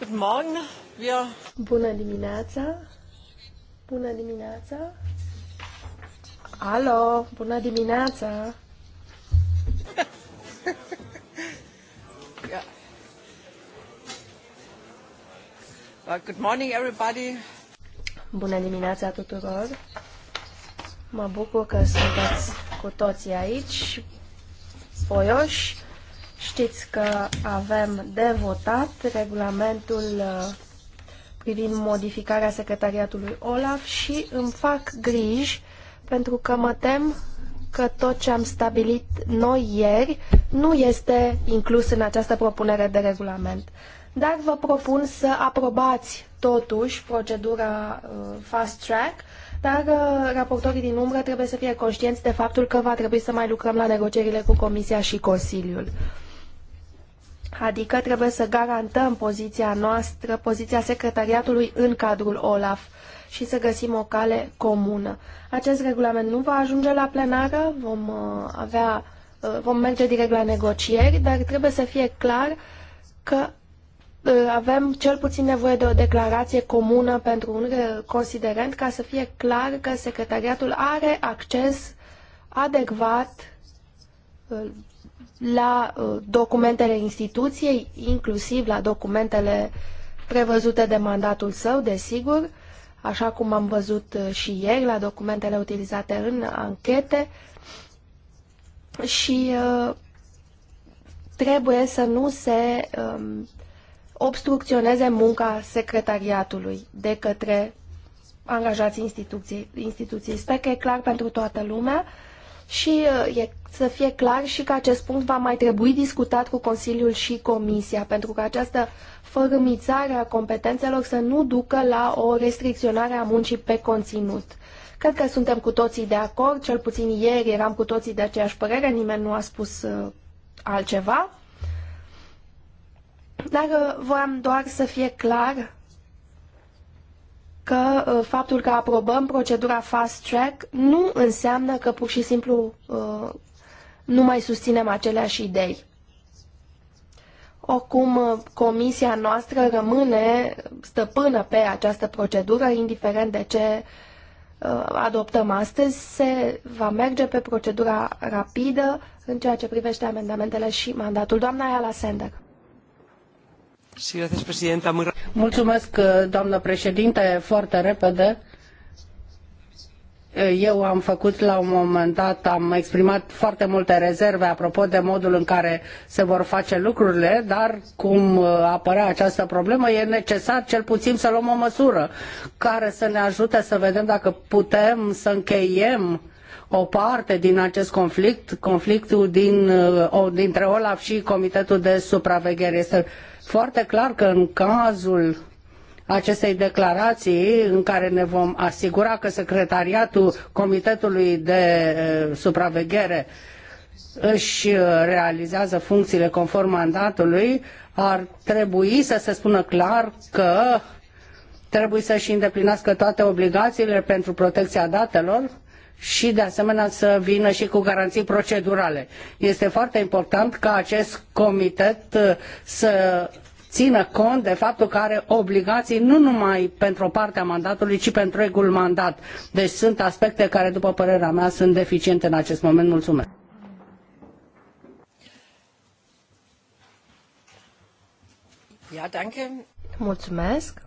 Guten Morgen. Wir Bună dimineața. Bună dimineața. Alo, bună dimineața. yeah. good morning everybody. Bună dimineața tuturor. Mă bucur că sunteți cu toții aici, foioși. Știți că avem de votat regulamentul uh, privind modificarea secretariatului OLAF și îmi fac griji pentru că mă tem că tot ce am stabilit noi ieri nu este inclus în această propunere de regulament. Dar vă propun să aprobați totuși procedura uh, fast track, dar uh, raportorii din umbră trebuie să fie conștienți de faptul că va trebui să mai lucrăm la negocierile cu Comisia și Consiliul. Adică trebuie să garantăm poziția noastră, poziția secretariatului în cadrul OLAF și să găsim o cale comună. Acest regulament nu va ajunge la plenară, vom uh, avea uh, vom merge direct la negocieri, dar trebuie să fie clar că uh, avem cel puțin nevoie de o declarație comună pentru un considerent ca să fie clar că secretariatul are acces adecvat la uh, documentele instituției, inclusiv la documentele prevăzute de mandatul său, desigur, așa cum am văzut uh, și ieri la documentele utilizate în anchete și uh, trebuie să nu se um, obstrucționeze munca secretariatului de către angajații instituției. instituției. Sper că e clar pentru toată lumea și uh, e, să fie clar și că acest punct va mai trebui discutat cu Consiliul și Comisia, pentru că această fărâmițare a competențelor să nu ducă la o restricționare a muncii pe conținut. Cred că suntem cu toții de acord, cel puțin ieri eram cu toții de aceeași părere, nimeni nu a spus uh, altceva. Dar uh, voiam doar să fie clar că uh, faptul că aprobăm procedura fast track nu înseamnă că pur și simplu uh, nu mai susținem aceleași idei. Oricum, uh, comisia noastră rămâne stăpână pe această procedură, indiferent de ce adoptăm astăzi, se va merge pe procedura rapidă în ceea ce privește amendamentele și mandatul. Doamna Ayala Sender. Mulțumesc, eh, doamnă președinte, foarte repede. Eh, eu am făcut la un moment dat, am exprimat foarte multe rezerve apropo de modul în care se vor face lucrurile, dar cum eh, apărea această problemă, e necesar cel puțin să luăm o măsură care să ne ajute să vedem dacă putem să încheiem o parte din acest conflict, conflictul din, dintre Olaf și Comitetul de Supraveghere. Este foarte clar că în cazul acestei declarații în care ne vom asigura că secretariatul Comitetului de eh, Supraveghere își eh, realizează funcțiile conform mandatului, ar trebui să se spună clar că trebuie să-și îndeplinească toate obligațiile pentru protecția datelor și de asemenea să vină și cu garanții procedurale. Este foarte important ca acest comitet uh, să țină cont de faptul că are obligații nu numai pentru o parte a mandatului, ci pentru întregul mandat. Deci sunt aspecte care, după părerea mea, sunt deficiente în acest moment. Mulțumesc! Ja, danke. Mulțumesc!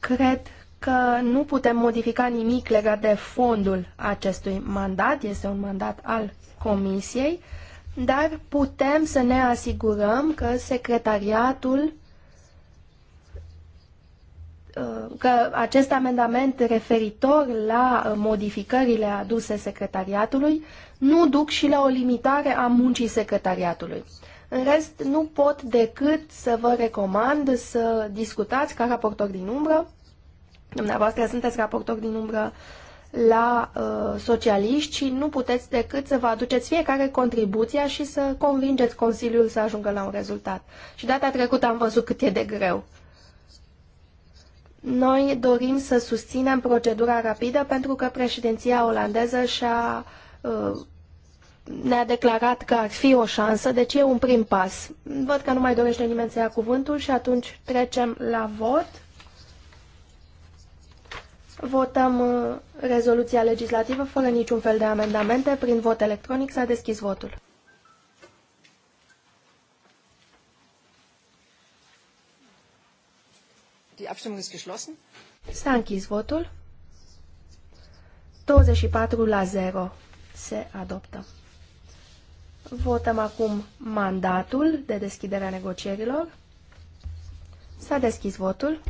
Cred că nu putem modifica nimic legat de fondul acestui mandat, este un mandat al Comisiei, dar putem să ne asigurăm că secretariatul uh, că acest amendament referitor la uh, modificările aduse secretariatului nu duc și la o limitare a muncii secretariatului. În rest, nu pot decât să vă recomand să discutați ca raportor din umbră Dumneavoastră sunteți raportor din umbră la uh, socialiști și nu puteți decât să vă aduceți fiecare contribuția și să convingeți Consiliul să ajungă la un rezultat. Și data trecută am văzut cât e de greu. Noi dorim să susținem procedura rapidă pentru că președinția olandeză și-a uh, ne-a declarat că ar fi o șansă, deci e un prim pas. Văd că nu mai dorește nimeni să ia cuvântul și atunci trecem la vot. Votăm uh, rezoluția legislativă fără niciun fel de amendamente. Prin vot electronic s-a deschis votul. Die Abstimmung ist geschlossen. S-a închis votul. 24 la 0 se adoptă. Votăm acum mandatul de deschidere a negocierilor. S-a deschis votul.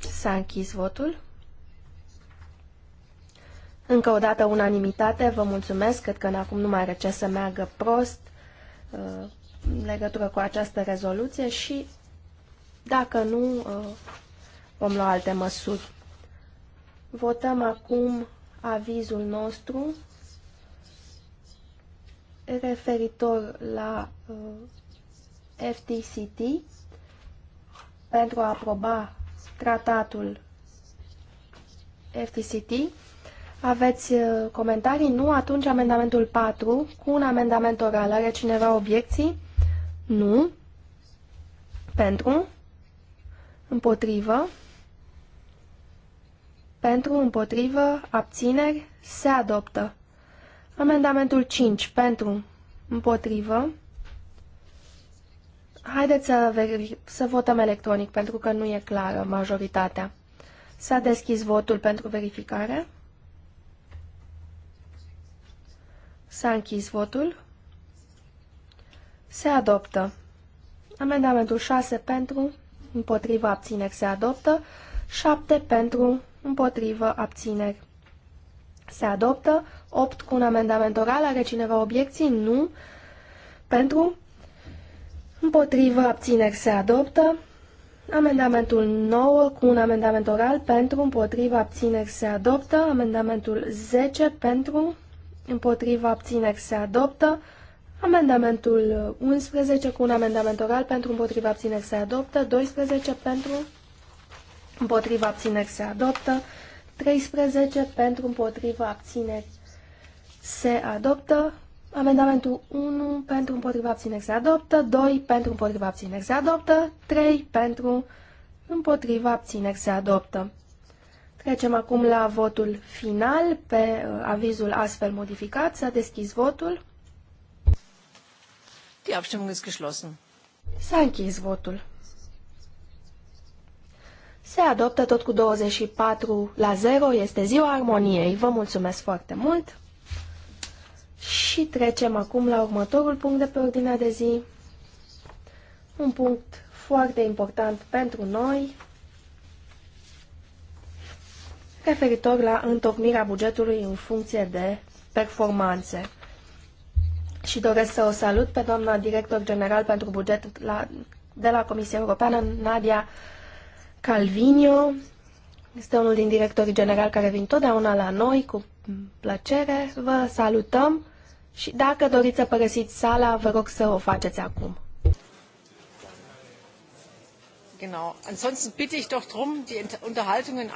S-a închis votul. Încă o dată unanimitate, vă mulțumesc, cred că acum nu mai are ce să meargă prost uh, în legătură cu această rezoluție și dacă nu, uh, vom lua alte măsuri. Votăm acum avizul nostru referitor la uh, FTCT pentru a aproba tratatul FTCT. Aveți uh, comentarii? Nu? Atunci amendamentul 4 cu un amendament oral. Are cineva obiecții? Nu. Pentru? Împotrivă? Pentru, împotrivă, abțineri, se adoptă. Amendamentul 5. Pentru, împotrivă, Haideți să, să votăm electronic, pentru că nu e clară majoritatea. S-a deschis votul pentru verificare. S-a închis votul. Se adoptă. Amendamentul 6 pentru, împotrivă abțineri se adoptă, 7 pentru, împotrivă abțineri se adoptă, 8 cu un amendament oral, are cineva obiecții? Nu. Pentru, Împotrivă abțineri se adoptă. Amendamentul 9 cu un amendament oral pentru, împotriva abțineri se adoptă. Amendamentul 10 pentru, împotriva abțineri se adoptă. Amendamentul 11 cu un amendament oral pentru, împotriva abțineri se adoptă. 12 pentru, împotriva abțineri se adoptă. 13 pentru, împotriva abțineri se adoptă. Amendamentul 1 pentru împotriva abțineri se adoptă, 2 pentru împotriva abțineri se adoptă, 3 pentru împotriva abțineri se adoptă. Trecem acum la votul final pe uh, avizul astfel modificat. S-a deschis votul. Die Abstimmung ist geschlossen. S-a închis votul. Se adoptă tot cu 24 la 0. Este ziua armoniei. Vă mulțumesc foarte mult! Și trecem acum la următorul punct de pe ordinea de zi. Un punct foarte important pentru noi, referitor la întocmirea bugetului în funcție de performanțe. Și doresc să o salut pe doamna director general pentru buget la, de la Comisia Europeană, Nadia Calvinio. Este unul din directorii generali care vin totdeauna la noi cu plăcere. Vă salutăm și dacă doriți să părăsiți sala, vă rog să o faceți acum. Genau. Ansonsten bitte ich doch drum, die Unterhaltungen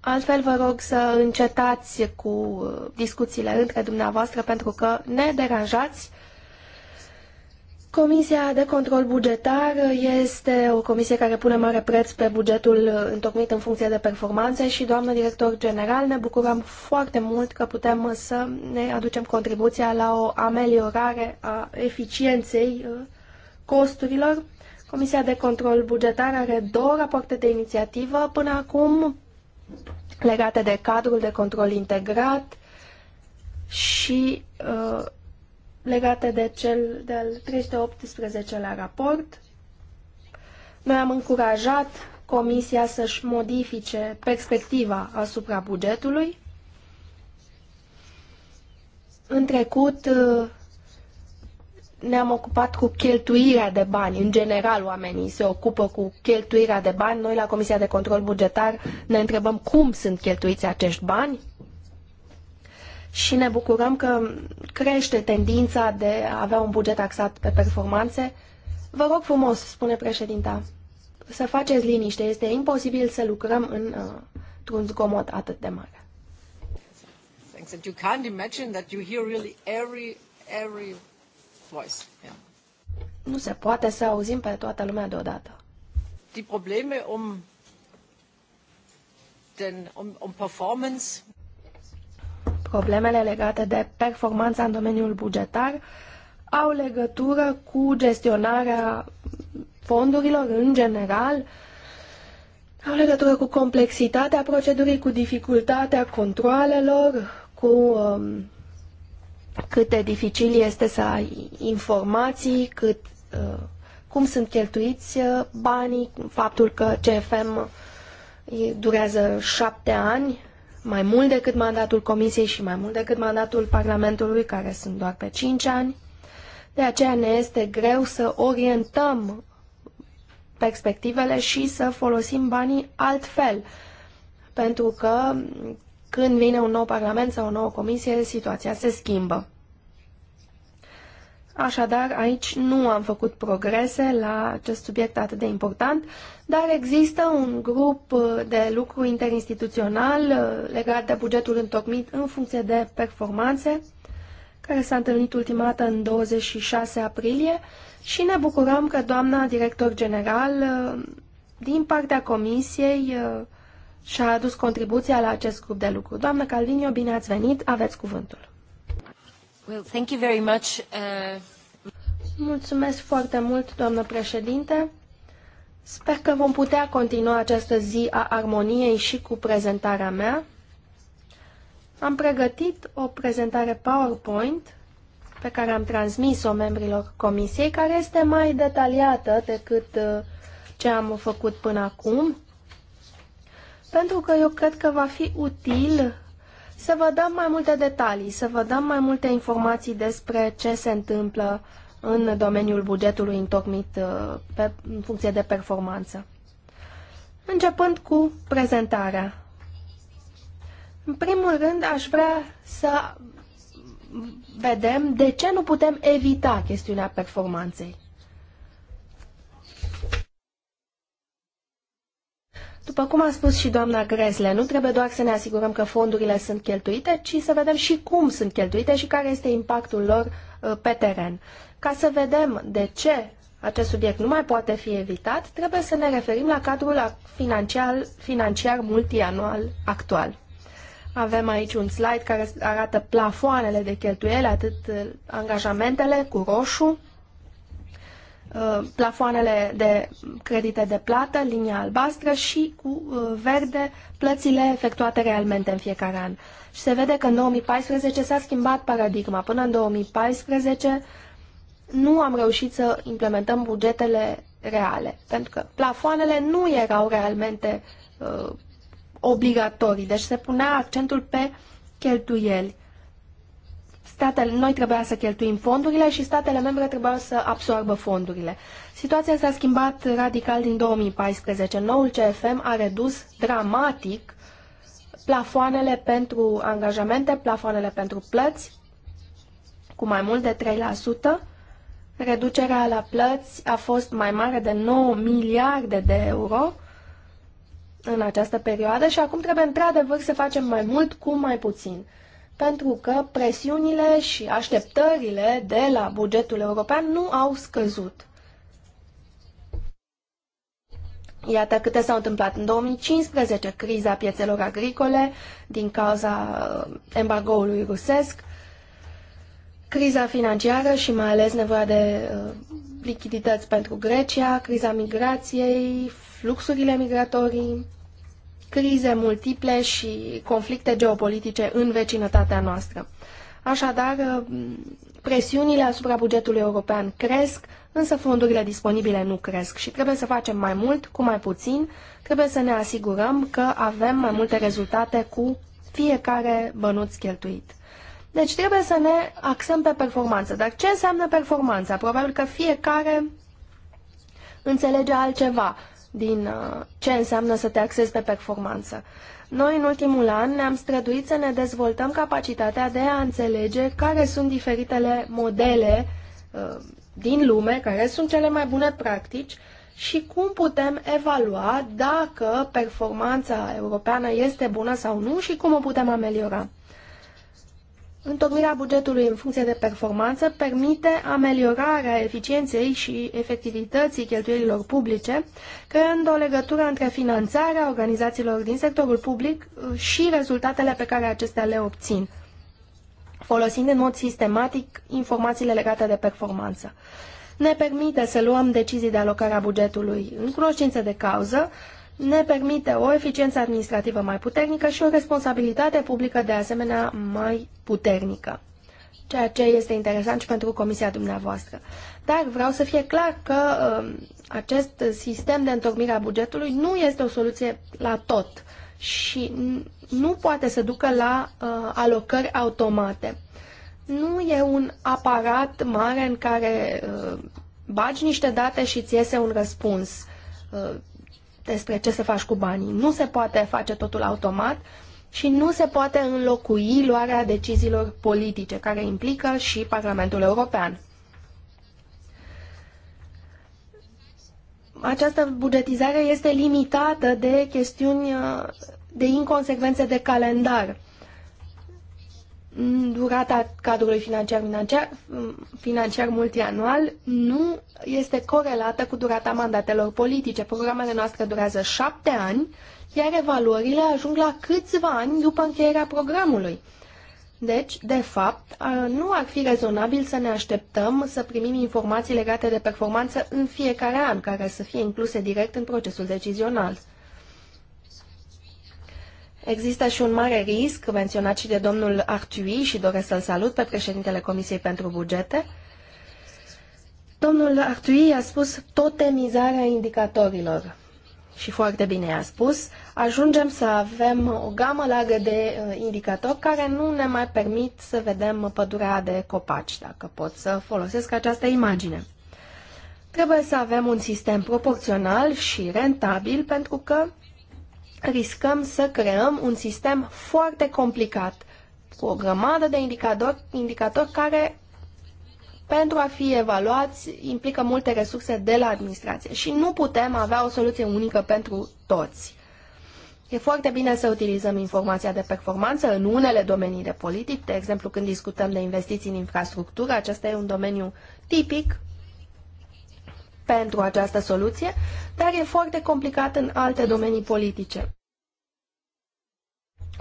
Altfel vă rog să încetați cu uh, discuțiile între dumneavoastră pentru că ne deranjați Comisia de control bugetar este o comisie care pune mare preț pe bugetul întocmit în funcție de performanțe și, doamnă director general, ne bucurăm foarte mult că putem să ne aducem contribuția la o ameliorare a eficienței uh, costurilor. Comisia de control bugetar are două rapoarte de inițiativă până acum legate de cadrul de control integrat și uh, legate de cel de-al 318-lea raport. Noi am încurajat Comisia să-și modifice perspectiva asupra bugetului. În trecut ne-am ocupat cu cheltuirea de bani. În general, oamenii se ocupă cu cheltuirea de bani. Noi, la Comisia de Control Bugetar, ne întrebăm cum sunt cheltuiți acești bani și ne bucurăm că crește tendința de a avea un buget axat pe performanțe. Vă rog frumos, spune președinta, să faceți liniște. Este imposibil să lucrăm în, uh, într-un zgomot atât de mare. You can't imagine that you hear really every, every voice. Yeah. Nu se poate să auzim pe toată lumea deodată. Die Probleme um, den, um, um Performance problemele legate de performanța în domeniul bugetar au legătură cu gestionarea fondurilor în general, au legătură cu complexitatea procedurii, cu dificultatea controalelor, cu um, cât de dificil este să ai informații, cât, uh, cum sunt cheltuiți uh, banii, faptul că CFM uh, durează șapte ani mai mult decât mandatul Comisiei și mai mult decât mandatul Parlamentului, care sunt doar pe 5 ani. De aceea ne este greu să orientăm perspectivele și să folosim banii altfel. Pentru că când vine un nou parlament sau o nouă comisie, situația se schimbă. Așadar, aici nu am făcut progrese la acest subiect atât de important dar există un grup uh, de lucru interinstituțional uh, legat de bugetul întocmit în funcție de performanțe, care s-a întâlnit ultima dată în 26 aprilie și ne bucurăm că doamna director general uh, din partea comisiei și-a adus contribuția la acest grup de lucru. Doamna Calvinio, bine ați venit, aveți cuvântul. Well, thank you very much. Uh... Mulțumesc foarte mult, doamnă președinte. Sper că vom putea continua această zi a armoniei și cu prezentarea mea. Am pregătit o prezentare PowerPoint pe care am transmis-o membrilor comisiei, care este mai detaliată decât uh, ce am făcut până acum, pentru că eu cred că va fi util să vă dăm mai multe detalii, să vă dăm mai multe informații despre ce se întâmplă în domeniul bugetului întocmit uh, pe, în funcție de performanță. Începând cu prezentarea. În primul rând, aș vrea să vedem de ce nu putem evita chestiunea performanței. După cum a spus și doamna Gresle, nu trebuie doar să ne asigurăm că fondurile sunt cheltuite, ci să vedem și cum sunt cheltuite și care este impactul lor uh, pe teren. Ca să vedem de ce acest subiect nu mai poate fi evitat, trebuie să ne referim la cadrul financiar, financiar multianual actual. Avem aici un slide care arată plafoanele de cheltuieli, atât uh, angajamentele cu roșu, uh, plafoanele de credite de plată, linia albastră și cu uh, verde plățile efectuate realmente în fiecare an. Și se vede că în 2014 s-a schimbat paradigma. Până în 2014 nu am reușit să implementăm bugetele reale, pentru că plafoanele nu erau realmente uh, obligatorii, deci se punea accentul pe cheltuieli. Statele, noi trebuia să cheltuim fondurile și statele membre trebuiau să absorbă fondurile. Situația s-a schimbat radical din 2014. Noul CFM a redus dramatic plafoanele pentru angajamente, plafoanele pentru plăți, cu mai mult de Reducerea la plăți a fost mai mare de 9 miliarde de euro în această perioadă și acum trebuie într-adevăr să facem mai mult cu mai puțin. Pentru că presiunile și așteptările de la bugetul european nu au scăzut. Iată câte s-au întâmplat în 2015, criza piețelor agricole din cauza uh, embargoului rusesc, criza financiară și mai ales nevoia de uh, lichidități pentru Grecia, criza migrației, fluxurile migratorii, crize multiple și conflicte geopolitice în vecinătatea noastră. Așadar, uh, presiunile asupra bugetului european cresc, însă fondurile disponibile nu cresc și trebuie să facem mai mult cu mai puțin, trebuie să ne asigurăm că avem mai multe rezultate cu fiecare bănuț cheltuit. Deci trebuie să ne axăm pe performanță. Dar ce înseamnă performanța? Probabil că fiecare înțelege altceva din uh, ce înseamnă să te axezi pe performanță. Noi, în ultimul an, ne-am străduit să ne dezvoltăm capacitatea de a înțelege care sunt diferitele modele uh, din lume, care sunt cele mai bune practici și cum putem evalua dacă performanța europeană este bună sau nu și cum o putem ameliora. Întocmirea bugetului în funcție de performanță permite ameliorarea eficienței și efectivității cheltuielilor publice, creând o legătură între finanțarea organizațiilor din sectorul public uh, și rezultatele pe care acestea le obțin, folosind în mod sistematic informațiile legate de performanță. Ne permite să luăm decizii de alocare a bugetului în cunoștință de cauză, ne permite o eficiență administrativă mai puternică și o responsabilitate publică de asemenea mai puternică, ceea ce este interesant și pentru comisia dumneavoastră. Dar vreau să fie clar că uh, acest sistem de întocmire a bugetului nu este o soluție la tot și nu poate să ducă la uh, alocări automate. Nu e un aparat mare în care uh, bagi niște date și ți iese un răspuns. Uh, despre ce să faci cu banii. Nu se poate face totul automat și nu se poate înlocui luarea deciziilor politice care implică și Parlamentul European. Această bugetizare este limitată de chestiuni de inconsecvențe de calendar durata cadrului financiar, financiar, financiar multianual nu este corelată cu durata mandatelor politice. Programele noastre durează șapte ani, iar evaluările ajung la câțiva ani după încheierea programului. Deci, de fapt, nu ar fi rezonabil să ne așteptăm să primim informații legate de performanță în fiecare an, care să fie incluse direct în procesul decizional. Există și un mare risc menționat și de domnul Artui și doresc să-l salut pe președintele Comisiei pentru Bugete. Domnul Artui a spus totemizarea indicatorilor și foarte bine a spus, ajungem să avem o gamă largă de uh, indicatori care nu ne mai permit să vedem pădurea de copaci, dacă pot să folosesc această imagine. Trebuie să avem un sistem proporțional și rentabil pentru că riscăm să creăm un sistem foarte complicat, cu o grămadă de indicatori, indicatori care, pentru a fi evaluați, implică multe resurse de la administrație și nu putem avea o soluție unică pentru toți. E foarte bine să utilizăm informația de performanță în unele domenii de politic, de exemplu când discutăm de investiții în infrastructură, acesta e un domeniu tipic pentru această soluție, dar e foarte complicat în alte domenii politice,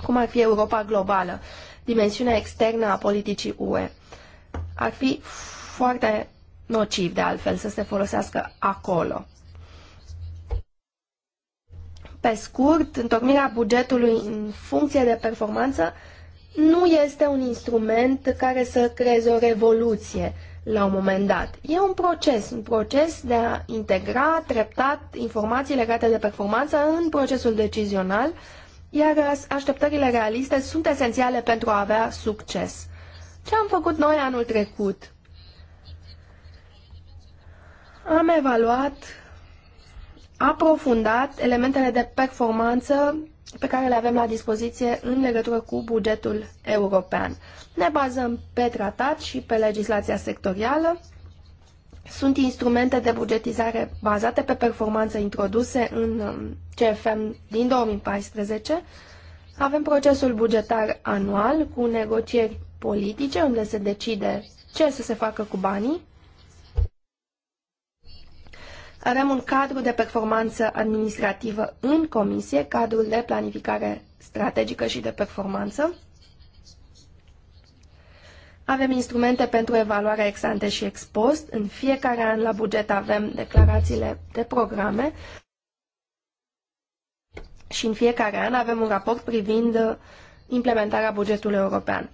cum ar fi Europa globală, dimensiunea externă a politicii UE. Ar fi foarte nociv, de altfel, să se folosească acolo. Pe scurt, întocmirea bugetului în funcție de performanță nu este un instrument care să creeze o revoluție, la un moment dat. E un proces, un proces de a integra treptat informații legate de performanță în procesul decizional, iar așteptările realiste sunt esențiale pentru a avea succes. Ce am făcut noi anul trecut? Am evaluat aprofundat elementele de performanță pe care le avem la dispoziție în legătură cu bugetul european. Ne bazăm pe tratat și pe legislația sectorială. Sunt instrumente de bugetizare bazate pe performanță introduse în CFM um, din 2014. Avem procesul bugetar anual cu negocieri politice unde se decide ce să se facă cu banii. Avem un cadru de performanță administrativă în comisie, cadrul de planificare strategică și de performanță. Avem instrumente pentru evaluarea ex ante și ex post. În fiecare an la buget avem declarațiile de programe și în fiecare an avem un raport privind implementarea bugetului european.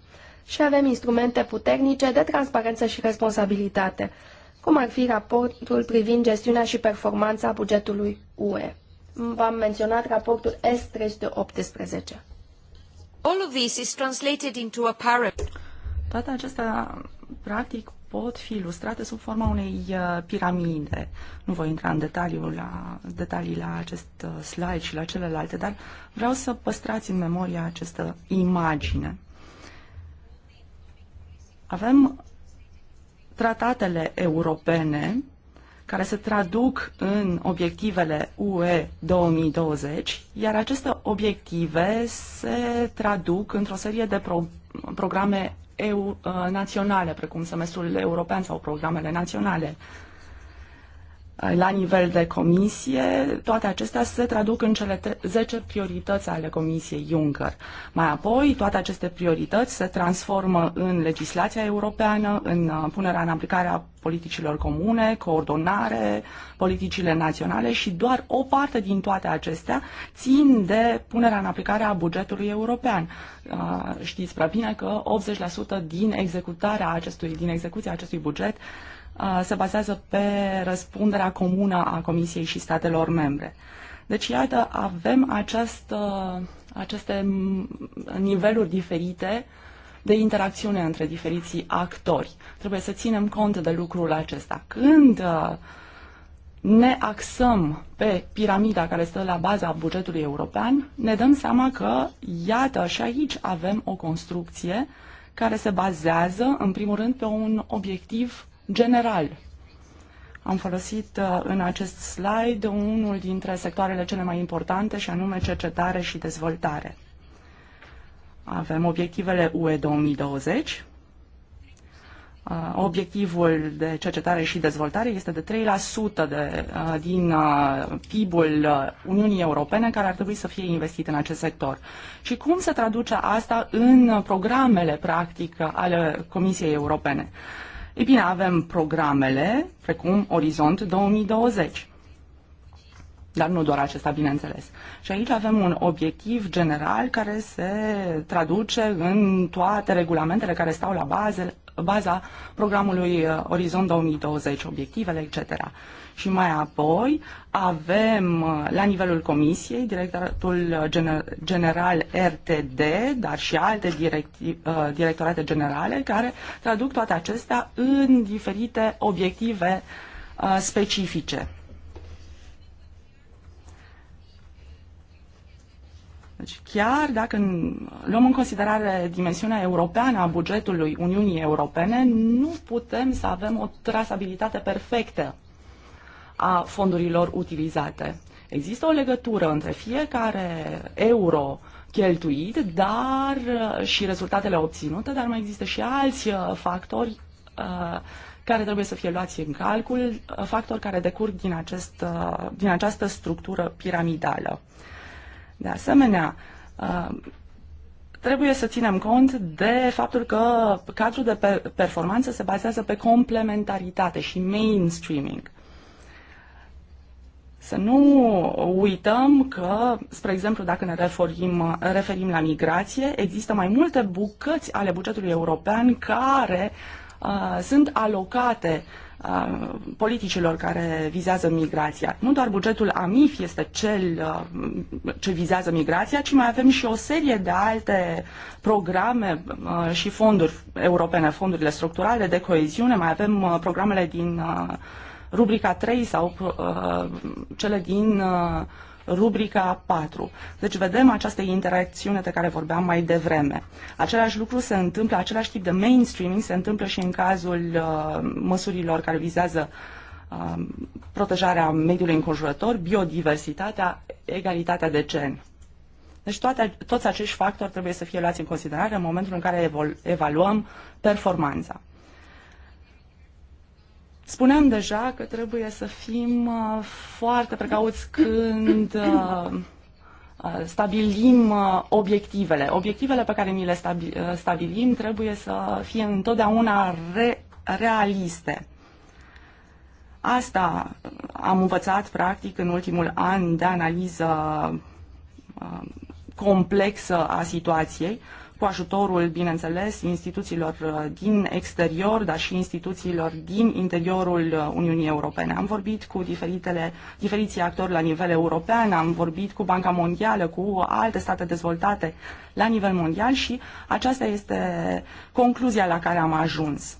Și avem instrumente puternice de transparență și responsabilitate cum ar fi raportul privind gestiunea și performanța bugetului UE. V-am menționat raportul S318. All of this is translated into a Toate acestea, practic, pot fi ilustrate sub forma unei uh, piramide. Nu voi intra în detaliu la, detalii la acest uh, slide și la celelalte, dar vreau să păstrați în memoria această imagine. Avem tratatele europene care se traduc în obiectivele UE 2020, iar aceste obiective se traduc într-o serie de pro- programe EU, uh, naționale, precum semestrul european sau programele naționale la nivel de comisie, toate acestea se traduc în cele 10 priorități ale Comisiei Juncker. Mai apoi, toate aceste priorități se transformă în legislația europeană, în uh, punerea în aplicare a politicilor comune, coordonare, politicile naționale și doar o parte din toate acestea țin de punerea în aplicare a bugetului european. Uh, știți prea bine că 80% din executarea acestui, din execuția acestui buget se bazează pe răspunderea comună a Comisiei și statelor membre. Deci, iată, avem această, aceste niveluri diferite de interacțiune între diferiții actori. Trebuie să ținem cont de lucrul acesta. Când ne axăm pe piramida care stă la baza bugetului european, ne dăm seama că, iată, și aici avem o construcție care se bazează, în primul rând, pe un obiectiv general. Am folosit uh, în acest slide unul dintre sectoarele cele mai importante și anume cercetare și dezvoltare. Avem obiectivele UE 2020. Uh, obiectivul de cercetare și dezvoltare este de 3% de, uh, din PIB-ul Uniunii Europene care ar trebui să fie investit în acest sector. Și cum se traduce asta în programele practic ale Comisiei Europene? Ei bine, avem programele precum Orizont 2020. Dar nu doar acesta, bineînțeles. Și aici avem un obiectiv general care se traduce în toate regulamentele care stau la bază, baza programului uh, Orizont 2020, obiectivele, etc. Și mai apoi avem la nivelul Comisiei Directoratul General RTD, dar și alte uh, directorate generale care traduc toate acestea în diferite obiective uh, specifice. Deci chiar dacă luăm în considerare dimensiunea europeană a bugetului Uniunii Europene, nu putem să avem o trasabilitate perfectă a fondurilor utilizate. Există o legătură între fiecare euro cheltuit dar, uh, și rezultatele obținute, dar mai există și alți uh, factori uh, care trebuie să fie luați în calcul, factori care decurg din, acest, din această structură piramidală. De asemenea, trebuie să ținem cont de faptul că cadrul de performanță se bazează pe complementaritate și mainstreaming. Să nu uităm că, spre exemplu, dacă ne referim, referim la migrație, există mai multe bucăți ale bugetului european care uh, sunt alocate uh, politicilor care vizează migrația. Nu doar bugetul AMIF este cel uh, ce vizează migrația, ci mai avem și o serie de alte programe uh, și fonduri europene, fondurile structurale de coeziune, mai avem uh, programele din uh, rubrica 3 sau uh, cele din uh, rubrica 4. Deci vedem această interacțiune de care vorbeam mai devreme. Același lucru se întâmplă, același tip de mainstreaming se întâmplă și în cazul uh, măsurilor care vizează uh, protejarea mediului înconjurător, biodiversitatea, egalitatea de gen. Deci toate, toți acești factori trebuie să fie luați în considerare în momentul în care evaluăm performanța. Spuneam deja că trebuie să fim uh, foarte precauți când uh, uh, stabilim obiectivele. Obiectivele pe care ni le stabilim trebuie să fie întotdeauna re- realiste. Asta am învățat, practic, în ultimul an de analiză complexă a situației. Uh, cu ajutorul, bineînțeles, instituțiilor uh, din exterior, dar și instituțiilor din interiorul uh, Uniunii Europene. Am vorbit cu diferitele, diferiții actori la nivel european, am vorbit cu Banca Mondială, cu alte state dezvoltate la nivel mondial și aceasta este concluzia la care am ajuns.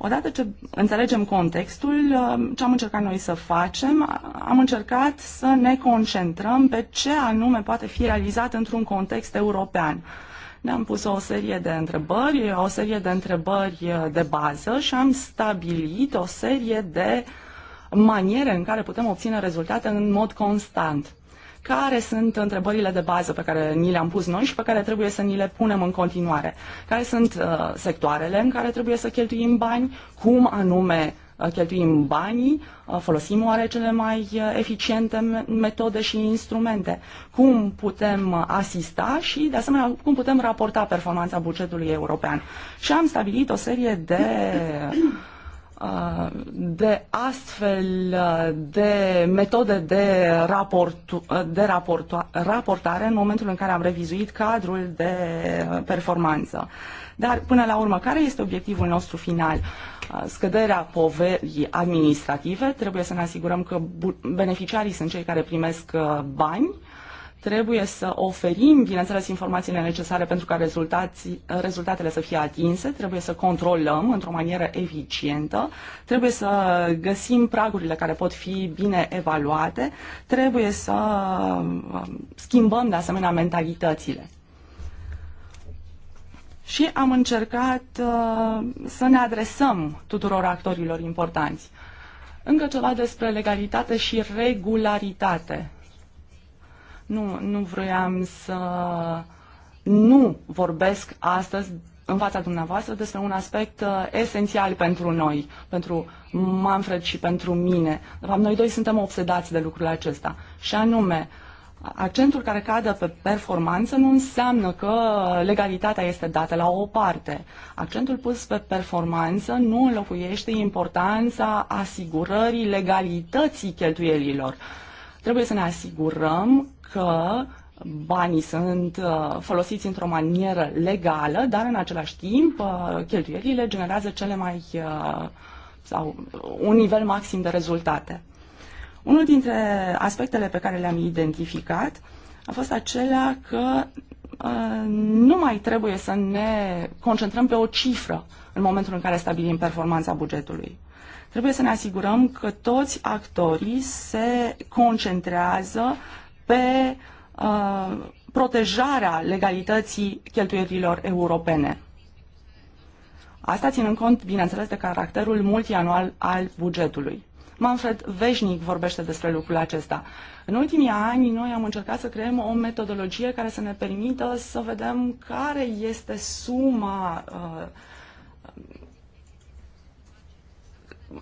Odată ce înțelegem contextul, uh, ce am încercat noi să facem, am încercat să ne concentrăm pe ce anume poate fi realizat într-un context european. Ne-am pus o serie de întrebări, o serie de întrebări uh, de bază și am stabilit o serie de maniere în care putem obține rezultate în mod constant care sunt întrebările de bază pe care ni le-am pus noi și pe care trebuie să ni le punem în continuare. Care sunt uh, sectoarele în care trebuie să cheltuim bani, cum anume uh, cheltuim banii, uh, folosim oare cele mai uh, eficiente metode și instrumente, cum putem asista și, de asemenea, cum putem raporta performanța bugetului european. Și am stabilit o serie de de astfel de metode de, raportu- de raportu- raportare în momentul în care am revizuit cadrul de performanță. Dar, până la urmă, care este obiectivul nostru final? Scăderea poverii administrative, trebuie să ne asigurăm că beneficiarii sunt cei care primesc uh, bani, Trebuie să oferim, bineînțeles, informațiile necesare pentru ca rezultatele să fie atinse, trebuie să controlăm într-o manieră eficientă, trebuie să găsim pragurile care pot fi bine evaluate, trebuie să um, schimbăm, de asemenea, mentalitățile și am încercat uh, să ne adresăm tuturor actorilor importanți. Încă ceva despre legalitate și regularitate. Nu, nu vroiam să nu vorbesc astăzi în fața dumneavoastră despre un aspect uh, esențial pentru noi, pentru Manfred și pentru mine. De fapt, noi doi suntem obsedați de lucrurile acesta. Și anume, accentul care cadă pe performanță nu înseamnă că legalitatea este dată la o parte. Accentul pus pe performanță nu înlocuiește importanța asigurării legalității cheltuielilor. Trebuie să ne asigurăm că banii sunt uh, folosiți într-o manieră legală, dar în același timp uh, cheltuielile generează cele mai uh, sau un nivel maxim de rezultate. Unul dintre aspectele pe care le-am identificat a fost acela că nu mai trebuie să ne concentrăm pe o cifră în momentul în care stabilim performanța bugetului. Trebuie să ne asigurăm că toți actorii se concentrează pe uh, protejarea legalității cheltuielilor europene. Asta ținând cont, bineînțeles, de caracterul multianual al bugetului. Manfred Veșnic vorbește despre lucrul acesta. În ultimii ani, noi am încercat să creăm o metodologie care să ne permită să vedem care este suma uh,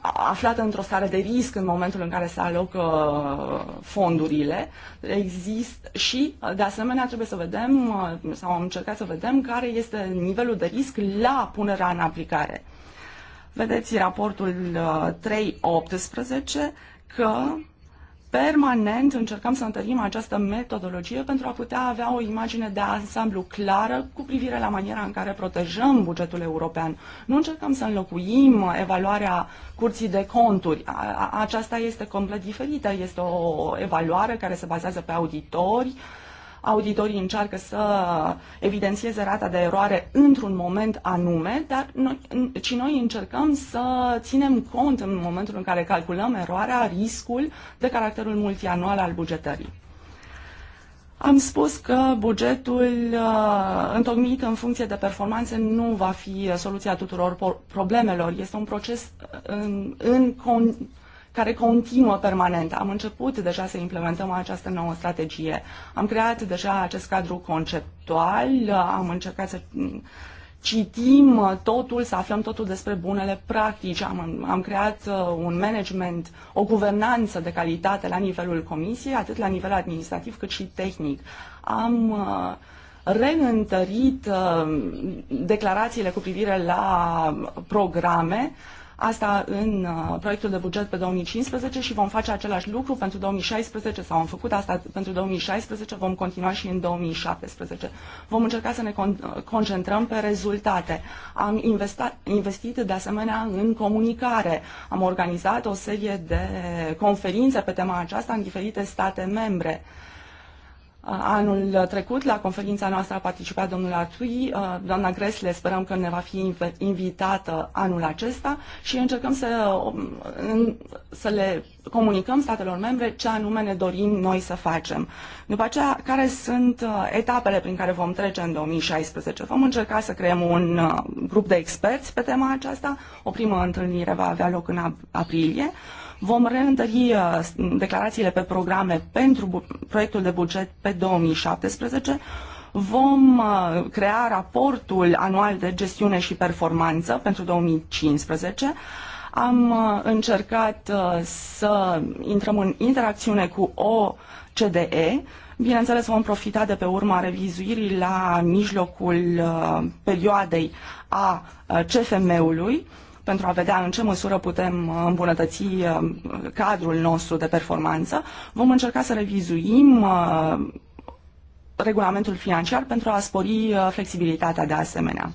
aflată într-o stare de risc în momentul în care se alocă uh, fondurile. Exist și, uh, de asemenea, trebuie să vedem, uh, sau am încercat să vedem, care este nivelul de risc la punerea în aplicare. Vedeți raportul 3.18 că permanent încercăm să întărim această metodologie pentru a putea avea o imagine de ansamblu clară cu privire la maniera în care protejăm bugetul european. Nu încercăm să înlocuim evaluarea curții de conturi. Aceasta este complet diferită. Este o evaluare care se bazează pe auditori, uh, auditorii încearcă să evidențieze rata de eroare într-un moment anume, dar noi, ci noi încercăm să ținem cont în momentul în care calculăm eroarea, riscul de caracterul multianual al bugetării. Am spus că bugetul uh, întocmit în funcție de performanțe nu va fi soluția tuturor problemelor. Este un proces uh, în, în care continuă permanent. Am început deja să implementăm această nouă strategie. Am creat deja acest cadru conceptual, am încercat să citim totul, să aflăm totul despre bunele practici. Am, am creat uh, un management, o guvernanță de calitate la nivelul comisiei, atât la nivel administrativ cât și tehnic. Am uh, reîntărit uh, declarațiile cu privire la programe asta în uh, proiectul de buget pe 2015 și vom face același lucru pentru 2016 sau am făcut asta pentru 2016, vom continua și în 2017. Vom încerca să ne uh, concentrăm pe rezultate. Am investat, investit de asemenea în comunicare. Am organizat o serie de conferințe pe tema aceasta în diferite state membre. Uh, Anul trecut, la conferința noastră, a participat domnul Artui, doamna Gresle, sperăm că ne va fi invitată anul acesta și încercăm să, um, să le comunicăm statelor membre ce anume ne dorim noi să facem. După aceea, care sunt uh, etapele prin care vom trece în 2016? Vom încerca să creăm un uh, grup de experți pe tema aceasta. O primă întâlnire va avea loc în aprilie. Vom reîntări uh, declarațiile pe programe pentru proiectul de buget pe 2017 vom uh, crea raportul anual de gestiune și performanță pentru 2015. Am uh, încercat să intrăm în interacțiune cu OCDE. Bineînțeles, vom profita de pe urma revizuirii la mijlocul perioadei a CFM-ului pentru a vedea în ce măsură putem uh, îmbunătăți uh, cadrul nostru de performanță, vom încerca să revizuim uh, regulamentul financiar pentru a spori flexibilitatea de asemenea.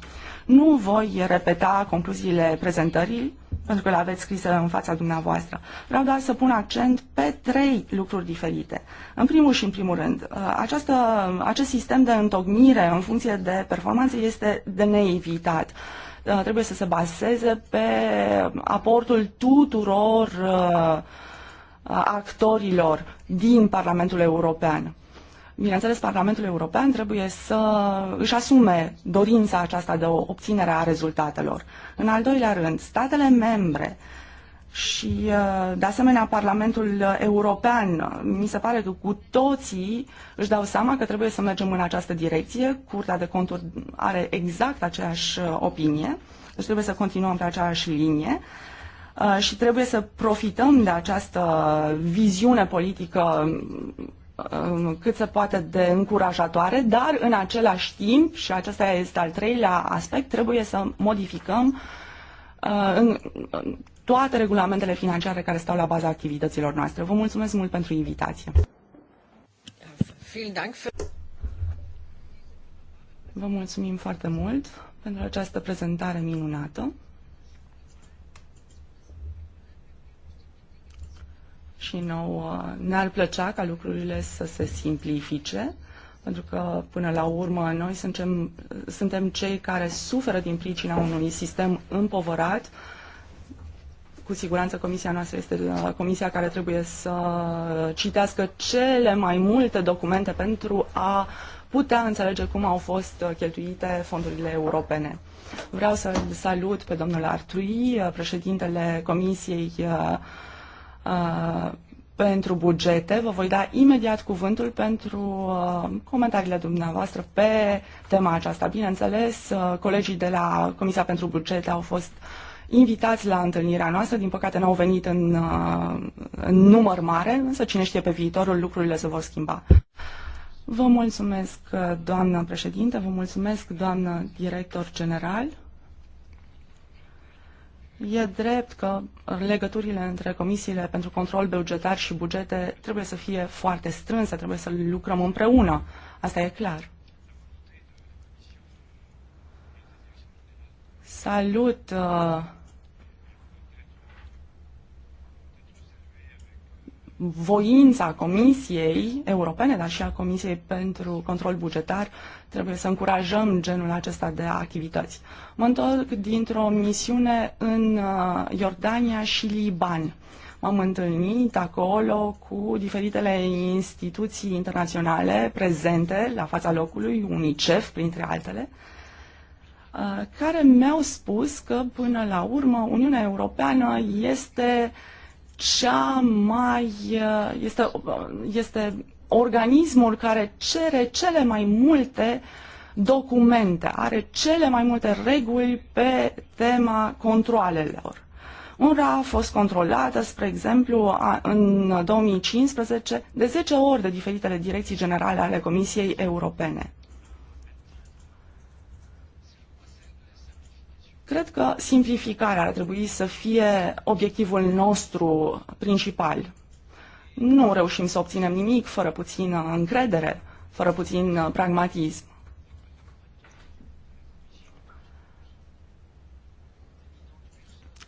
Nu voi repeta concluziile prezentării, pentru că le aveți scrise în fața dumneavoastră. Vreau doar să pun accent pe trei lucruri diferite. În primul și în primul rând, această, acest sistem de întocmire în funcție de performanțe este de neevitat. Uh, trebuie să se bazeze pe aportul tuturor uh, actorilor din Parlamentul European. Bineînțeles, Parlamentul European trebuie să își asume dorința aceasta de obținere a rezultatelor. În al doilea rând, statele membre uh, și, uh, de asemenea, Parlamentul European. Mi se pare că cu toții își dau seama că trebuie să mergem în această direcție. Curtea de conturi are exact aceeași uh, opinie, deci trebuie să continuăm pe aceeași linie uh, și trebuie să profităm de această viziune politică cât se poate de încurajatoare, dar în același timp, și acesta este al treilea aspect, trebuie să modificăm toate regulamentele financiare care stau la baza activităților noastre. Vă mulțumesc mult pentru invitație. Vă mulțumim foarte mult pentru această prezentare minunată. Și nouă uh, ne-ar plăcea ca lucrurile să se simplifice, pentru că până la urmă noi suntem, suntem cei care suferă din pricina unui sistem împovărat cu siguranță comisia noastră este uh, comisia care trebuie să citească cele mai multe documente pentru a putea înțelege cum au fost cheltuite fondurile europene. Vreau să salut pe domnul Artui, uh, președintele Comisiei uh, pentru bugete. Vă voi da imediat cuvântul pentru comentariile dumneavoastră pe tema aceasta. Bineînțeles, colegii de la Comisia pentru Bugete au fost uh, invitați la întâlnirea noastră. Din păcate n-au venit în, uh, în număr mare, însă cine știe pe viitorul lucrurile se vor schimba. Vă mulțumesc, uh, doamna președinte, vă mulțumesc, doamna director general. E drept că legăturile între comisiile pentru control bugetar și bugete trebuie să fie foarte strânse, trebuie să lucrăm împreună. Asta e clar. Salut uh, voința Comisiei Europene, dar și a Comisiei pentru Control Bugetar, trebuie să încurajăm genul acesta de activități. Mă întorc dintr-o misiune în uh, Iordania și Liban. M-am întâlnit acolo cu diferitele instituții internaționale prezente la fața locului, UNICEF printre altele, uh, care mi-au spus că până la urmă Uniunea Europeană este uh, cea mai uh, este, uh, este organismul care cere cele mai multe documente, are cele mai multe reguli pe tema controalelor. UNRWA a fost controlată, spre exemplu, a, în 2015 de 10 ori de diferitele direcții generale ale Comisiei Europene. Cred că simplificarea ar trebui să fie obiectivul nostru principal. Nu reușim să obținem nimic fără puțină încredere, fără puțin uh, pragmatism.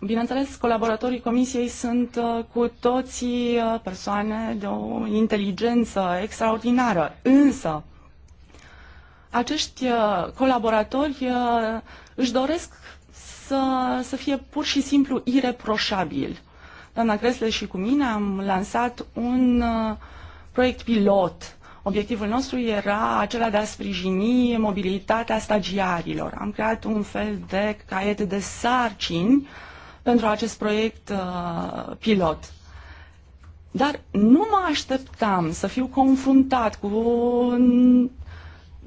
Bineînțeles, colaboratorii comisiei sunt uh, cu toții uh, persoane de o inteligență extraordinară, însă acești colaboratori își doresc să, să fie pur și simplu ireproșabil. Doamna Cresle și cu mine am lansat un uh, proiect pilot. Obiectivul nostru era acela de a sprijini mobilitatea stagiarilor. Am creat un fel de caiet de sarcini pentru acest proiect uh, pilot. Dar nu mă așteptam să fiu confruntat cu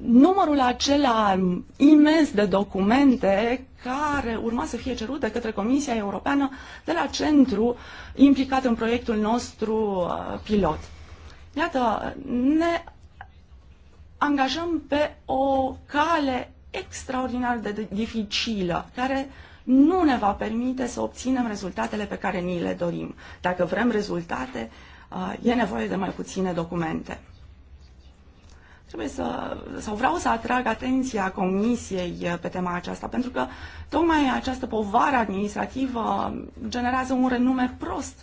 numărul acela imens de documente care urma să fie cerut de către Comisia Europeană de la centru implicat în proiectul nostru uh, pilot. Iată, ne angajăm pe o cale extraordinar de dificilă, care nu ne va permite să obținem rezultatele pe care ni le dorim. Dacă vrem rezultate, uh, e nevoie de mai puține documente. Trebuie să, sau vreau să atrag atenția Comisiei uh, pe tema aceasta, pentru că tocmai această povară administrativă generează un renume prost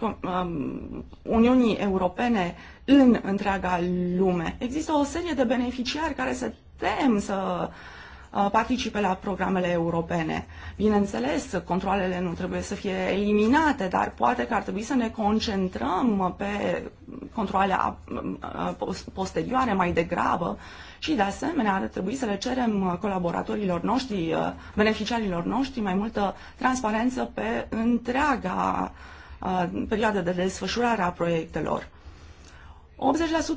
uh, um, Uniunii Europene în întreaga lume. Există o serie de beneficiari care se tem să uh, Uh, participe la programele europene. Bineînțeles, controlele nu trebuie să fie eliminate, dar poate că ar trebui să ne concentrăm pe controlele uh, posterioare mai degrabă și, de asemenea, ar trebui să le cerem colaboratorilor noștri, uh, beneficiarilor noștri, mai multă transparență pe întreaga perioadă de desfășurare a proiectelor.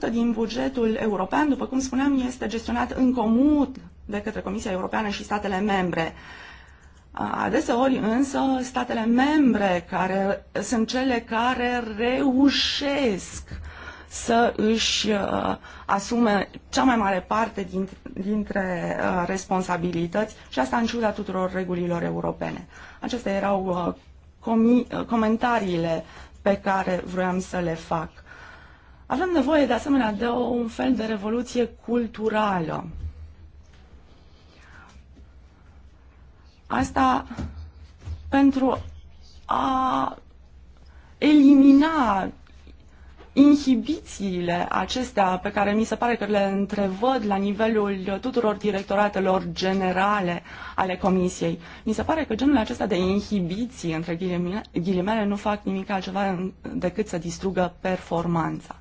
80% din bugetul european, după cum spuneam, este gestionat în comun de către Comisia Europeană și statele membre. Adeseori însă statele membre care sunt cele care reușesc să își uh, asume cea mai mare parte dintre uh, responsabilități și asta în ciuda tuturor regulilor europene. Acestea erau uh, comentariile pe care vroiam să le fac. Avem nevoie de asemenea de un fel de revoluție culturală Asta pentru a elimina inhibițiile acestea pe care mi se pare că le întrevăd la nivelul tuturor directoratelor generale ale Comisiei. Mi se pare că genul acesta de inhibiții, între ghilimele, nu fac nimic altceva decât să distrugă performanța.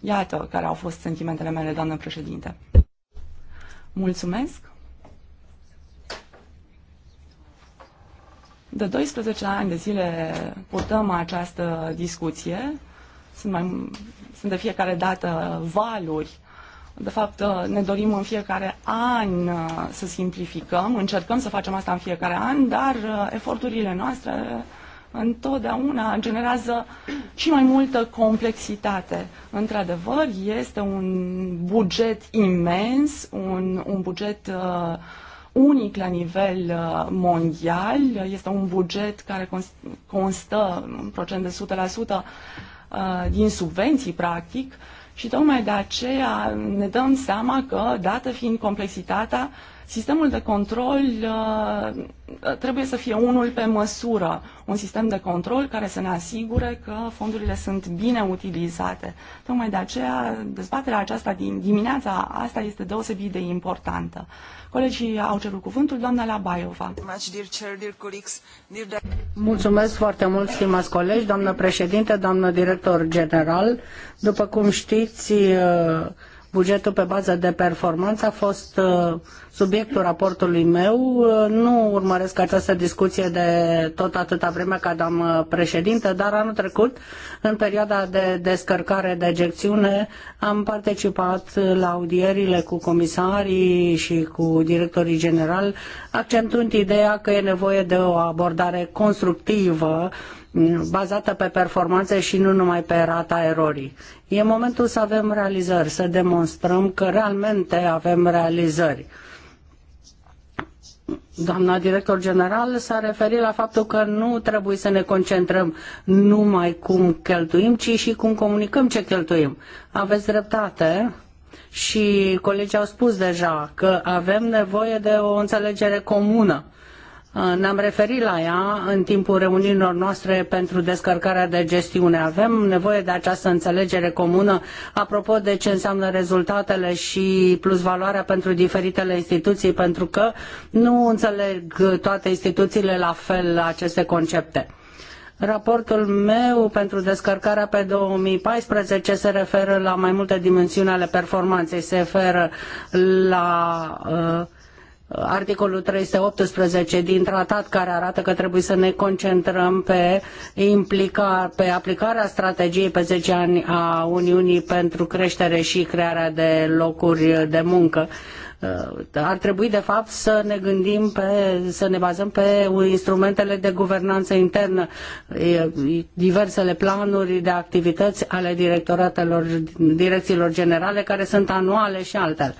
Iată care au fost sentimentele mele, doamnă președinte. Mulțumesc! De 12 ani de zile purtăm această discuție. Sunt, mai, sunt de fiecare dată valuri. De fapt, ne dorim în fiecare an uh, să simplificăm, încercăm să facem asta în fiecare an, dar uh, eforturile noastre uh, întotdeauna generează și mai multă complexitate. Într-adevăr, este un buget imens, un, un buget uh, unic la nivel uh, mondial. Este un buget care constă în procent de 100% uh, din subvenții, practic, și tocmai de aceea ne dăm seama că, dată fiind complexitatea, uh, Sistemul de control uh, trebuie să fie unul pe măsură, un sistem de control care să ne asigure că fondurile sunt bine utilizate. Tocmai de aceea dezbaterea aceasta din dimineața asta este deosebit de importantă. Colegii au cerut cuvântul, doamna Labaiova. Mulțumesc foarte mult, stimați colegi, doamnă președinte, doamnă director general. După cum știți, uh, Bugetul pe bază de performanță a fost uh, subiectul raportului meu. Uh, nu urmăresc această discuție de tot atâta vreme ca doamnă președinte, dar anul trecut, în perioada de descărcare de gestiune, am participat la audierile cu comisarii și cu directorii generali, accentuând ideea că e nevoie de o abordare constructivă bazată pe performanțe și nu numai pe rata erorii. E momentul să avem realizări, să demonstrăm că realmente avem realizări. Doamna director general s-a referit la faptul că nu trebuie să ne concentrăm numai cum cheltuim, ci și cum comunicăm ce cheltuim. Aveți dreptate și colegii au spus deja că avem nevoie de o înțelegere comună Uh, ne-am referit la ea în timpul reuniunilor noastre pentru descărcarea de gestiune. Avem nevoie de această înțelegere comună apropo de ce înseamnă rezultatele și plusvaloarea pentru diferitele instituții, pentru că nu înțeleg toate instituțiile la fel aceste concepte. Raportul meu pentru descărcarea pe 2014 se referă la mai multe dimensiuni ale performanței, se referă la uh, articolul 318 din tratat care arată că trebuie să ne concentrăm pe, implica, pe aplicarea strategiei pe 10 ani a Uniunii pentru creștere și crearea de locuri de muncă. Uh, ar trebui, de fapt, să ne gândim, pe, să ne bazăm pe instrumentele de guvernanță internă, diversele planuri de activități ale directoratelor, direcțiilor generale, care sunt anuale și altele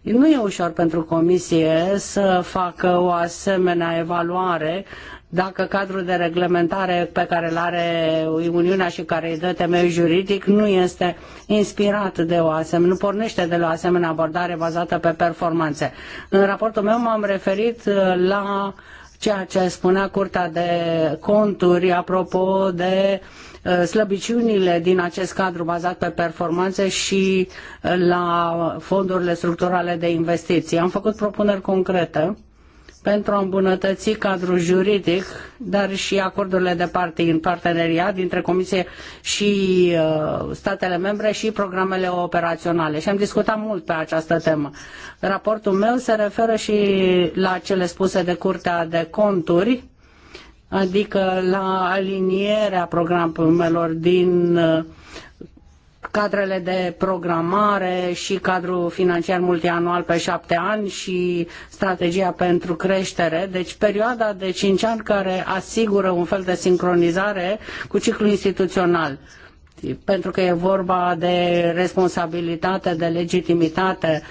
nu e ușor pentru comisie să facă o asemenea evaluare dacă cadrul de reglementare pe care îl are Uniunea și care îi dă temeiul juridic nu este inspirat de o asemenea, nu pornește de la o asemenea abordare bazată pe performanțe. În raportul meu m-am referit uh, la ceea ce spunea Curtea de Conturi apropo de uh, Uh, slăbiciunile din acest cadru bazat pe performanțe și uh, la fondurile structurale de investiții. Am făcut propuneri concrete pentru a îmbunătăți cadrul juridic, dar și acordurile de parte în parteneriat dintre Comisie și uh, statele membre și programele operaționale. Și am discutat mult pe această temă. Raportul meu se referă și la cele spuse de Curtea de Conturi adică la alinierea programelor din uh, cadrele de programare și cadrul financiar multianual pe șapte ani și strategia pentru creștere. Deci perioada de cinci ani care asigură un fel de sincronizare cu ciclul instituțional. Pentru că e vorba de responsabilitate, de legitimitate, uh,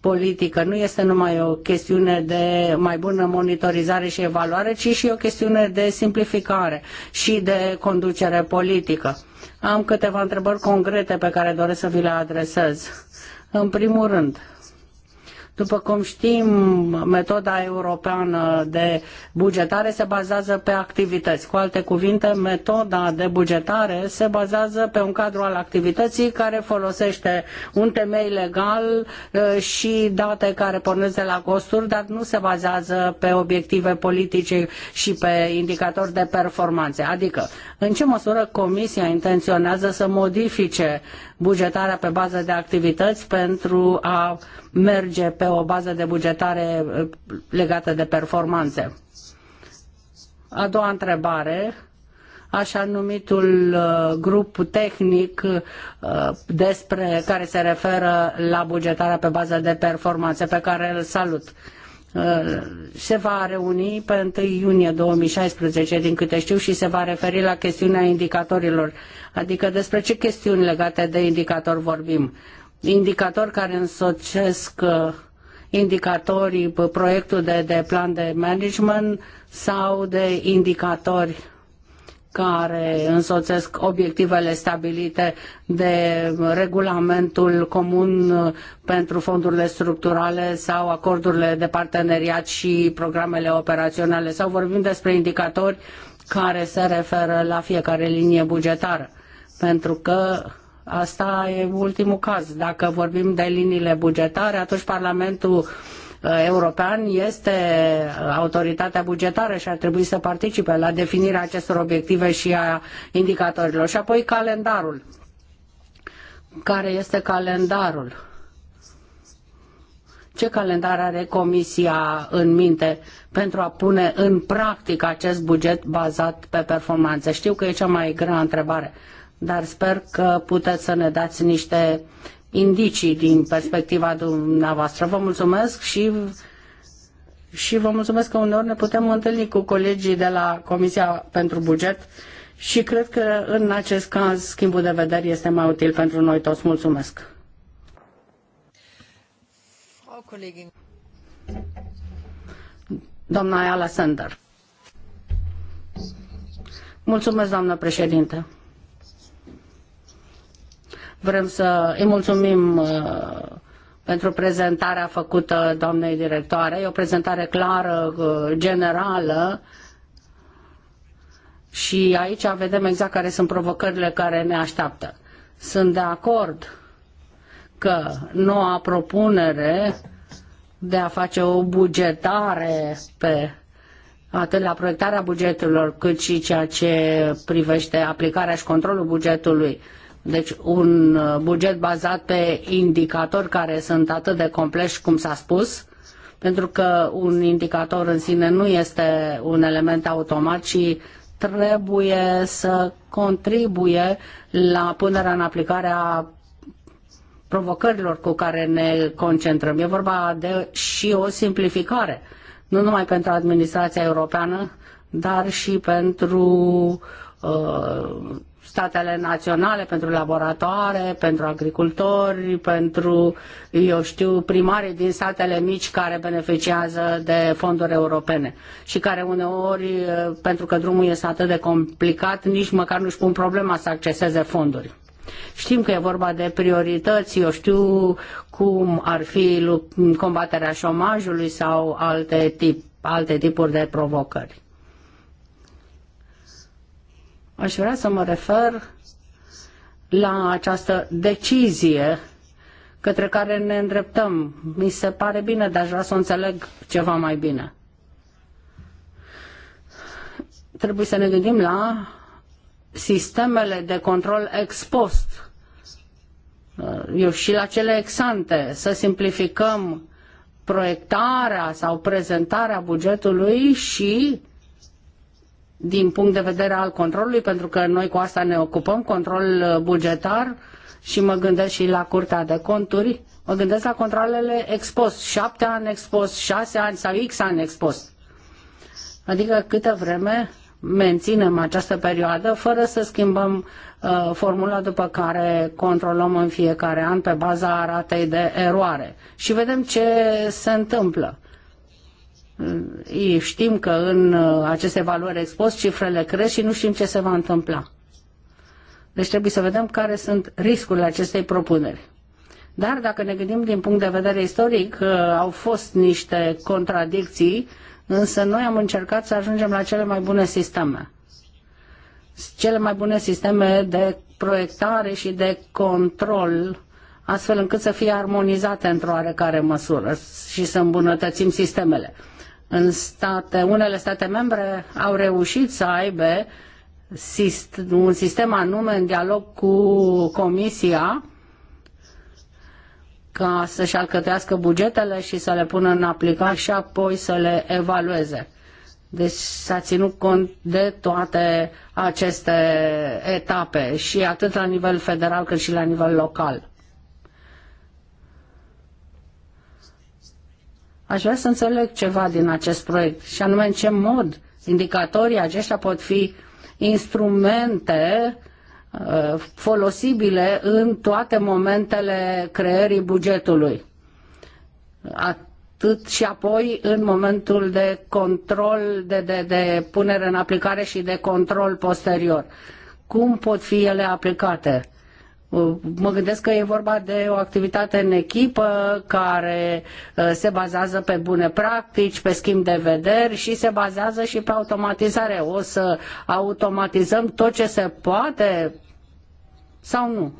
politică. Nu este numai o chestiune de mai bună monitorizare și evaluare, ci și o chestiune de simplificare și de conducere politică. Am câteva întrebări concrete pe care doresc să vi le adresez. În primul rând, după cum știm, metoda europeană de bugetare se bazează pe activități. Cu alte cuvinte, metoda de bugetare se bazează pe un cadru al activității care folosește un temei legal uh, și date care pornesc de la costuri, dar nu se bazează pe obiective politice și pe indicatori de performanțe. Adică, în ce măsură Comisia intenționează să modifice bugetarea pe bază de activități pentru a merge pe o bază de bugetare eh, legată de performanțe. A doua întrebare, așa numitul eh, grup tehnic eh, despre care se referă la bugetarea pe bază de performanțe pe care îl salut. Se va reuni pe 1 iunie 2016, din câte știu, și se va referi la chestiunea indicatorilor, adică despre ce chestiuni legate de indicator vorbim indicatori care însocesc uh, indicatorii uh, proiectul de, de plan de management sau de indicatori care însoțesc obiectivele stabilite de regulamentul comun uh, pentru fondurile structurale sau acordurile de parteneriat și programele operaționale sau vorbim despre indicatori care se referă la fiecare linie bugetară pentru că Asta e ultimul caz. Dacă vorbim de liniile bugetare, atunci Parlamentul uh, European este uh, autoritatea bugetară și ar trebui să participe la definirea acestor obiective și a indicatorilor. Și apoi calendarul. Care este calendarul? ce calendar are Comisia în minte pentru a pune în practică acest buget bazat pe performanțe? Știu că e cea mai grea întrebare, dar sper că puteți să ne dați niște indicii din perspectiva dumneavoastră. Vă mulțumesc și, și vă mulțumesc că uneori ne putem întâlni cu colegii de la Comisia pentru Buget și cred că în acest caz schimbul de vedere este mai util pentru noi toți. Mulțumesc! Doamna Ayala Sender. Mulțumesc, doamnă președinte. Vrem să îi mulțumim uh, pentru prezentarea făcută doamnei directoare. E o prezentare clară, uh, generală și aici vedem exact care sunt provocările care ne așteaptă. Sunt de acord că noua propunere de a face o bugetare pe atât la proiectarea bugetelor cât și ceea ce privește aplicarea și controlul bugetului deci un uh, buget bazat pe indicatori care sunt atât de complexi cum s-a spus, pentru că un indicator în sine nu este un element automat, ci trebuie să contribuie la punerea în aplicare a provocărilor cu care ne concentrăm. E vorba de și o simplificare, nu numai pentru administrația europeană, dar și pentru uh, statele naționale, pentru laboratoare, pentru agricultori, pentru, eu știu, primarii din statele mici care beneficiază de fonduri europene și care uneori, pentru că drumul este atât de complicat, nici măcar nu-și pun problema să acceseze fonduri. Știm că e vorba de priorități, eu știu cum ar fi combaterea șomajului sau alte, tip, alte tipuri de provocări. Aș vrea să mă refer la această decizie către care ne îndreptăm. Mi se pare bine, dar aș vrea să o înțeleg ceva mai bine. Trebuie să ne gândim la sistemele de control ex post, eu și la cele exante, să simplificăm proiectarea sau prezentarea bugetului și din punct de vedere al controlului, pentru că noi cu asta ne ocupăm, control uh, bugetar și mă gândesc și la Curtea de Conturi, mă gândesc la controlele expost, șapte ani expost, șase ani sau X ani expost. Adică câtă vreme menținem această perioadă fără să schimbăm uh, formula după care controlăm în fiecare an pe baza ratei de eroare și vedem ce se întâmplă știm că în uh, aceste valori expus cifrele cresc și nu știm ce se va întâmpla. Deci trebuie să vedem care sunt riscurile acestei propuneri. Dar dacă ne gândim din punct de vedere istoric, uh, au fost niște contradicții, însă noi am încercat să ajungem la cele mai bune sisteme. Cele mai bune sisteme de proiectare și de control, astfel încât să fie armonizate într-o oarecare măsură și să îmbunătățim sistemele. În state, unele state membre au reușit să aibă un sistem anume în dialog cu Comisia ca să-și alcătuiască bugetele și să le pună în aplicare și apoi să le evalueze. Deci s-a ținut cont de toate aceste etape și atât la nivel federal cât și la nivel local. Aș vrea să înțeleg ceva din acest proiect și anume în ce mod indicatorii aceștia pot fi instrumente uh, folosibile în toate momentele creării bugetului. Atât și apoi în momentul de control, de, de, de punere în aplicare și de control posterior. Cum pot fi ele aplicate? Mă gândesc că e vorba de o activitate în echipă care uh, se bazează pe bune practici, pe schimb de vederi și se bazează și pe automatizare. O să automatizăm tot ce se poate sau nu?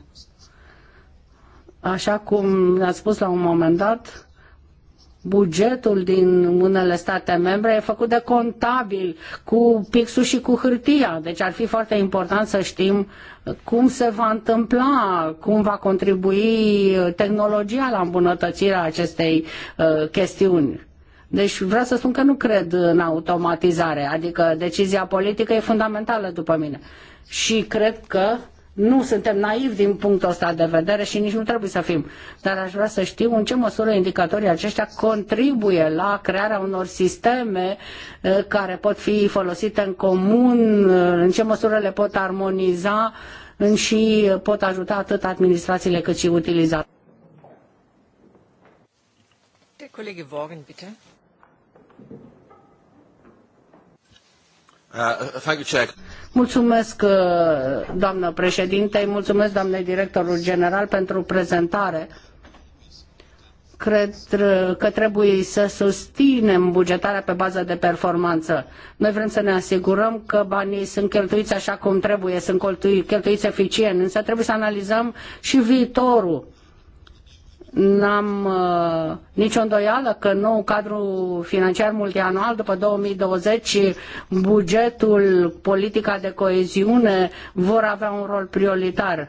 Așa cum ne-a spus la un moment dat, bugetul din unele state membre e făcut de contabil, cu pixul și cu hârtia. Deci ar fi foarte important să știm cum se va întâmpla, cum va contribui tehnologia la îmbunătățirea acestei uh, chestiuni. Deci vreau să spun că nu cred în automatizare, adică decizia politică e fundamentală după mine. Și cred că nu suntem naivi din punctul ăsta de vedere și nici nu trebuie să fim. Dar aș vrea să știu în ce măsură indicatorii aceștia contribuie la crearea unor sisteme eh, care pot fi folosite în comun, eh, în ce măsură le pot armoniza și pot ajuta atât administrațiile cât și utilizatorii. bitte. Uh, mulțumesc, uh, doamnă președinte, mulțumesc, doamne directorul general, pentru prezentare. Cred uh, că trebuie să susținem bugetarea pe bază de performanță. Noi vrem să ne asigurăm că banii sunt cheltuiți așa cum trebuie, sunt cheltuiți eficient, însă trebuie să analizăm și viitorul N-am uh, nicio îndoială că nou cadru financiar multianual după 2020, bugetul, politica de coeziune vor avea un rol prioritar.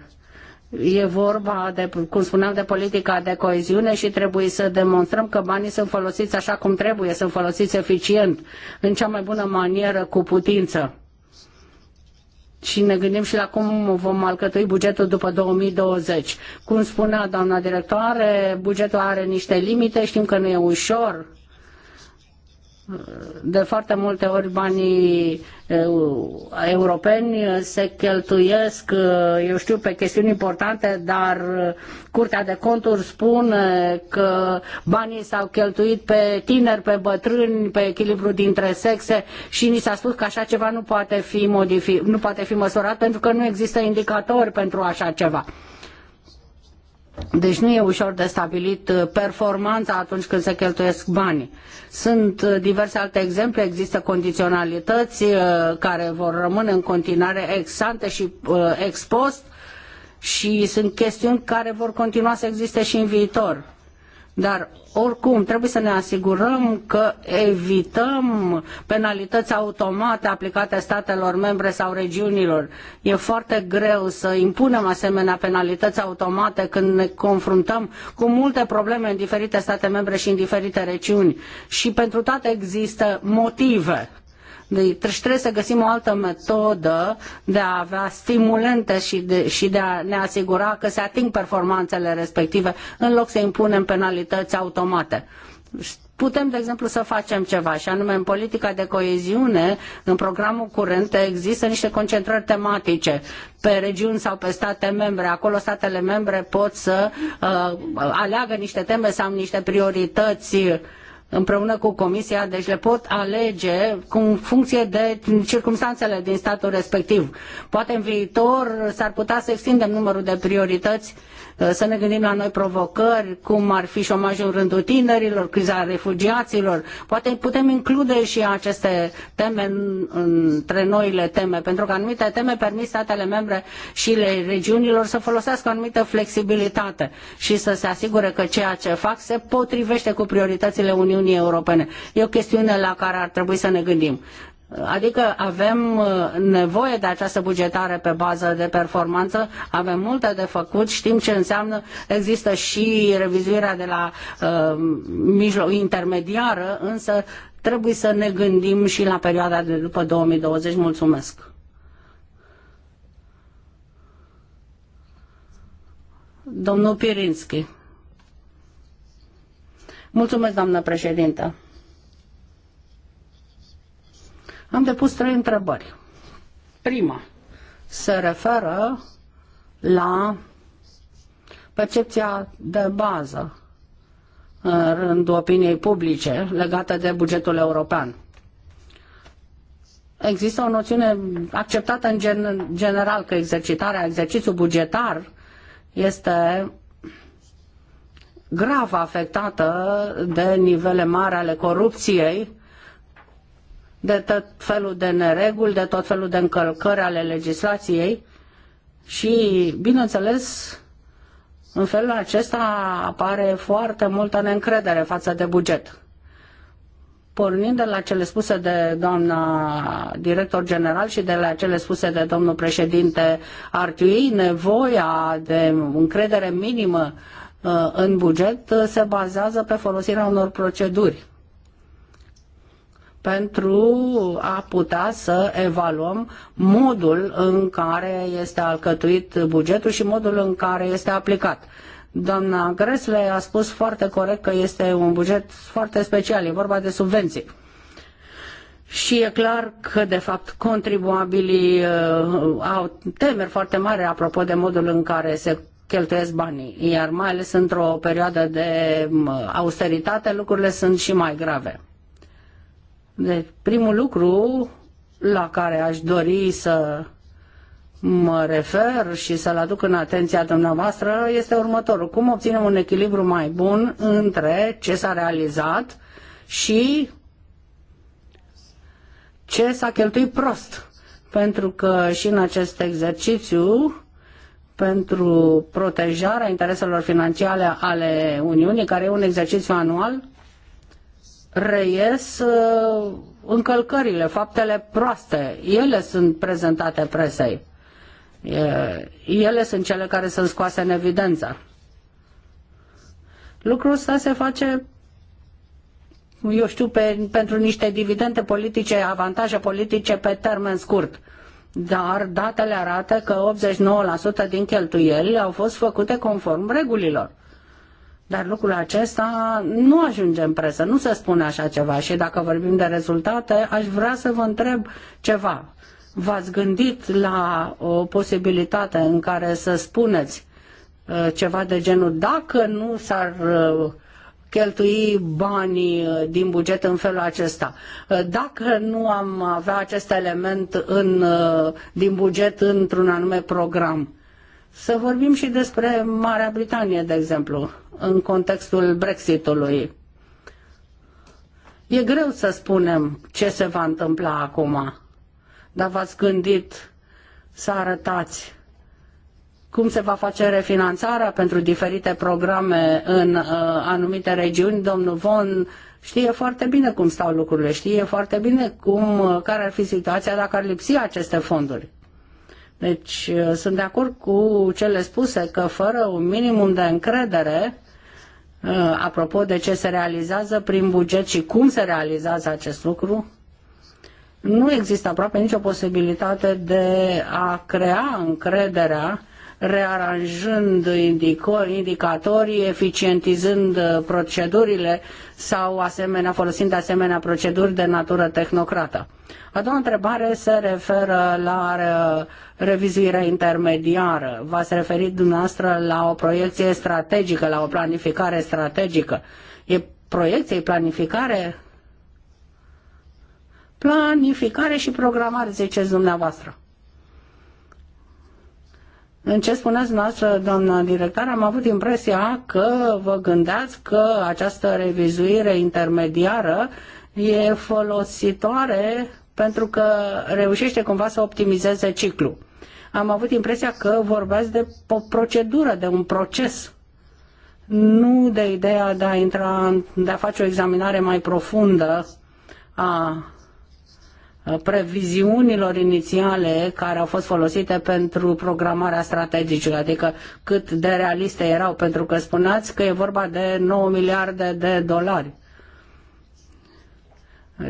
E vorba, de, cum spuneam, de politica de coeziune și trebuie să demonstrăm că banii sunt folosiți așa cum trebuie, sunt folosiți eficient, în cea mai bună manieră, cu putință și ne gândim și la cum vom alcătui bugetul după 2020. Cum spunea doamna directoare, bugetul are niște limite, știm că nu e ușor de foarte multe ori banii europeni se cheltuiesc, eu știu, pe chestiuni importante, dar Curtea de Conturi spune că banii s-au cheltuit pe tineri, pe bătrâni, pe echilibru dintre sexe și ni s-a spus că așa ceva nu poate fi, modific, nu poate fi măsurat pentru că nu există indicatori pentru așa ceva. Deci nu e ușor de stabilit uh, performanța atunci când se cheltuiesc banii. Sunt uh, diverse alte exemple, există condiționalități uh, care vor rămâne în continuare exante și expost și sunt chestiuni care vor continua să existe și în viitor. Dar oricum trebuie să ne asigurăm că evităm penalități automate aplicate statelor membre sau regiunilor. E foarte greu să impunem asemenea penalități automate când ne confruntăm cu multe probleme în diferite state membre și în diferite regiuni. Și pentru toate există motive deci trebuie să găsim o altă metodă de a avea stimulente și de, și de a ne asigura că se ating performanțele respective în loc să impunem penalități automate putem, de exemplu, să facem ceva, și anume în politica de coeziune, în programul curent, există niște concentrări tematice pe regiuni sau pe state membre. Acolo statele membre pot să uh, aleagă niște teme sau niște priorități uh, împreună cu comisia, deci le pot alege cu funcție de circumstanțele din statul respectiv. Poate în viitor s-ar putea să extindem numărul de priorități uh, Eh, să ne gândim la noi provocări, cum ar fi șomajul în rândul tinerilor, criza refugiaților. Poate putem include și aceste teme între noile teme, pentru că anumite teme permit statele membre și le regiunilor să folosească anumită flexibilitate și să se asigure că ceea ce fac se potrivește cu prioritățile Uniunii Europene. E o chestiune la care ar trebui să ne gândim. Adică avem uh, nevoie de această bugetare pe bază de performanță, avem multe de făcut, știm ce înseamnă, există și revizuirea de la uh, intermediară, însă trebuie să ne gândim și la perioada de după 2020. Mulțumesc! Domnul Pirinski. Mulțumesc, doamnă președintă. Am depus trei întrebări. Prima se referă la percepția de bază în rândul opiniei publice legată de bugetul european. Există o noțiune acceptată în gen, general că exercitarea, exercițiul bugetar este grav afectată de nivele mari ale corupției de tot felul de nereguli, de tot felul de încălcări ale legislației și, bineînțeles, în felul acesta apare foarte multă neîncredere față de buget. Pornind de la cele spuse de doamna director general și de la cele spuse de domnul președinte Artiui, nevoia de încredere minimă uh, în buget uh, se bazează pe folosirea unor proceduri pentru a putea să evaluăm modul în care este alcătuit bugetul și modul în care este aplicat. Doamna Gresle a spus foarte corect că este un buget foarte special, e vorba de subvenții. Și e clar că, de fapt, contribuabilii uh, au temeri foarte mari apropo de modul în care se cheltuiesc banii, iar mai ales într-o perioadă de um, austeritate, lucrurile sunt și mai grave. De primul lucru la care aș dori să mă refer și să-l aduc în atenția dumneavoastră este următorul. Cum obținem un echilibru mai bun între ce s-a realizat și ce s-a cheltuit prost? Pentru că și în acest exercițiu pentru protejarea intereselor financiare ale Uniunii, care e un exercițiu anual, reies uh, încălcările, faptele proaste. Ele sunt prezentate presei. Ele sunt cele care sunt scoase în evidență. Lucrul ăsta se face eu știu, pe, pentru niște dividende politice, avantaje politice pe termen scurt. Dar datele arată că 89% din cheltuieli au fost făcute conform regulilor. Dar lucrul acesta nu ajunge în presă, nu se spune așa ceva. Și dacă vorbim de rezultate, aș vrea să vă întreb ceva. V-ați gândit la o posibilitate în care să spuneți uh, ceva de genul dacă nu s-ar uh, cheltui banii uh, din buget în felul acesta. Dacă nu am avea acest element în, din buget într-un anume program, să vorbim și despre Marea Britanie, de exemplu, în contextul Brexitului. E greu să spunem ce se va întâmpla acum, dar v-ați gândit să arătați cum se va face refinanțarea pentru diferite programe în uh, anumite regiuni. Domnul Von știe foarte bine cum stau lucrurile, știe foarte bine cum, uh, care ar fi situația dacă ar lipsi aceste fonduri. Deci uh, sunt de acord cu cele spuse că fără un minimum de încredere, uh, apropo de ce se realizează prin buget și cum se realizează acest lucru, nu există aproape nicio posibilitate de a crea încrederea rearanjând indicatorii, eficientizând uh, procedurile sau asemenea, folosind asemenea proceduri de natură tehnocrată. A doua întrebare se referă la uh, revizuirea intermediară. V-ați referit dumneavoastră la o proiecție strategică, la o planificare strategică. E proiecție, planificare? Planificare și programare, ziceți dumneavoastră. În ce spuneți noastră, doamna director, am avut impresia că vă gândeați că această revizuire intermediară e folositoare pentru că reușește cumva să optimizeze ciclul. Am avut impresia că vorbeați de o procedură, de un proces, nu de ideea de a intra, de a face o examinare mai profundă a Uh, previziunilor inițiale care au fost folosite pentru programarea strategică, adică cât de realiste erau, pentru că spuneați că e vorba de 9 miliarde de dolari.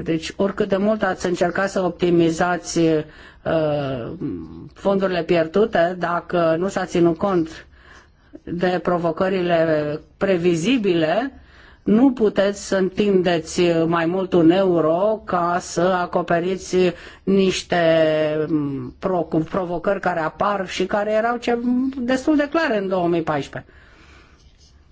Deci, oricât de mult ați încercat să optimizați uh, fondurile pierdute, dacă nu s-a ținut cont de provocările previzibile, nu puteți să întindeți mai mult un euro ca să acoperiți niște mm, provocări care apar și care erau ce, destul de clare în 2014.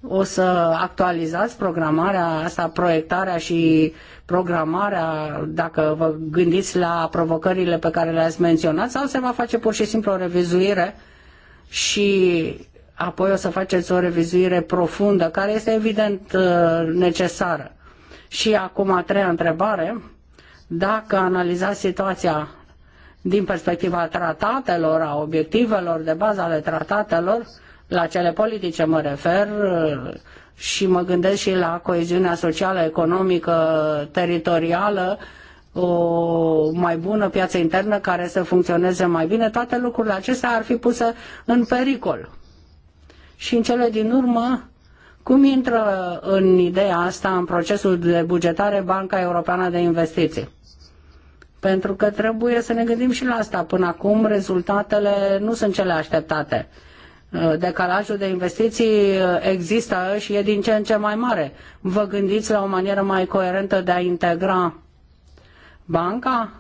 O să actualizați programarea asta, proiectarea și programarea, dacă vă gândiți la provocările pe care le-ați menționat, sau se va face pur și simplu o revizuire și apoi o să faceți o revizuire profundă, care este evident uh, necesară. Și acum a treia întrebare, dacă analizați situația din perspectiva tratatelor, a obiectivelor de bază ale tratatelor, la cele politice mă refer uh, și mă gândesc și la coeziunea socială, economică, teritorială, o mai bună piață internă care să funcționeze mai bine, toate lucrurile acestea ar fi puse în pericol și în cele din urmă cum intră în ideea asta, în procesul de bugetare, Banca Europeană de Investiții? Pentru că trebuie să ne gândim și la asta. Până acum rezultatele nu sunt cele așteptate. Uh, decalajul de investiții uh, există și e din ce în ce mai mare. Vă gândiți la o manieră mai coerentă de a integra banca?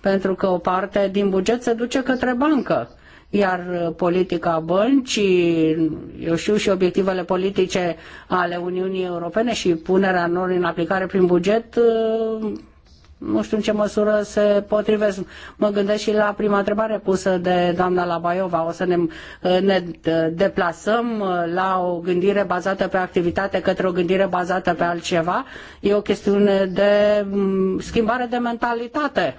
Pentru că o parte din buget se duce către bancă iar uh, politica băncii, eu știu, și obiectivele politice ale Uniunii Europene și punerea lor în aplicare prin buget, uh, nu știu în ce măsură se potrivesc. Mă gândesc și la prima întrebare pusă de doamna Labaiova. O să ne, uh, ne deplasăm la o gândire bazată pe activitate către o gândire bazată pe altceva. E o chestiune de mm, schimbare de mentalitate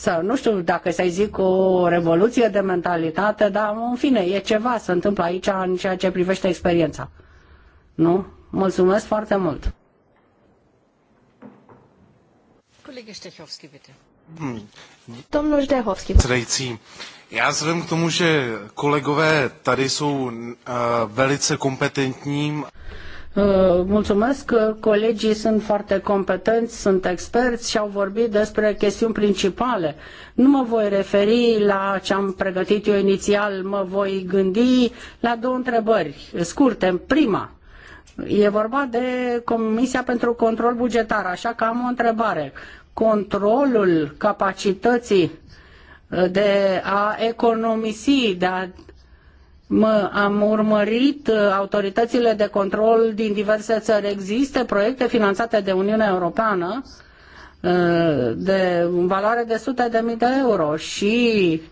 să nu știu dacă să-i zic o revoluție de mentalitate, dar în fine, e ceva să întâmplă aici în ceea ce privește experiența. Nu? Mulțumesc foarte mult! Colegă Ștehovski, bitte. Domnul Ždehovský. Předající, já vzhledem k tomu, že kolegové tady jsou uh, velice kompetentní. Uh, mulțumesc, colegii sunt foarte competenți, sunt experți și au vorbit despre chestiuni principale. Nu mă voi referi la ce am pregătit eu inițial, mă voi gândi la două întrebări scurte. Prima, e vorba de Comisia pentru Control Bugetar, așa că am o întrebare. Controlul capacității uh, de a economisi, de a Mă, am urmărit uh, autoritățile de control din diverse țări. Există proiecte finanțate de Uniunea Europeană uh, de valoare de sute de mii de euro și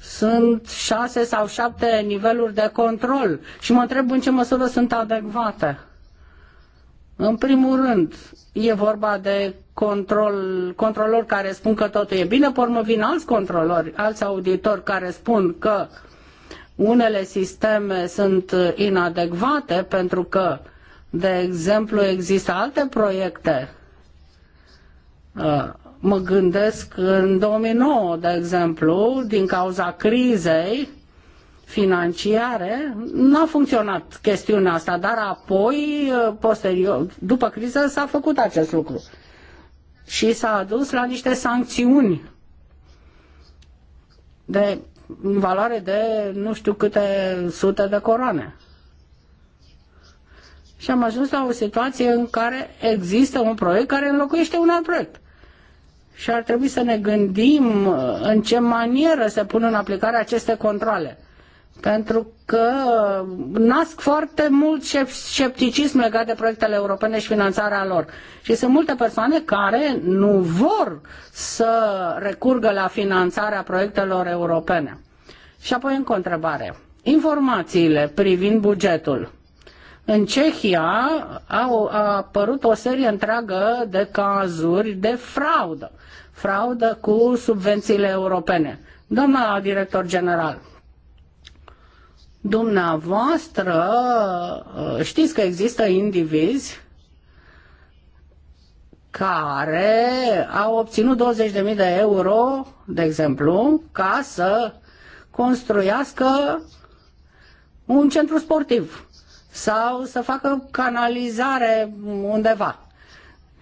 sunt șase sau șapte niveluri de control și mă întreb în ce măsură sunt adecvate. În primul rând, e vorba de control, controlori care spun că totul e bine, pe urmă vin alți controlori, alți auditori care spun că uh, unele sisteme sunt inadecvate pentru că, de exemplu, există alte proiecte. Uh, mă gândesc în 2009, de exemplu, din cauza crizei, financiare, n-a funcționat chestiunea asta, dar apoi, uh, posterior, după criză, s-a făcut acest lucru. Și s-a adus la niște sancțiuni. De în valoare de nu știu câte sute de coroane. Și am ajuns la o situație în care există un proiect care înlocuiește un alt proiect. Și ar trebui să ne gândim uh, în ce manieră se pun în aplicare aceste controle pentru că uh, nasc foarte mult scepticism legat de proiectele europene și finanțarea lor. Și sunt multe persoane care nu vor să recurgă la finanțarea proiectelor europene. Și apoi încă o întrebare. Informațiile privind bugetul. În Cehia au, a apărut o serie întreagă de cazuri de fraudă. Fraudă cu subvențiile europene. Doamna director general, Dumneavoastră uh, știți că există indivizi care au obținut 20.000 de euro, de exemplu, ca să construiască un centru sportiv sau să facă canalizare undeva.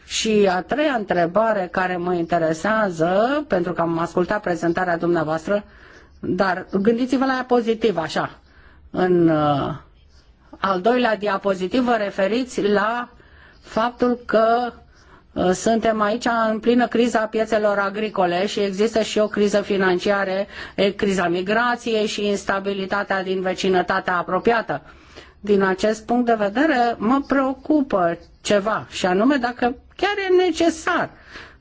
Și a treia întrebare care mă interesează, pentru că am ascultat prezentarea dumneavoastră, dar gândiți-vă la ea pozitiv, așa în uh, al doilea diapozitiv vă referiți la faptul că uh, suntem aici în plină criza piețelor agricole și există și o criză financiară, criza migrației și instabilitatea din vecinătatea apropiată. Din acest punct de vedere, mă preocupă ceva, și anume dacă chiar e necesar.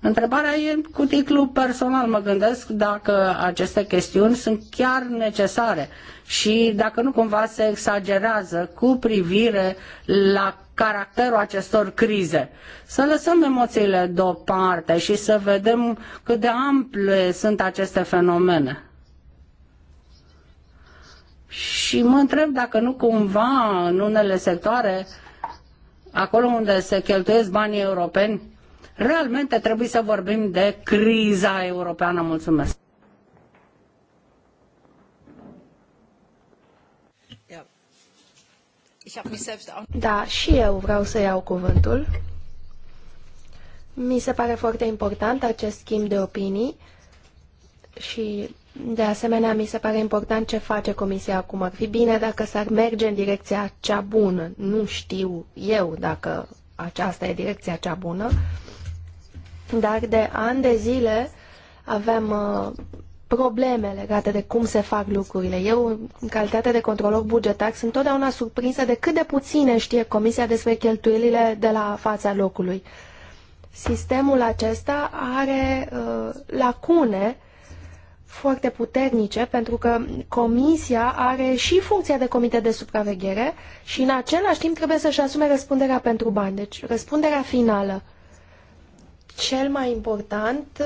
Întrebarea e cu titlu personal, mă gândesc dacă aceste chestiuni sunt chiar necesare și dacă nu cumva se exagerează cu privire la caracterul acestor crize. Să lăsăm emoțiile deoparte și să vedem cât de ample sunt aceste fenomene. Și mă întreb dacă nu cumva în unele sectoare, acolo unde se cheltuiesc banii europeni, realmente trebuie să vorbim de criza europeană. Mulțumesc! Da, și eu vreau să iau cuvântul. Mi se pare foarte important acest schimb de opinii și, de asemenea, mi se pare important ce face Comisia acum. Ar fi bine dacă s-ar merge în direcția cea bună. Nu știu eu dacă aceasta e direcția cea bună, dar de ani de zile avem uh, probleme legate de cum se fac lucrurile. Eu, în calitate de controlor bugetar, sunt totdeauna surprinsă de cât de puține știe Comisia despre cheltuielile de la fața locului. Sistemul acesta are uh, lacune foarte puternice, pentru că comisia are și funcția de comitet de supraveghere și în același timp trebuie să-și asume răspunderea pentru bani, deci răspunderea finală. Cel mai important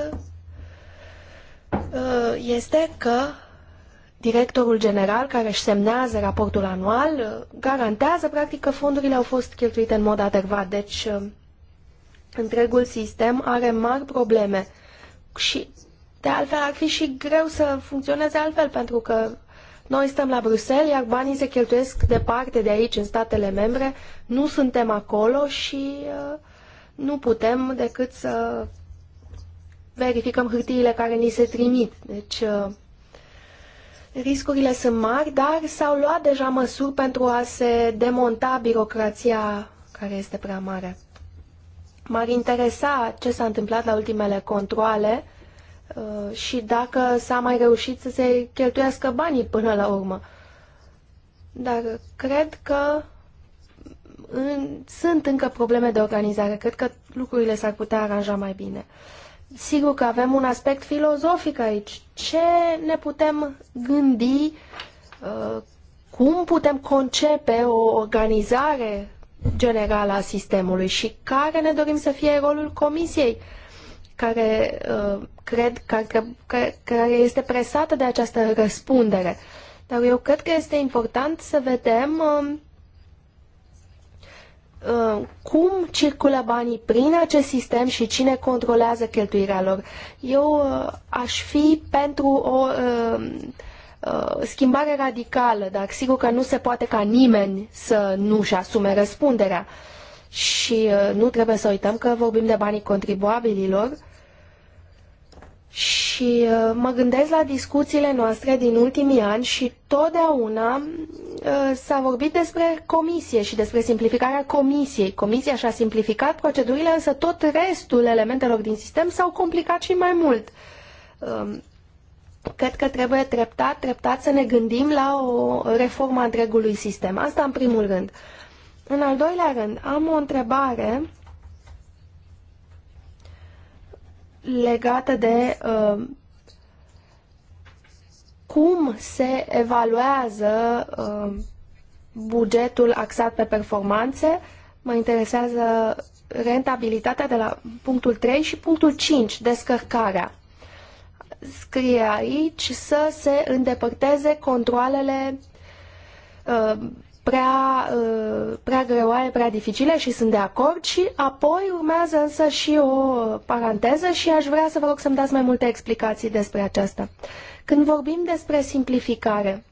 Uh, este că directorul general care își semnează raportul anual uh, garantează practic că fondurile au fost cheltuite în mod adecvat. Deci uh, întregul sistem are mari probleme și de altfel ar fi și greu să funcționeze altfel pentru că noi stăm la Bruxelles, iar banii se cheltuiesc departe de aici, în statele membre, nu suntem acolo și nu putem decât să verificăm hârtiile care ni se trimit. Deci, uh, riscurile sunt mari, dar s-au luat deja măsuri pentru a se demonta birocrația care este prea mare. M-ar interesa ce s-a întâmplat la ultimele controle uh, și dacă s-a mai reușit să se cheltuiască banii până la urmă. Dar cred că în, sunt încă probleme de organizare. Cred că lucrurile s-ar putea aranja mai bine. Sigur că avem un aspect filozofic aici. Ce ne putem gândi, uh, cum putem concepe o organizare generală a sistemului și care ne dorim să fie rolul comisiei, care uh, cred că, că este presată de această răspundere. Dar eu cred că este important să vedem um, Uh, cum circulă banii prin acest sistem și cine controlează cheltuirea lor. Eu uh, aș fi pentru o uh, schimbare radicală, dar sigur că nu se poate ca nimeni să nu-și asume răspunderea. Și nu trebuie să uităm că vorbim de banii contribuabililor și mă gândesc la discuțiile noastre din ultimii ani și totdeauna Uh, s-a vorbit despre comisie și despre simplificarea comisiei. Comisia și-a simplificat procedurile, însă tot restul elementelor din sistem s-au complicat și mai mult. Um, cred că trebuie treptat, treptat să ne gândim la o reformă a întregului sistem. Asta în primul rând. În al doilea rând, am o întrebare legată de uh, cum se evaluează uh, bugetul axat pe performanțe. Mă interesează rentabilitatea de la punctul 3 și punctul 5, descărcarea. Scrie aici să se îndepărteze controlele uh, prea, uh, prea greoaie, prea dificile și sunt de acord și apoi urmează însă și o paranteză și aș vrea să vă rog să-mi dați mai multe explicații despre aceasta. Uh, când vorbim despre simplificare,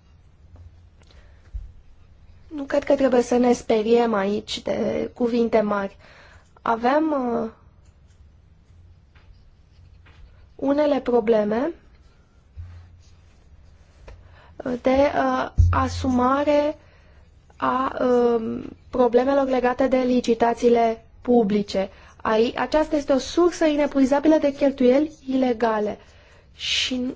nu cred că trebuie să ne speriem aici de cuvinte mari. Avem uh, unele probleme de uh, asumare a uh, problemelor legate de licitațiile publice. Aici, aceasta este o sursă inepuizabilă de cheltuieli ilegale și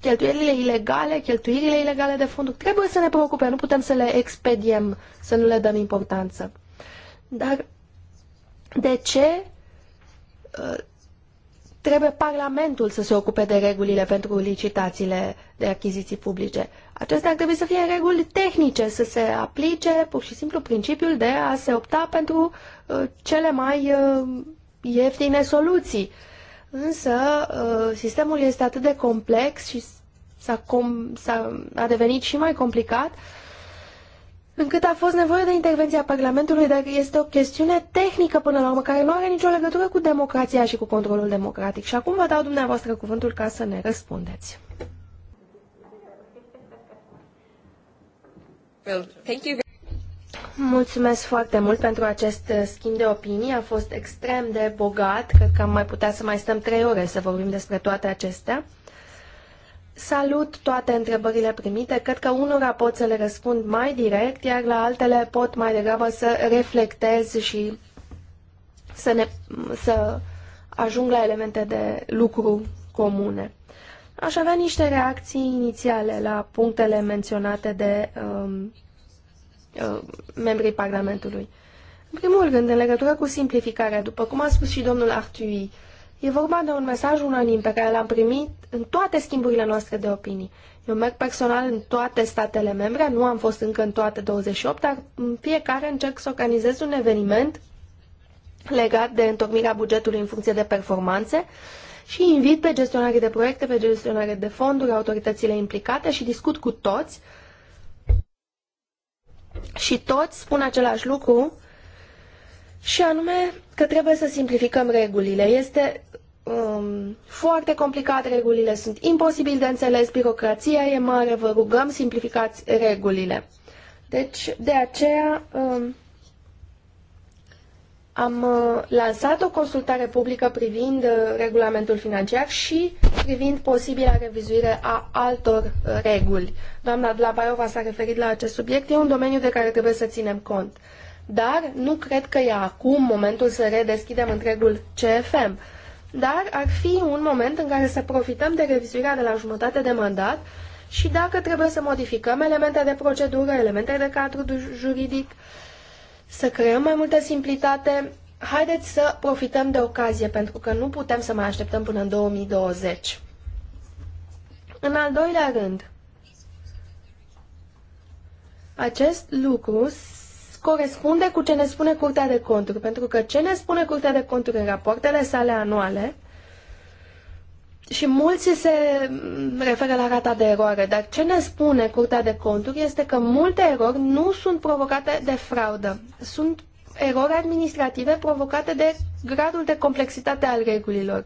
cheltuielile ilegale, cheltuielile ilegale de fonduri, trebuie să ne preocupe, nu putem să le expediem, să nu le dăm importanță. Dar de ce uh, trebuie Parlamentul să se ocupe de regulile pentru licitațiile de achiziții publice? Acestea ar trebui să fie reguli tehnice, să se aplice pur și simplu principiul de a se opta pentru uh, cele mai uh, ieftine soluții Însă, uh, sistemul este atât de complex și s-a, com- a devenit și mai complicat, încât a fost nevoie de intervenția Parlamentului, dar este o chestiune tehnică până la urmă, care nu are nicio legătură cu democrația și cu controlul democratic. Și acum vă dau dumneavoastră cuvântul ca să ne răspundeți. Well, thank you. Mulțumesc foarte mult pentru acest uh, schimb de opinii. A fost extrem de bogat. Cred că am mai putea să mai stăm trei ore să vorbim despre toate acestea. Salut toate întrebările primite. Cred că unora pot să le răspund mai direct, iar la altele pot mai degrabă să reflectez și să, ne, să ajung la elemente de lucru comune. Aș avea niște reacții inițiale la punctele menționate de um, Uh, membrii Parlamentului. În primul rând, în legătură cu simplificarea, după cum a spus și domnul Artui, e vorba de un mesaj unanim pe care l-am primit în toate schimburile noastre de opinii. Eu merg personal în toate statele membre, nu am fost încă în toate 28, dar în fiecare încerc să organizez un eveniment legat de întocmirea bugetului în funcție de performanțe și invit pe gestionare de proiecte, pe gestionare de fonduri, autoritățile implicate și discut cu toți și toți spun același lucru și anume că trebuie să simplificăm regulile. Este um, foarte complicat, regulile sunt imposibil de înțeles, birocrația e mare, vă rugăm simplificați regulile. Deci, de aceea um, am uh, lansat o consultare publică privind uh, regulamentul financiar și privind posibila revizuire a altor uh, reguli. Doamna Dlabarova s-a referit la acest subiect, e un domeniu de care trebuie să ținem cont. Dar nu cred că e acum momentul să redeschidem întregul CFM. Dar ar fi un moment în care să profităm de revizuirea de la jumătate de mandat și dacă trebuie să modificăm elemente de procedură, elemente de cadru juridic, uh, să creăm mai multă simplitate. Haideți să profităm de ocazie, pentru că nu putem să mai așteptăm până în 2020. În al doilea rând, acest lucru corespunde cu ce ne spune Curtea de Conturi, pentru că ce ne spune Curtea de Conturi în rapoartele sale anuale și mulți se referă la rata de eroare, dar ce ne spune Curtea de Conturi este că multe erori nu sunt provocate de fraudă, sunt erori administrative provocate de gradul de complexitate al regulilor.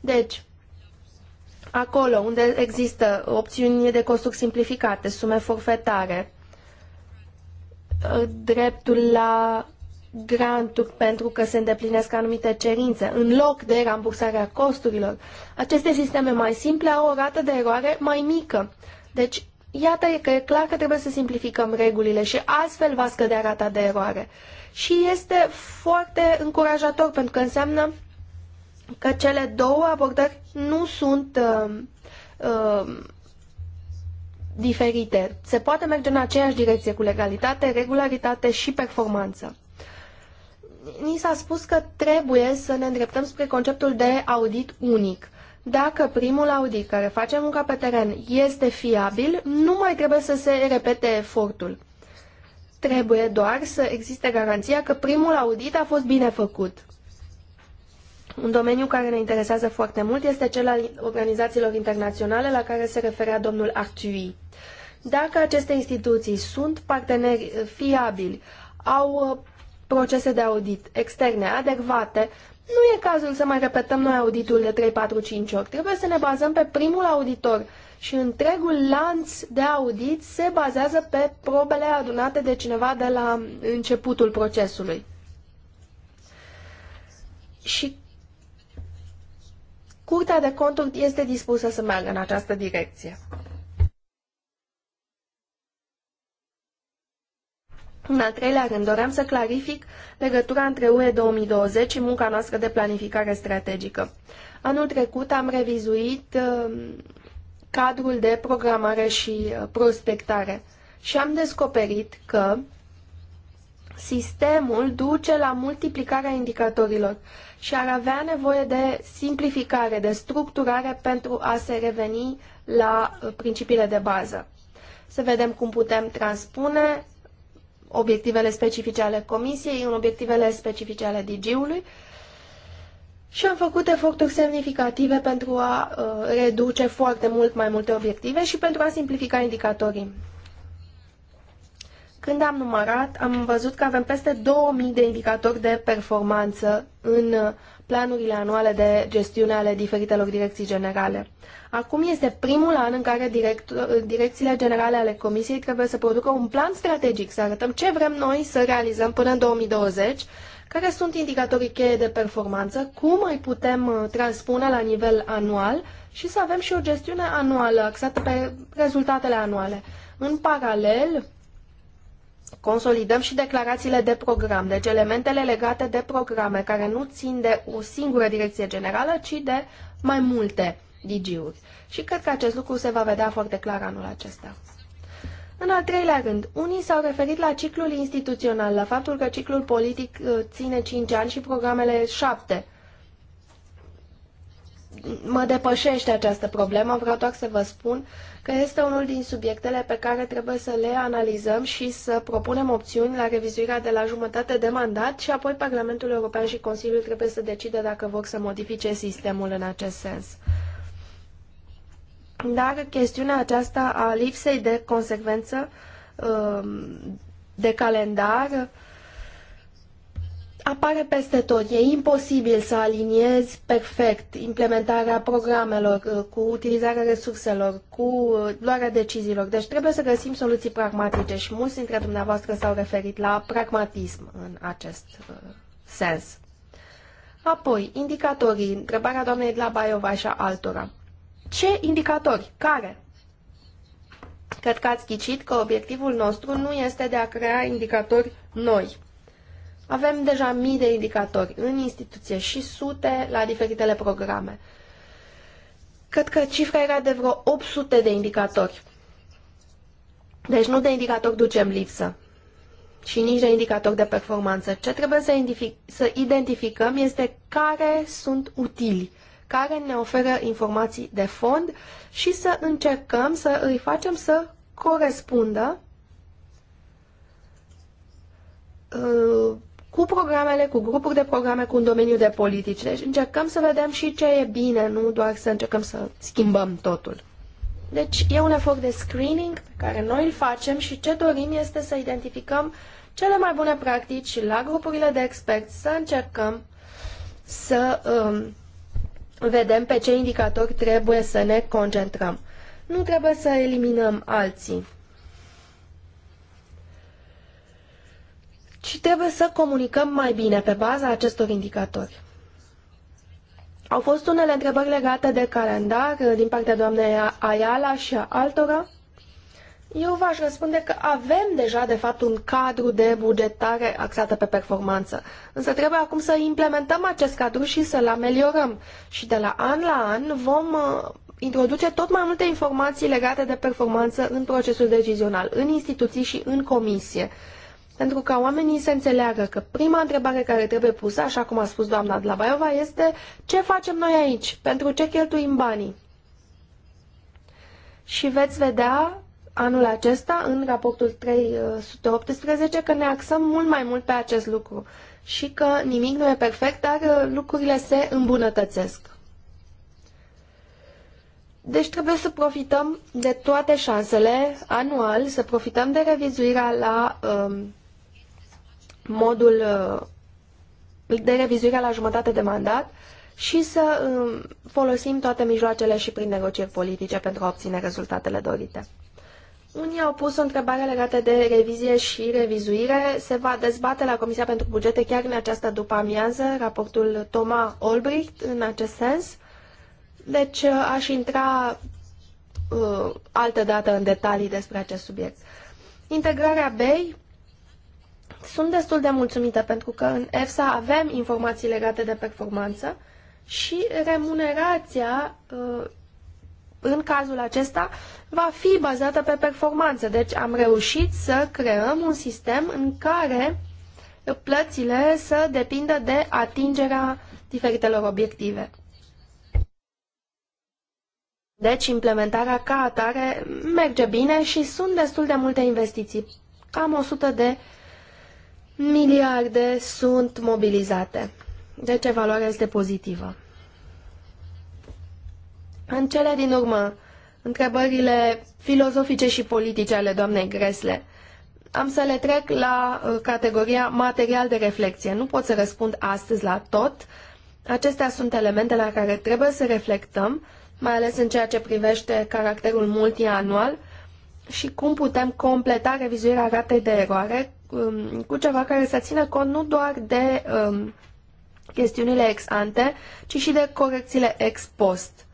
Deci, acolo unde există opțiuni de costuri simplificate, sume forfetare, dreptul la granturi pentru că se îndeplinesc anumite cerințe, în loc de rambursarea costurilor. Aceste sisteme mai simple au o rată de eroare mai mică. Deci, iată că e clar că trebuie să simplificăm regulile și astfel va scădea rata de eroare. Și este foarte încurajator pentru că înseamnă că cele două abordări nu sunt uh, uh, diferite. Se poate merge în aceeași direcție cu legalitate, regularitate și performanță ni s-a spus că trebuie să ne îndreptăm spre conceptul de audit unic. Dacă primul audit care face munca pe teren este fiabil, nu mai trebuie să se repete efortul. Trebuie doar să existe garanția că primul audit a fost bine făcut. Un domeniu care ne interesează foarte mult este cel al organizațiilor internaționale la care se referea domnul Artui. Dacă aceste instituții sunt parteneri fiabili, au procese de audit externe adecvate, nu e cazul să mai repetăm noi auditul de 3, 4, 5 ori. Trebuie să ne bazăm pe primul auditor și întregul lanț de audit se bazează pe probele adunate de cineva de la începutul procesului. Și Curtea de conturi este dispusă să meargă în această direcție. În al treilea rând, doream să clarific legătura între UE 2020 și munca noastră de planificare strategică. Anul trecut am revizuit um, cadrul de programare și uh, prospectare și am descoperit că sistemul duce la multiplicarea indicatorilor și ar avea nevoie de simplificare, de structurare pentru a se reveni la uh, principiile de bază. Să vedem cum putem transpune obiectivele specifice ale Comisiei, în obiectivele specifice ale DG-ului și am făcut eforturi semnificative pentru a uh, reduce foarte mult mai multe obiective și pentru a simplifica indicatorii. Când am numărat, am văzut că avem peste 2000 de indicatori de performanță în uh, planurile anuale de gestiune ale diferitelor direcții generale. Acum este primul an în care direct, direcțiile generale ale Comisiei trebuie să producă un plan strategic, să arătăm ce vrem noi să realizăm până în 2020, care sunt indicatorii cheie de performanță, cum îi putem uh, transpune la nivel anual și să avem și o gestiune anuală axată pe rezultatele anuale. În paralel, consolidăm și declarațiile de program, deci elementele legate de programe care nu țin de o singură direcție generală, ci de mai multe DG-uri. Și cred că acest lucru se va vedea foarte clar anul acesta. În al treilea rând, unii s-au referit la ciclul instituțional, la faptul că ciclul politic uh, ține 5 ani și programele 7. Mă depășește această problemă, vreau doar să vă spun că este unul din subiectele pe care trebuie să le analizăm și să propunem opțiuni la revizuirea de la jumătate de mandat și apoi Parlamentul European și Consiliul trebuie să decidă dacă vor să modifice sistemul în acest sens. Dar chestiunea aceasta a lipsei de consecvență um, de calendar apare peste tot. E imposibil să aliniezi perfect implementarea programelor uh, cu utilizarea resurselor, cu uh, luarea deciziilor. Deci trebuie să găsim soluții pragmatice și mulți dintre dumneavoastră s-au referit la pragmatism în acest uh, sens. Apoi, indicatorii, întrebarea doamnei de la Baiova și a altora. Ce indicatori? Care? Cred că ați ghicit că obiectivul nostru nu este de a crea indicatori noi avem deja mii de indicatori în instituție și sute la diferitele programe. Cred că cifra era de vreo 800 de indicatori. Deci nu de indicatori ducem lipsă și nici de indicatori de performanță. Ce trebuie să, să identificăm este care sunt utili, care ne oferă informații de fond și să încercăm să îi facem să corespundă uh, cu programele, cu grupuri de programe, cu un domeniu de politici. Deci încercăm să vedem și ce e bine, nu doar să încercăm să schimbăm totul. Deci e un efort de screening pe care noi îl facem și ce dorim este să identificăm cele mai bune practici la grupurile de experți, să încercăm să um, vedem pe ce indicatori trebuie să ne concentrăm. Nu trebuie să eliminăm alții. și trebuie să comunicăm mai bine pe baza acestor indicatori. Au fost unele întrebări legate de calendar uh, din partea doamnei Ayala și a altora. Eu v-aș răspunde că avem deja, de fapt, un cadru de bugetare axată pe performanță. Însă trebuie acum să implementăm acest cadru și să-l ameliorăm. Și de la an la an vom uh, introduce tot mai multe informații legate de performanță în procesul decizional, în instituții și în comisie. Pentru ca oamenii să înțeleagă că prima întrebare care trebuie pusă, așa cum a spus doamna Dlabaiova, este ce facem noi aici? Pentru ce cheltuim banii? Și veți vedea anul acesta, în raportul 318, că ne axăm mult mai mult pe acest lucru și că nimic nu e perfect, dar uh, lucrurile se îmbunătățesc. Deci trebuie să profităm de toate șansele anual, să profităm de revizuirea la uh, modul uh, de revizuire la jumătate de mandat și să um, folosim toate mijloacele și prin negocieri politice pentru a obține rezultatele dorite. Unii au pus o întrebare legată de revizie și revizuire. Se va dezbate la Comisia pentru Bugete chiar în această după-amiază raportul Toma Olbricht în acest sens. Deci uh, aș intra uh, altă dată în detalii despre acest subiect. Integrarea BEI sunt destul de mulțumită pentru că în EFSA avem informații legate de performanță și remunerația uh, în cazul acesta va fi bazată pe performanță. Deci am reușit să creăm un sistem în care plățile să depindă de atingerea diferitelor obiective. Deci implementarea ca atare merge bine și sunt destul de multe investiții, cam 100 de miliarde sunt mobilizate. Deci valoarea este pozitivă. În cele din urmă, întrebările filozofice și politice ale doamnei Gresle. Am să le trec la uh, categoria material de reflexie. Nu pot să răspund astăzi la tot. Acestea sunt elemente la care trebuie să reflectăm, mai ales în ceea ce privește caracterul multianual și cum putem completa revizuirea ratei de eroare Um, cu ceva care să țină cont nu doar de um, chestiunile ex ante, ci și de corecțiile ex post.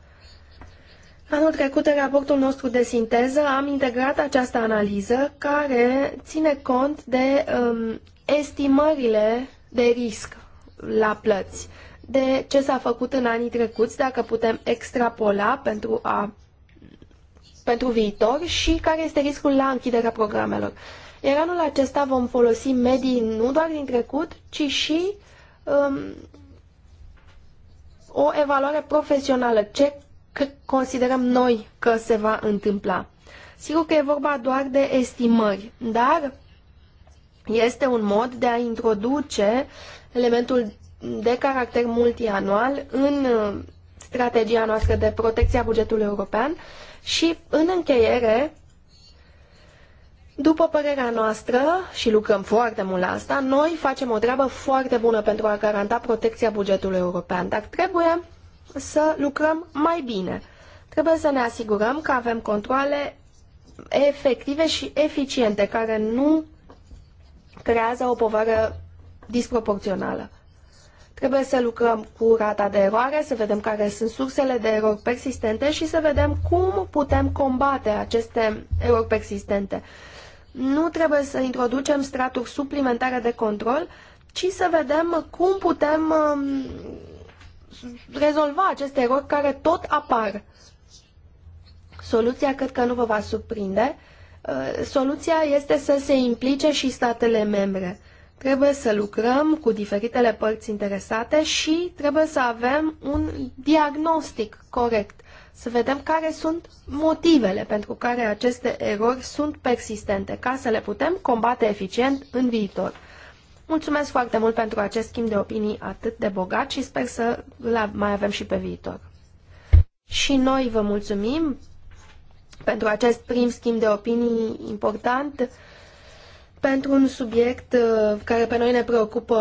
Anul trecut, în raportul nostru de sinteză, am integrat această analiză care ține cont de um, estimările de risc la plăți, de ce s-a făcut în anii trecuți, dacă putem extrapola pentru a pentru viitor și care este riscul la închiderea programelor. Iar anul acesta vom folosi medii nu doar din trecut, ci și um, o evaluare profesională, ce considerăm noi că se va întâmpla. Sigur că e vorba doar de estimări, dar este un mod de a introduce elementul de caracter multianual în uh, strategia noastră de protecție a bugetului european și, în încheiere, după părerea noastră, și lucrăm foarte mult la asta, noi facem o treabă foarte bună pentru a garanta protecția bugetului european, dar trebuie să lucrăm mai bine. Trebuie să ne asigurăm că avem controle efective și eficiente, care nu creează o povară disproporțională. Trebuie să lucrăm cu rata de eroare, să vedem care sunt sursele de erori persistente și să vedem cum putem combate aceste erori persistente. Nu trebuie să introducem straturi suplimentare de control, ci să vedem cum putem um, rezolva aceste erori care tot apar. Soluția cred că nu vă va surprinde. Uh, soluția este să se implice și statele membre. Trebuie să lucrăm cu diferitele părți interesate și trebuie să avem un diagnostic corect să vedem care sunt motivele pentru care aceste erori sunt persistente, ca să le putem combate eficient în viitor. Mulțumesc foarte mult pentru acest schimb de opinii atât de bogat și sper să îl mai avem și pe viitor. Și noi vă mulțumim pentru acest prim schimb de opinii important, pentru un subiect uh, care pe noi ne preocupă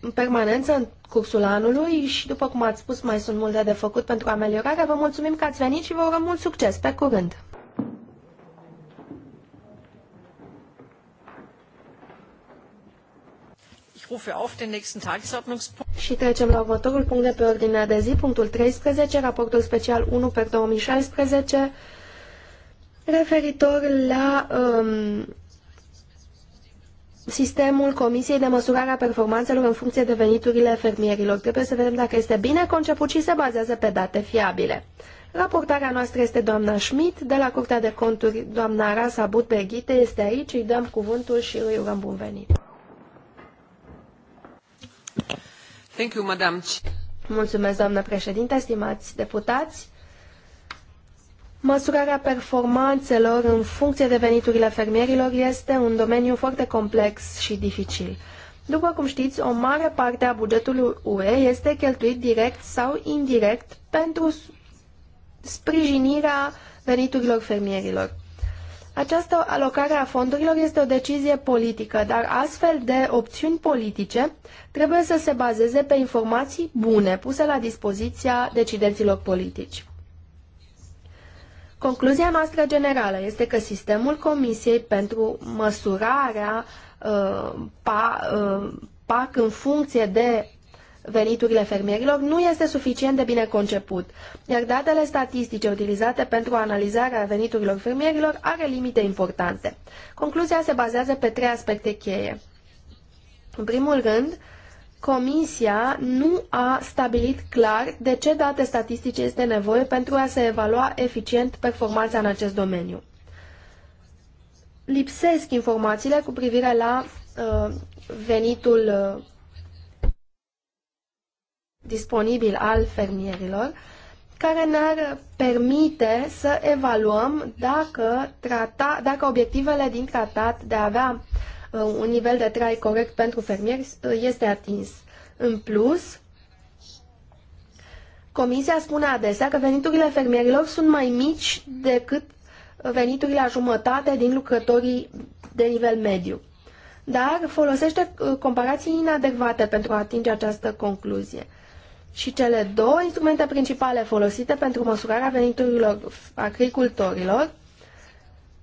în permanență în cursul anului și, după cum ați spus, mai sunt multe de făcut pentru ameliorare. Vă mulțumim că ați venit și vă urăm mult succes. Pe curând! Și trecem la următorul punct de pe ordinea de zi, punctul 13, raportul special 1 pe 2016, referitor la um, sistemul Comisiei de măsurare a performanțelor în funcție de veniturile fermierilor. Trebuie să vedem dacă este bine conceput și se bazează pe date fiabile. Raportarea noastră este doamna Schmidt, de la Curtea de Conturi, doamna Rasa Butberghite este aici, îi dăm cuvântul și îi urăm bun venit. Thank you, madam. Mulțumesc, doamnă președinte, stimați deputați. Măsurarea performanțelor în funcție de veniturile fermierilor este un domeniu foarte complex și dificil. După cum știți, o mare parte a bugetului UE este cheltuit direct sau indirect pentru sprijinirea veniturilor fermierilor. Această alocare a fondurilor este o decizie politică, dar astfel de opțiuni politice trebuie să se bazeze pe informații bune puse la dispoziția decidenților politici. Concluzia noastră generală este că sistemul Comisiei pentru măsurarea uh, pa, uh, PAC în funcție de veniturile fermierilor nu este suficient de bine conceput, iar datele statistice utilizate pentru analizarea veniturilor fermierilor are limite importante. Concluzia se bazează pe trei aspecte cheie. În primul rând, uh, Comisia nu a stabilit clar de ce date statistice este nevoie pentru a se evalua eficient performanța în acest domeniu. Lipsesc informațiile cu privire la uh, venitul uh, disponibil al fermierilor, care ne-ar permite să evaluăm dacă, trata, dacă obiectivele din tratat de a avea Uh, un nivel de trai corect pentru fermieri uh, este atins. În plus, Comisia spune adesea că veniturile fermierilor sunt mai mici decât veniturile la jumătate din lucrătorii de nivel mediu. Dar folosește uh, comparații inadecvate pentru a atinge această concluzie. Și cele două instrumente principale folosite pentru măsurarea veniturilor agricultorilor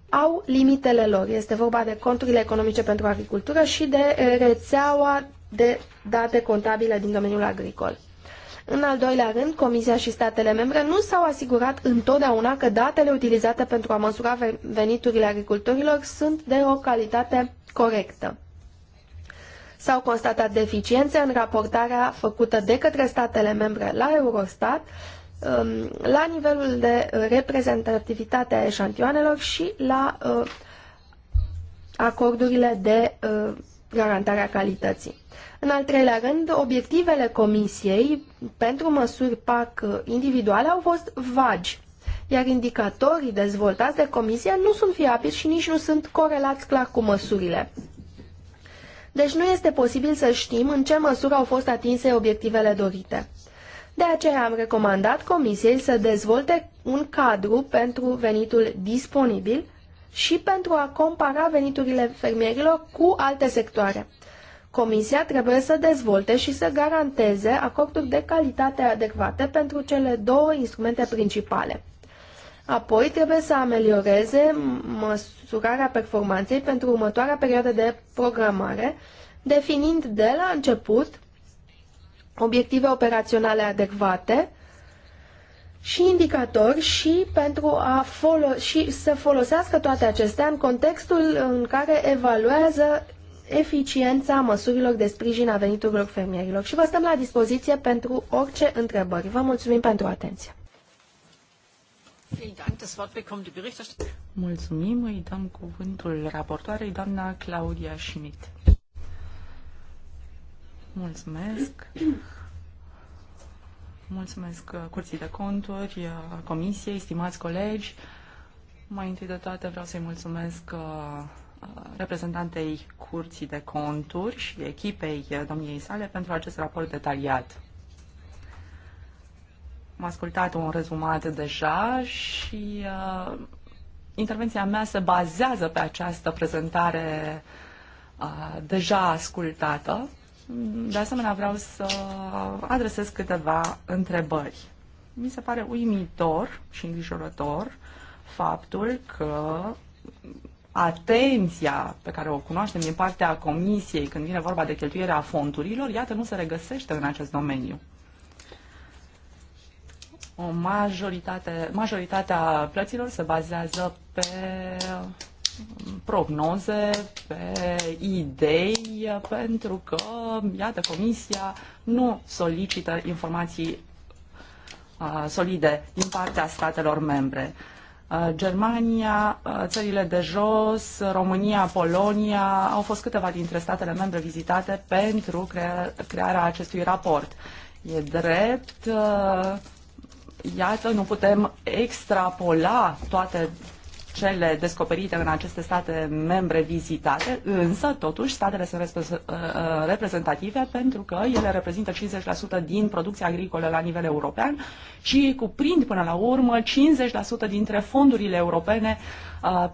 au limitele lor. Este vorba de conturile economice pentru agricultură și de rețeaua de date contabile din domeniul agricol. În al doilea rând, Comisia și statele membre nu s-au asigurat întotdeauna că datele utilizate pentru a măsura veniturile agricultorilor sunt de o calitate corectă. S-au constatat deficiențe în raportarea făcută de către statele membre la Eurostat Um, la nivelul de reprezentativitate a eșantioanelor și la uh, acordurile de uh, a calității. În al treilea rând, obiectivele Comisiei pentru măsuri PAC uh, individuale au fost vagi, iar indicatorii dezvoltați de Comisie nu sunt fiabili și nici nu sunt corelați clar cu măsurile. Deci nu este posibil să știm în ce măsură au fost atinse obiectivele dorite. De aceea am recomandat Comisiei să dezvolte un cadru pentru venitul disponibil și pentru a compara veniturile fermierilor cu alte sectoare. Comisia trebuie să dezvolte și să garanteze acorduri de calitate adecvate pentru cele două instrumente principale. Apoi trebuie să amelioreze măsurarea performanței pentru următoarea perioadă de programare, definind de la început obiective operaționale adecvate și indicatori și pentru a folo- și să folosească toate acestea în contextul în care evaluează eficiența măsurilor de sprijin a veniturilor fermierilor. Și vă stăm la dispoziție pentru orice întrebări. Vă mulțumim pentru atenție. Mulțumim, îi dăm cuvântul raportoarei, doamna Claudia Schmidt. Mulțumesc. Mulțumesc uh, Curții de Conturi, uh, Comisiei, stimați colegi. Mai întâi de toate vreau să-i mulțumesc uh, reprezentantei Curții de Conturi și echipei domniei sale pentru acest raport detaliat. M-a ascultat un rezumat deja și uh, intervenția mea se bazează pe această prezentare uh, deja ascultată de asemenea, vreau să adresez câteva întrebări. Mi se pare uimitor și îngrijorător faptul că atenția pe care o cunoaștem din partea Comisiei când vine vorba de cheltuirea fondurilor, iată, nu se regăsește în acest domeniu. O majoritate, majoritatea plăților se bazează pe prognoze, pe idei, pentru că, iată, Comisia nu solicită informații uh, solide din partea statelor membre. Uh, Germania, uh, țările de jos, România, Polonia au fost câteva dintre statele membre vizitate pentru crea crearea acestui raport. E drept, uh, iată, nu putem extrapola toate cele descoperite în aceste state membre vizitate, însă, totuși, statele sunt ă, ă, reprezentative pentru că ele reprezintă 50% din producția agricolă la nivel european și cuprind până la urmă 50% dintre fondurile europene ă,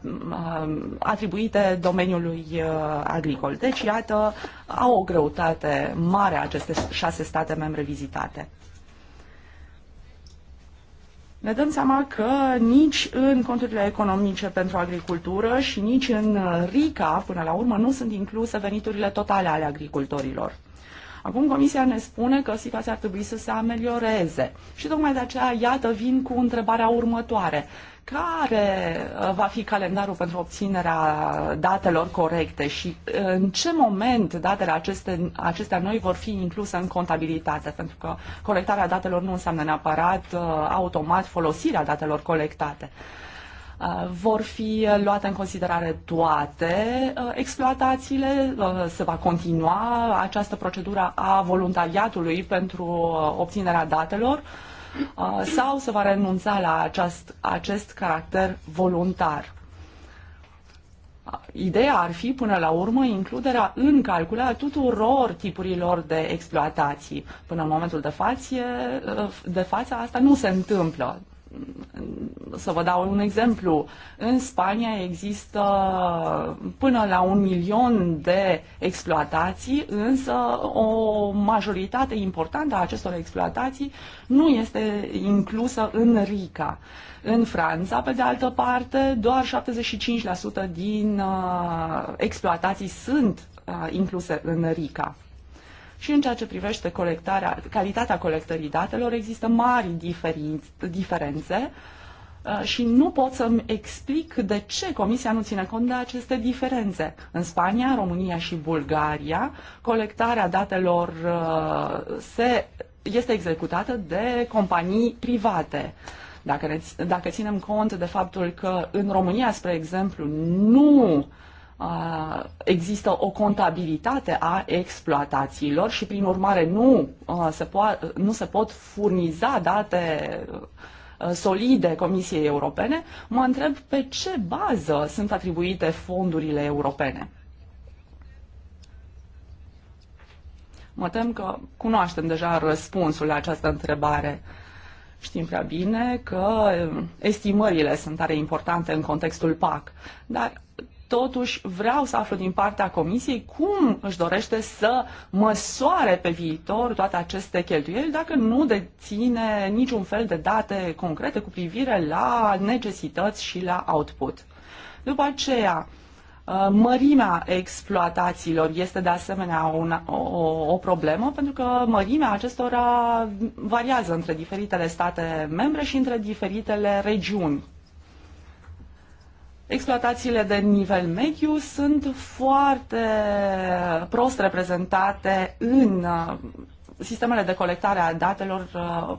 atribuite domeniului agricol. Deci, iată, au o greutate mare aceste șase state membre vizitate ne dăm seama că nici în conturile economice pentru agricultură și nici în uh, RICA, până la urmă, nu sunt incluse veniturile totale ale agricultorilor. Acum Comisia ne spune că situația ar trebui să se amelioreze și tocmai de aceea, iată, vin cu întrebarea următoare. Care uh, va fi calendarul pentru obținerea datelor corecte și uh, în ce moment datele aceste, acestea noi vor fi incluse în contabilitate? Pentru că colectarea datelor nu înseamnă neapărat uh, automat folosirea datelor colectate vor fi luate în considerare toate exploatațiile, se va continua această procedură a voluntariatului pentru obținerea datelor Uh, sau se va renunța la aceast, acest caracter voluntar. Uh, ideea ar fi, până la urmă, includerea în calcul a tuturor tipurilor de exploatații. Până în momentul de față, uh, de față asta nu se întâmplă să vă dau un exemplu. În Spania există până la un milion de exploatații, însă o majoritate importantă a acestor exploatații nu este inclusă în RICA. În Franța, pe de altă parte, doar 75% din uh, exploatații sunt uh, incluse în RICA. Și în ceea ce privește colectarea, calitatea colectării datelor, există mari diferențe uh, și nu pot să-mi explic de ce Comisia nu ține cont de aceste diferențe. În Spania, România și Bulgaria, colectarea datelor uh, se, este executată de companii private. Dacă, ne, dacă ținem cont de faptul că în România, spre exemplu, nu uh, Uh, există o contabilitate a exploatațiilor și, prin urmare, nu uh, se, po- nu se pot furniza date uh, solide Comisiei Europene, mă întreb pe ce bază sunt atribuite fondurile europene. Mă tem că cunoaștem deja răspunsul la această întrebare. Știm prea bine că estimările sunt tare importante în contextul PAC, dar totuși vreau să aflu din partea Comisiei cum își dorește să măsoare pe viitor toate aceste cheltuieli dacă nu deține niciun fel de date concrete cu privire la necesități și la output. După aceea, uh, Mărimea exploatațiilor este de asemenea una, o, o problemă pentru că mărimea acestora variază între diferitele state membre și între diferitele regiuni exploatațiile de nivel mediu sunt foarte prost reprezentate în uh, sistemele de colectare a datelor uh,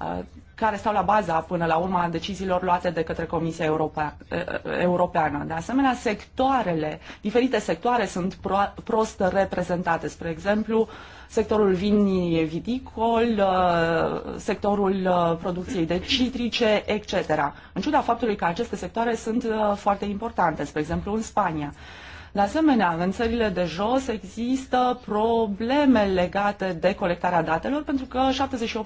uh, care stau la baza până la urma deciziilor luate de către Comisia Europeană. De asemenea, sectoarele, diferite sectoare sunt pro, prost reprezentate. Spre exemplu, sectorul vinii viticol, sectorul producției de citrice, etc. În ciuda faptului că aceste sectoare sunt foarte importante, spre exemplu în Spania. La asemenea, în țările de jos există probleme legate de colectarea datelor, pentru că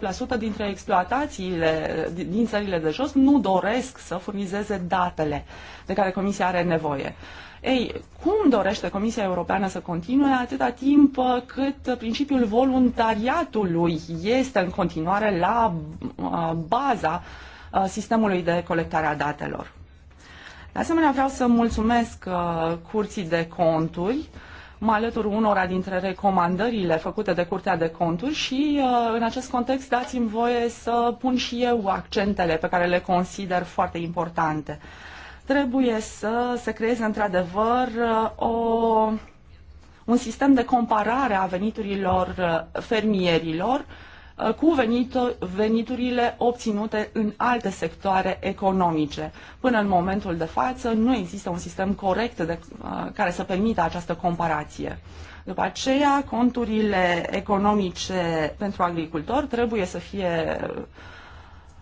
78% dintre exploatațiile din țările de jos nu doresc să furnizeze datele de care Comisia are nevoie. Ei, cum dorește Comisia Europeană să continue atâta timp cât principiul voluntariatului este în continuare la uh, baza uh, sistemului de colectare a datelor? De asemenea, vreau să mulțumesc uh, Curții de Conturi mă alătur unora dintre recomandările făcute de Curtea de Conturi și uh, în acest context dați-mi voie să pun și eu accentele pe care le consider foarte importante. Trebuie să se creeze într-adevăr uh, o, un sistem de comparare a veniturilor fermierilor Uh, cu veniturile obținute în alte sectoare economice. Până în momentul de față nu există un sistem corect de, uh, care să permită această comparație. După aceea, conturile economice pentru agricultori trebuie să fie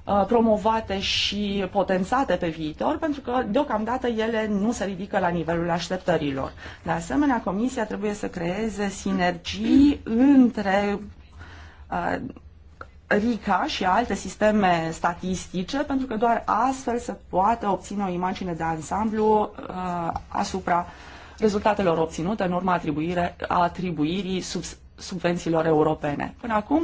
uh, promovate și potențate pe viitor, pentru că deocamdată ele nu se ridică la nivelul așteptărilor. De asemenea, Comisia trebuie să creeze sinergii între RICA și alte sisteme statistice, pentru că doar astfel se poate obține o imagine de ansamblu uh, asupra rezultatelor obținute în urma atribuire, atribuirii sub, subvențiilor europene. Până acum,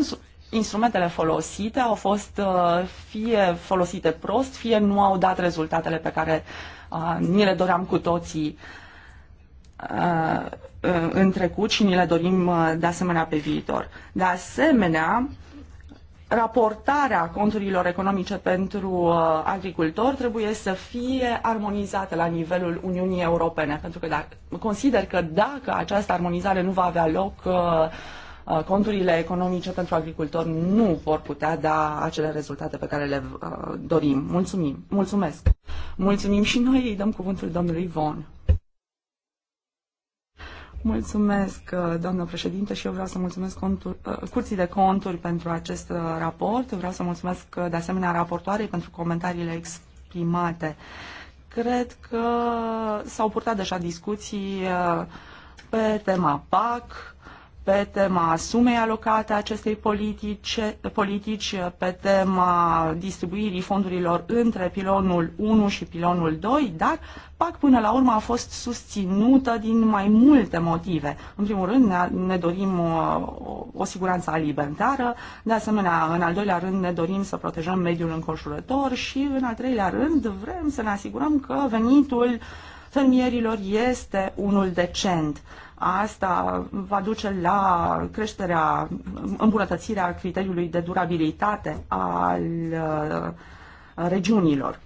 instrumentele folosite au fost uh, fie folosite prost, fie nu au dat rezultatele pe care uh, ni le doream cu toții uh, uh, în trecut și ni le dorim uh, de asemenea pe viitor. De asemenea, raportarea conturilor economice pentru uh, agricultori trebuie să fie armonizată la nivelul Uniunii Europene, pentru că dacă, consider că dacă această armonizare nu va avea loc, uh, uh, conturile economice pentru agricultori nu vor putea da acele rezultate pe care le uh, dorim. Mulțumim. Mulțumesc. Mulțumim și noi îi dăm cuvântul domnului Von. Mulțumesc, uh, doamnă președinte, și eu vreau să mulțumesc contul, uh, Curții de Conturi pentru acest uh, raport. Vreau să mulțumesc de asemenea raportoarei pentru comentariile exprimate. Cred că s-au purtat deja discuții pe tema PAC, pe tema sumei alocate acestei politici, politici, pe tema distribuirii fondurilor între pilonul 1 și pilonul 2, dar PAC până la urmă a fost susținută din mai multe motive. În primul rând ne, ne dorim uh, o, o siguranță alimentară, de asemenea în al doilea rând ne dorim să protejăm mediul înconjurător și în al treilea rând vrem să ne asigurăm că venitul fermierilor este unul decent. Asta va duce la creșterea, îmbunătățirea criteriului de durabilitate al uh, regiunilor.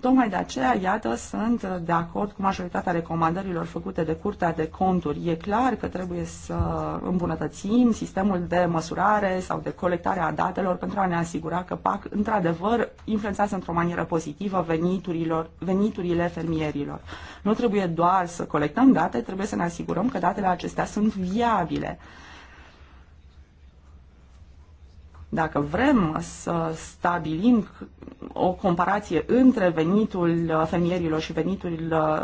Tocmai de aceea, iată, sunt de acord cu majoritatea recomandărilor făcute de Curtea de Conturi. E clar că trebuie să îmbunătățim sistemul de măsurare sau de colectare a datelor pentru a ne asigura că PAC, într-adevăr, influențează într-o manieră pozitivă veniturilor, veniturile fermierilor. Nu trebuie doar să colectăm date, trebuie să ne asigurăm că datele acestea sunt viabile. Dacă vrem să stabilim o comparație între venitul fermierilor și venitul,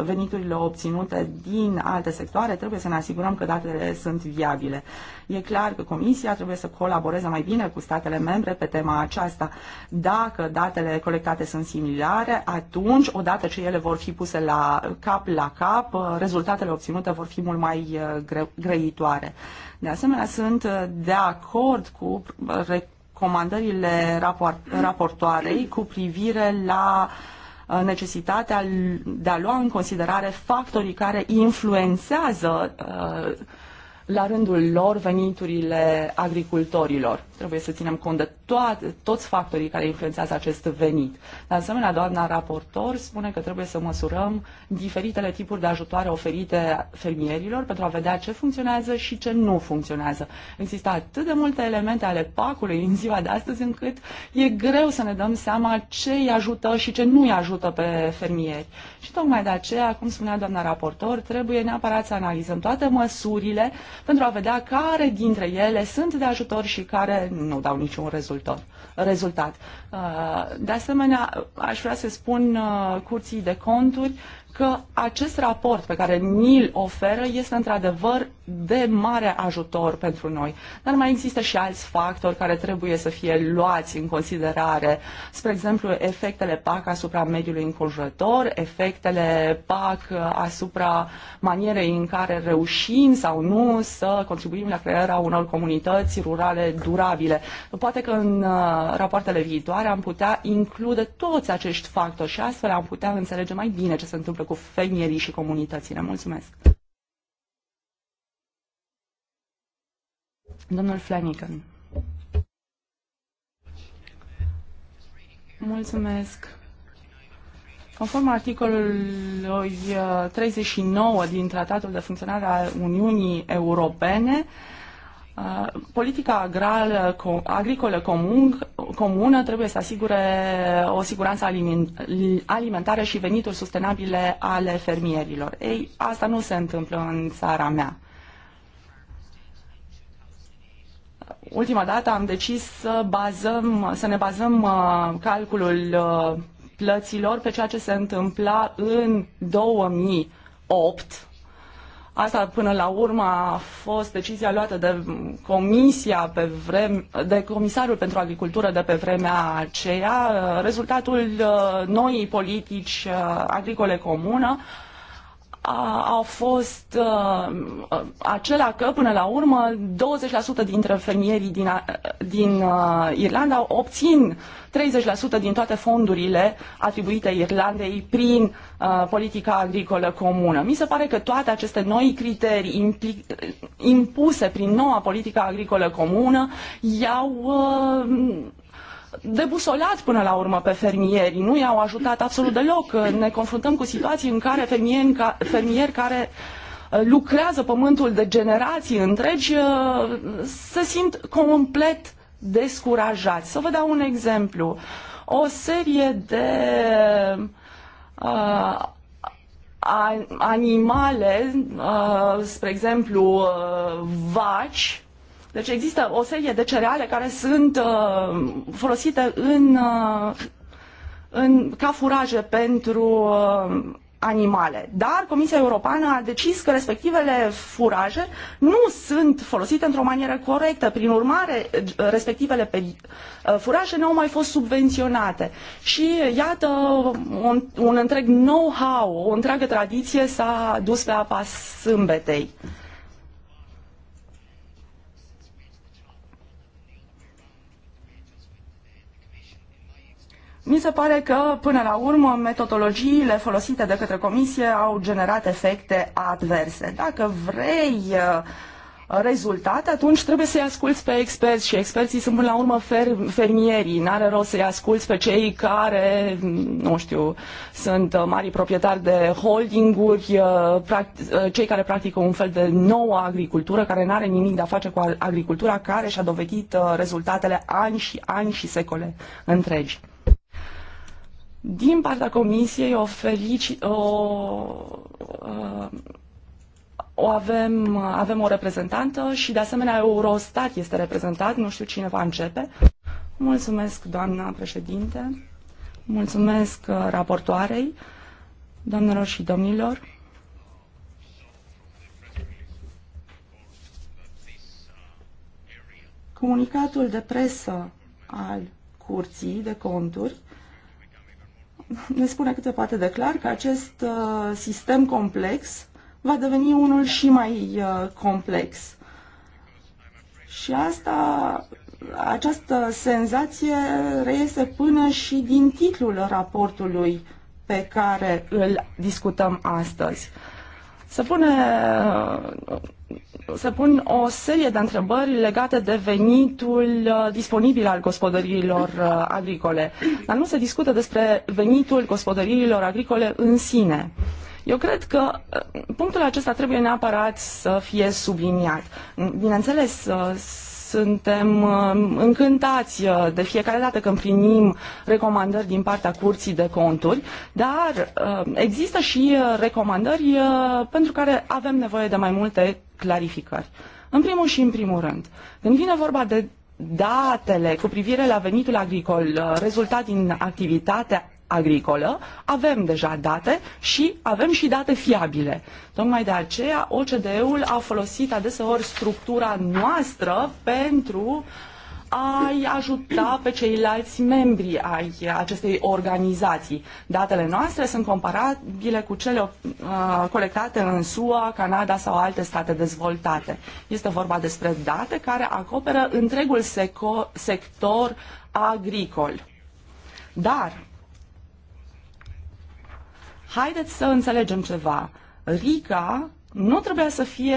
veniturile obținute din alte sectoare, trebuie să ne asigurăm că datele sunt viabile. E clar că Comisia trebuie să colaboreze mai bine cu statele membre pe tema aceasta. Dacă datele colectate sunt similare, atunci, odată ce ele vor fi puse la cap la cap, rezultatele obținute vor fi mult mai uh, grăitoare. De asemenea, sunt uh, de acord cu uh, recomandările raportoarei cu privire la uh, necesitatea de a lua în considerare factorii care influențează uh, la rândul lor veniturile agricultorilor. Trebuie să ținem cont de toate, toți factorii care influențează acest venit. De asemenea, doamna raportor spune că trebuie să măsurăm diferitele tipuri de ajutoare oferite fermierilor pentru a vedea ce funcționează și ce nu funcționează. Există atât de multe elemente ale pacului în ziua de astăzi încât e greu să ne dăm seama ce îi ajută și ce nu îi ajută pe fermieri. Și tocmai de aceea, cum spunea doamna raportor, trebuie neapărat să analizăm toate măsurile pentru a vedea care dintre ele sunt de ajutor și care nu dau niciun rezultat rezultat. rezultat. Uh, de asemenea, aș vrea să spun uh, curții de conturi că acest raport pe care ni-l oferă este într-adevăr de mare ajutor pentru noi. Dar mai există și alți factori care trebuie să fie luați în considerare. Spre exemplu, efectele PAC asupra mediului înconjurător, efectele PAC asupra manierei în care reușim sau nu să contribuim la crearea unor comunități rurale durabile. Poate că în uh, rapoartele viitoare am putea include toți acești factori și astfel am putea înțelege mai bine ce se întâmplă legătură cu fermierii și comunitățile. Mulțumesc! Domnul Flanagan. Mulțumesc. Conform articolului 39 uh, din Tratatul de Funcționare a Uniunii Europene, Uh, politica agrară, agricolă comun, comună trebuie să asigure o siguranță alimentară și venituri sustenabile ale fermierilor. Ei, asta nu se întâmplă în țara mea. Ultima dată am decis să, bazăm, să ne bazăm uh, calculul uh, plăților pe ceea ce se întâmpla în 2008 Asta până la urmă a fost decizia luată de comisia pe vrem, de comisarul pentru agricultură de pe vremea aceea, rezultatul uh, noii politici uh, agricole comună a, a fost acela că, până la urmă, 20% dintre fermierii din, a, din uh, Irlanda obțin 30% din toate fondurile atribuite Irlandei prin uh, politica agricolă comună. Mi se pare că toate aceste noi criterii impuse prin noua politică agricolă comună iau Uh, debusolat până la urmă pe fermieri, nu i-au ajutat absolut deloc. Ne confruntăm cu situații în care fermieri, fermieri care uh, lucrează pământul de generații întregi uh, se simt complet descurajați. Să vă dau un exemplu. O serie de uh, animale, uh, spre exemplu uh, vaci, deci există o serie de cereale care sunt uh, folosite în, uh, în, ca furaje pentru uh, animale. Dar Comisia Europeană a decis că respectivele furaje nu sunt folosite într-o manieră corectă. Prin urmare, respectivele pe, uh, furaje nu au mai fost subvenționate. Și iată, un, un întreg know-how, o întreagă tradiție s-a dus pe apa sâmbetei. Mi se pare că, până la urmă, metodologiile folosite de către comisie au generat efecte adverse. Dacă vrei uh, rezultate, atunci trebuie să-i asculți pe experți și experții sunt până la urmă fer- fermierii. N-are rost să-i asculți pe cei care, mm, nu știu, sunt uh, mari proprietari de holdinguri, uh, cei care practică un fel de nouă agricultură care n-are nimic de a face cu agricultura care și-a dovedit rezultatele ani și ani și secole întregi. Din partea Comisiei o, felici, o, o avem, avem o reprezentantă și de asemenea Eurostat este reprezentat, nu știu cine va începe. Mulțumesc, doamna președinte, mulțumesc uh, raportoarei, doamnelor și domnilor. Comunicatul de presă al Curții de Conturi ne spune câte poate de clar că acest uh, sistem complex va deveni unul și mai uh, complex. Și asta, această senzație reiese până și din titlul raportului pe care îl discutăm astăzi. Uh, se pune se pun o serie de întrebări legate de venitul uh, disponibil al gospodăriilor uh, agricole, dar nu se discută despre venitul gospodăriilor agricole în sine. Eu cred că uh, punctul acesta trebuie neapărat să fie subliniat. Bineînțeles, suntem uh, încântați uh, de fiecare dată când primim recomandări din partea Curții de Conturi, dar uh, există și recomandări pentru care avem nevoie de mai multe clarificări. În primul și în primul rând, când vine vorba de datele cu privire la venitul agricol rezultat din activitatea agricolă, avem deja date și avem și date fiabile. Tocmai de aceea OCDE-ul a folosit adeseori structura noastră pentru a-i ajuta pe ceilalți membri ai acestei organizații. Datele noastre sunt comparabile cu cele uh, colectate în SUA, Canada sau alte state dezvoltate. Este vorba despre date care acoperă întregul sector agricol. Dar haideți să înțelegem ceva. Rica nu trebuia să fie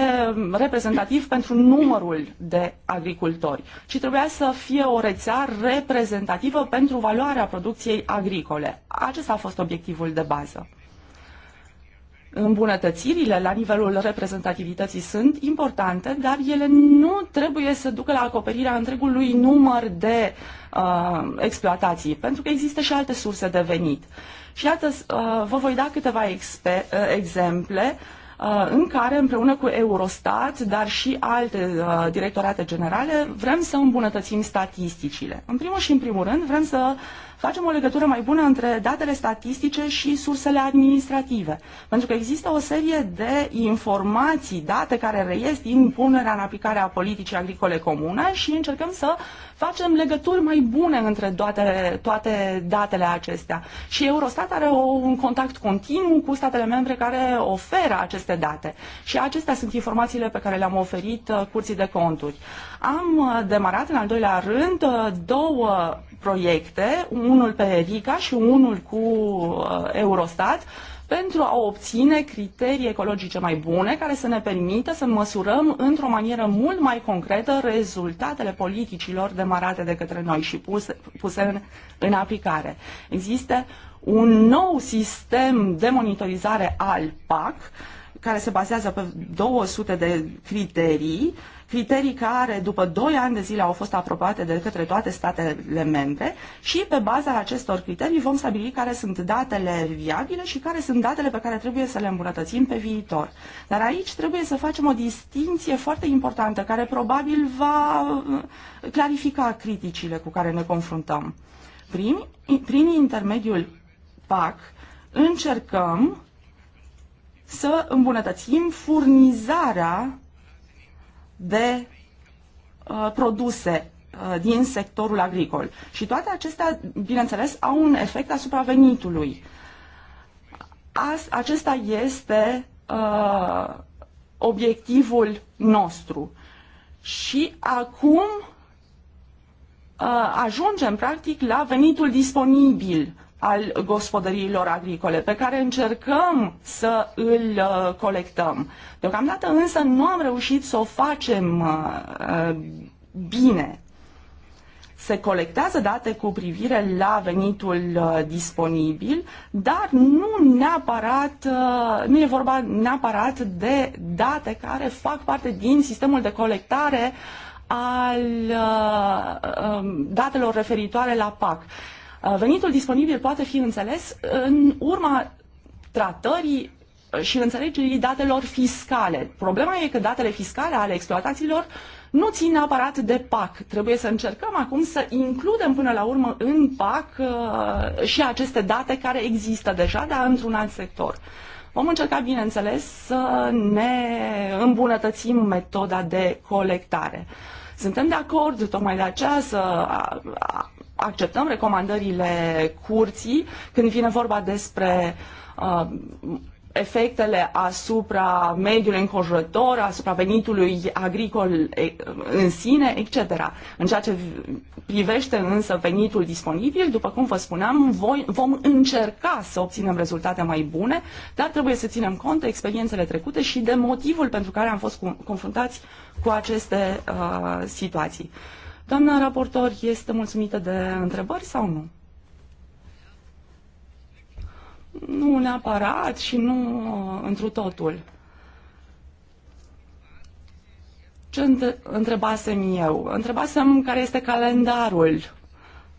reprezentativ pentru numărul de agricultori, ci trebuia să fie o rețea reprezentativă pentru valoarea producției agricole. Acesta a fost obiectivul de bază îmbunătățirile la nivelul reprezentativității sunt importante, dar ele nu trebuie să ducă la acoperirea întregului număr de uh, exploatații, pentru că există și alte surse de venit. Și iată, uh, vă voi da câteva uh, exemple uh, în care împreună cu Eurostat, dar și alte uh, directorate generale, vrem să îmbunătățim statisticile. În primul și în primul rând, vrem să facem o legătură mai bună între datele statistice și sursele administrative. Pentru că există o serie de informații, date care reies din punerea în aplicare a politicii agricole comune și încercăm să facem legături mai bune între toate, toate datele acestea. Și Eurostat are o, un contact continuu cu statele membre care oferă aceste date. Și acestea sunt informațiile pe care le-am oferit uh, curții de conturi. Am uh, demarat în al doilea rând uh, două proiecte, unul pe Rica și unul cu uh, Eurostat, pentru a obține criterii ecologice mai bune care să ne permită să măsurăm într-o manieră mult mai concretă rezultatele politicilor demarate de către noi și puse, puse în, în aplicare. Există un nou sistem de monitorizare al PAC care se bazează pe 200 de criterii uh, criterii care după 2 ani de zile au fost aprobate de către toate statele membre și pe baza acestor criterii vom stabili care sunt datele viabile și care sunt datele pe care trebuie să le îmbunătățim pe viitor. Dar aici trebuie să facem o distinție foarte importantă care probabil va uh, clarifica criticile cu care ne confruntăm. Prin, prin intermediul PAC încercăm să îmbunătățim furnizarea de uh, produse uh, din sectorul agricol. Și toate acestea, bineînțeles, au un efect asupra venitului. acesta este uh, obiectivul nostru. Și acum uh, ajungem practic la venitul disponibil al gospodăriilor agricole, pe care încercăm să îl uh, colectăm. Deocamdată însă nu am reușit să o facem uh, bine. Se colectează date cu privire la venitul uh, disponibil, dar nu neapărat, nu e vorba neapărat de date care fac parte din sistemul de colectare al um, datelor referitoare la PAC. Uh, venitul disponibil poate fi înțeles în urma tratării uh, și înțelegerii datelor fiscale. Problema e că datele fiscale ale exploatațiilor nu țin neapărat de PAC. Trebuie să încercăm acum să includem până la urmă în PAC uh, și aceste date care există deja, dar într-un alt sector. Vom încerca, bineînțeles, să ne îmbunătățim metoda de colectare. Suntem de acord tocmai de aceea să acceptăm recomandările curții când vine vorba despre uh, efectele asupra mediului înconjurător, asupra venitului agricol în sine, etc. În ceea ce privește însă venitul disponibil, după cum vă spuneam, voi, vom încerca să obținem rezultate mai bune, dar trebuie să ținem cont de experiențele trecute și de motivul pentru care am fost confruntați cu aceste uh, situații. Uh, Doamna raportor este mulțumită de întrebări sau nu? Nu neapărat și nu uh, întru totul. Ce întrebasem eu? Întrebasem care este calendarul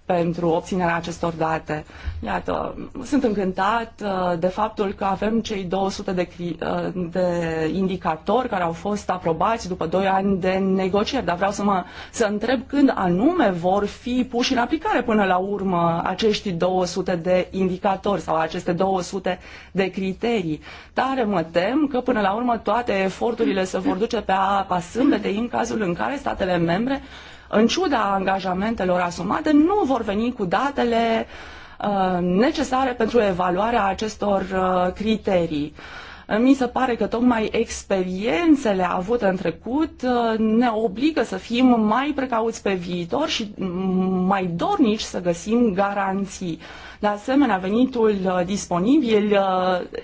pentru obținerea acestor date. Iată, sunt încântat uh, de faptul că avem cei 200 de, uh, de indicatori care au fost aprobați după 2 ani de negocieri, dar vreau să mă să întreb când anume vor fi puși în aplicare până la urmă acești 200 de indicatori sau aceste 200 de criterii. Dar mă tem că până la urmă toate eforturile se vor duce pe apa sâmbetei în cazul în care statele membre în ciuda angajamentelor asumate, nu vor veni cu datele uh, necesare pentru evaluarea acestor uh, criterii. Mi se pare că tocmai experiențele avute în trecut uh, ne obligă să fim mai precauți pe viitor și mm, mai dornici să găsim garanții. De asemenea, venitul disponibil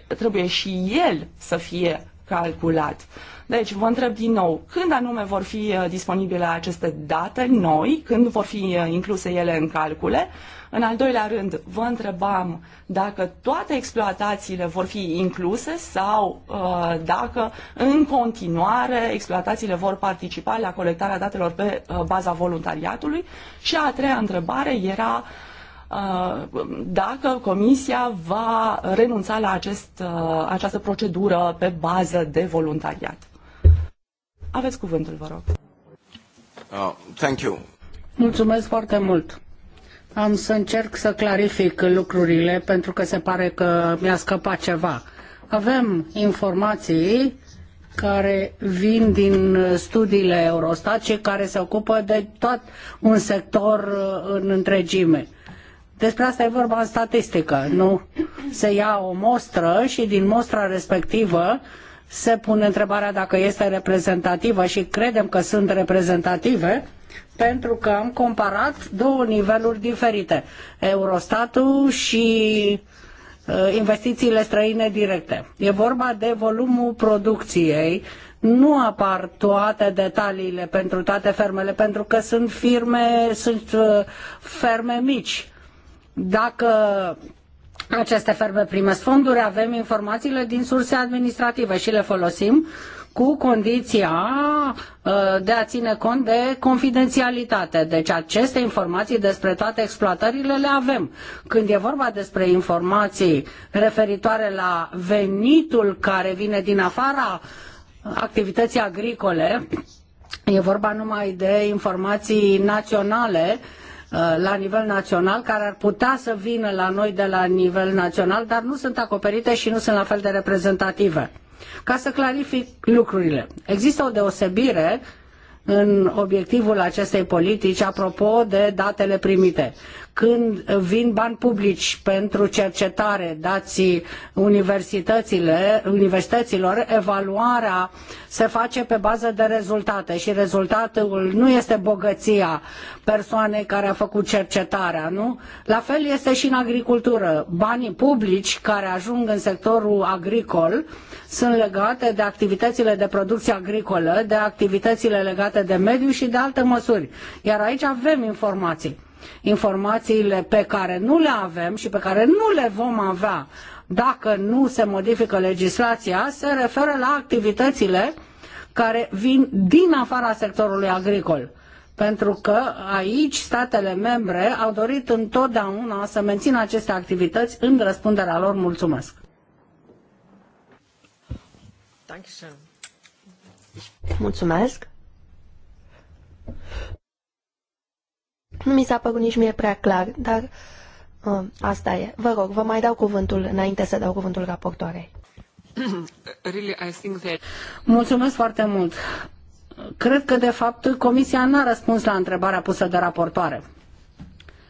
trebuie și el să fie calculat. Deci, vă întreb din nou, când anume vor fi uh, disponibile aceste date noi, când vor fi uh, incluse ele în calcule? În al doilea rând, vă întrebam dacă toate exploatațiile vor fi incluse sau uh, dacă în continuare exploatațiile vor participa la colectarea datelor pe uh, baza voluntariatului. Și a treia întrebare era uh, dacă Comisia va renunța la acest, această procedură pe bază de voluntariat. Aveți cuvântul, vă rog. Uh, thank you. Mulțumesc foarte mult. Am să încerc să clarific lucrurile pentru că se pare că mi-a scăpat ceva. Avem informații care vin din studiile Eurostat și care se ocupă de tot un sector uh, în întregime. Despre asta e vorba în statistică, nu? Se ia o mostră și din mostra respectivă se pune întrebarea dacă este reprezentativă și credem că sunt reprezentative, pentru că am comparat două niveluri diferite, Eurostatul și uh, investițiile străine directe. E vorba de volumul producției, nu apar toate detaliile pentru toate fermele, pentru că sunt firme, sunt uh, ferme mici. Dacă aceste ferme primesc fonduri, avem informațiile din surse administrative și le folosim cu condiția uh, de a ține cont de confidențialitate. Deci aceste informații despre toate exploatările le avem. Când e vorba despre informații referitoare la venitul care vine din afara activității agricole, e vorba numai de informații naționale uh, Uh, la nivel național, care ar putea să vină la noi de la nivel național, dar nu sunt acoperite și nu sunt la fel de reprezentative. Ca să clarific lucrurile, există o deosebire în obiectivul acestei politici apropo de datele primite când vin bani publici pentru cercetare dați universitățile, universităților, evaluarea se face pe bază de rezultate și rezultatul nu este bogăția persoanei care a făcut cercetarea, nu? La fel este și în agricultură. Banii publici care ajung în sectorul agricol sunt legate de activitățile de producție agricolă, de activitățile legate de mediu și de alte măsuri. Iar aici avem informații informațiile pe care nu le avem și pe care nu le vom avea dacă nu se modifică legislația, se referă la activitățile care vin din afara sectorului agricol. Pentru că aici statele membre au dorit întotdeauna să mențină aceste activități în răspunderea lor. Mulțumesc! Mulțumesc! Nu mi s-a părut nici mie prea clar, dar uh, asta e. Vă rog, vă mai dau cuvântul înainte să dau cuvântul raportoarei. Mulțumesc foarte mult. Cred că, de fapt, Comisia n-a răspuns la întrebarea pusă de raportoare.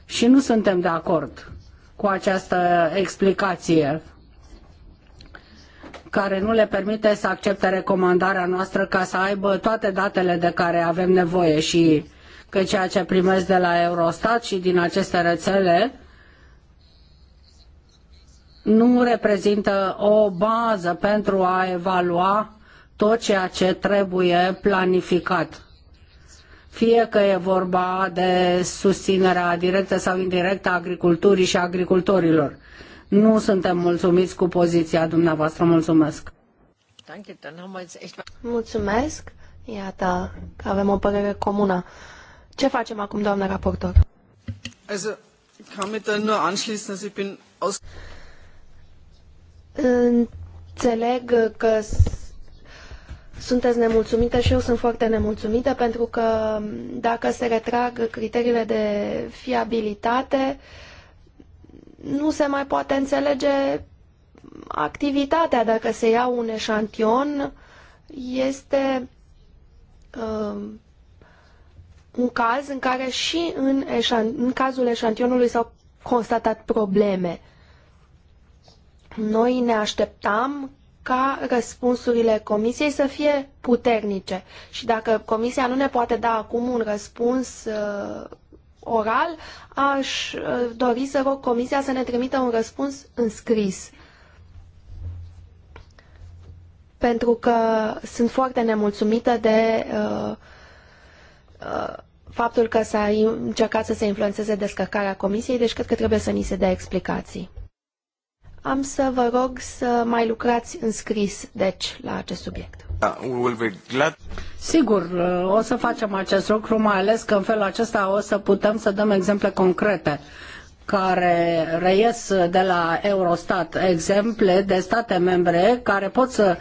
Și nu suntem de acord cu această explicație care nu le permite să accepte recomandarea noastră ca să aibă toate datele de care avem nevoie și că ceea ce primesc de la Eurostat și din aceste rețele nu reprezintă o bază pentru a evalua tot ceea ce trebuie planificat. Fie că e vorba de susținerea directă sau indirectă a agriculturii și agricultorilor. Nu suntem mulțumiți cu poziția dumneavoastră. Mulțumesc! Mulțumesc! Iată că avem o părere comună. Ce facem acum, doamnă raportor? Also, kann mich da nur anschließen, also ich bin aus... Înțeleg că sunteți nemulțumită și eu sunt foarte nemulțumită pentru că dacă se retrag criteriile de fiabilitate, nu se mai poate înțelege activitatea. Dacă se ia un eșantion, este uh, un caz în care și în, eșan, în cazul eșantionului s-au constatat probleme. Noi ne așteptam ca răspunsurile comisiei să fie puternice și dacă comisia nu ne poate da acum un răspuns uh, oral, aș uh, dori să rog comisia să ne trimită un răspuns în scris. Pentru că sunt foarte nemulțumită de uh, Uh, faptul că s-a încercat să se influențeze descărcarea comisiei, deci cred că trebuie să ni se dea explicații. Am să vă rog să mai lucrați în scris, deci, la acest subiect. Da, Sigur, uh, o să facem acest lucru, mai ales că în felul acesta o să putem să dăm exemple concrete care reies de la Eurostat, exemple de state membre care pot să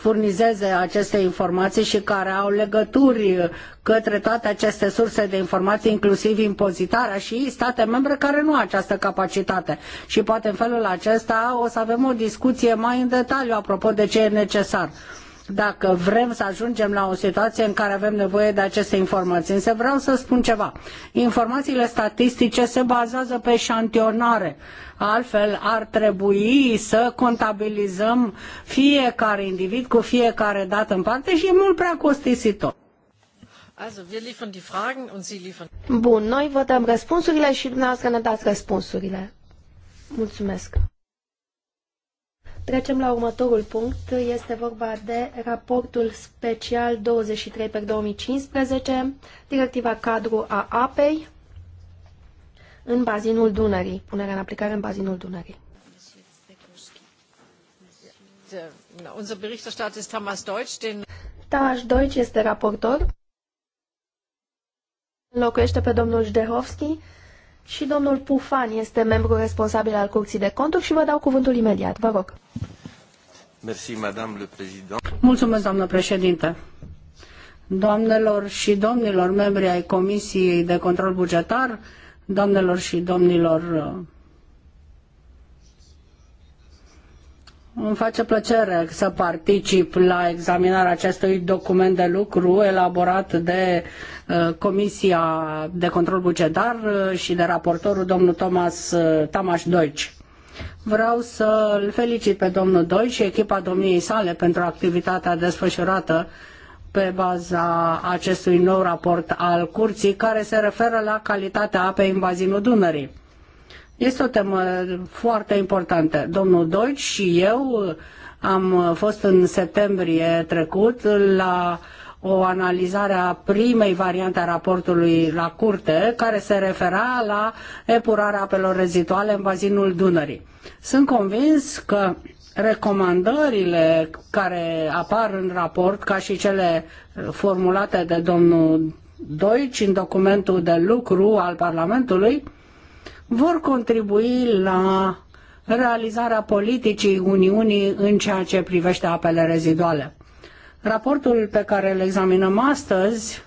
furnizeze aceste informații și care au legături către toate aceste surse de informații, inclusiv impozitarea și state membre care nu au această capacitate. Și poate în felul acesta o să avem o discuție mai în detaliu apropo de ce e necesar dacă vrem să ajungem la o situație în care avem nevoie de aceste informații. Însă vreau să spun ceva. Informațiile statistice se bazează pe șantionare. Altfel ar trebui să contabilizăm fiecare individ cu fiecare dată în parte și e mult prea costisitor. Bun, noi vă dăm răspunsurile și dumneavoastră ne dați răspunsurile. Mulțumesc. Trecem la următorul punct. Este vorba de raportul special 23 pe 2015, directiva cadru a apei în bazinul Dunării, punerea în aplicare în bazinul Dunării. Unser Berichterstatter ist Thomas Deutsch, den Deutsch este raportor. Înlocuiește pe domnul Jdehovski și domnul Pufan este membru responsabil al Curții de Conturi și vă dau cuvântul imediat. Vă rog. Merci, Madame le Président. Mulțumesc, doamnă președinte. Doamnelor și domnilor membri ai Comisiei de Control Bugetar, doamnelor și domnilor Îmi face plăcere să particip la examinarea acestui document de lucru elaborat de uh, Comisia de Control Bugetar uh, și de raportorul domnul Thomas uh, Tamas Deutsch. Vreau să îl felicit pe domnul Deutsch și echipa domniei sale pentru activitatea desfășurată pe baza acestui nou raport al curții care se referă la calitatea apei în bazinul Dunării este o temă foarte importantă. Domnul Deutsch și eu am fost în septembrie trecut la o analizare a primei variante a raportului la curte, care se refera la epurarea apelor rezituale în bazinul Dunării. Sunt convins că recomandările care apar în raport, ca și cele formulate de domnul Doici în documentul de lucru al Parlamentului, vor contribui la realizarea politicii Uniunii în ceea ce privește apele reziduale. Raportul pe care îl examinăm astăzi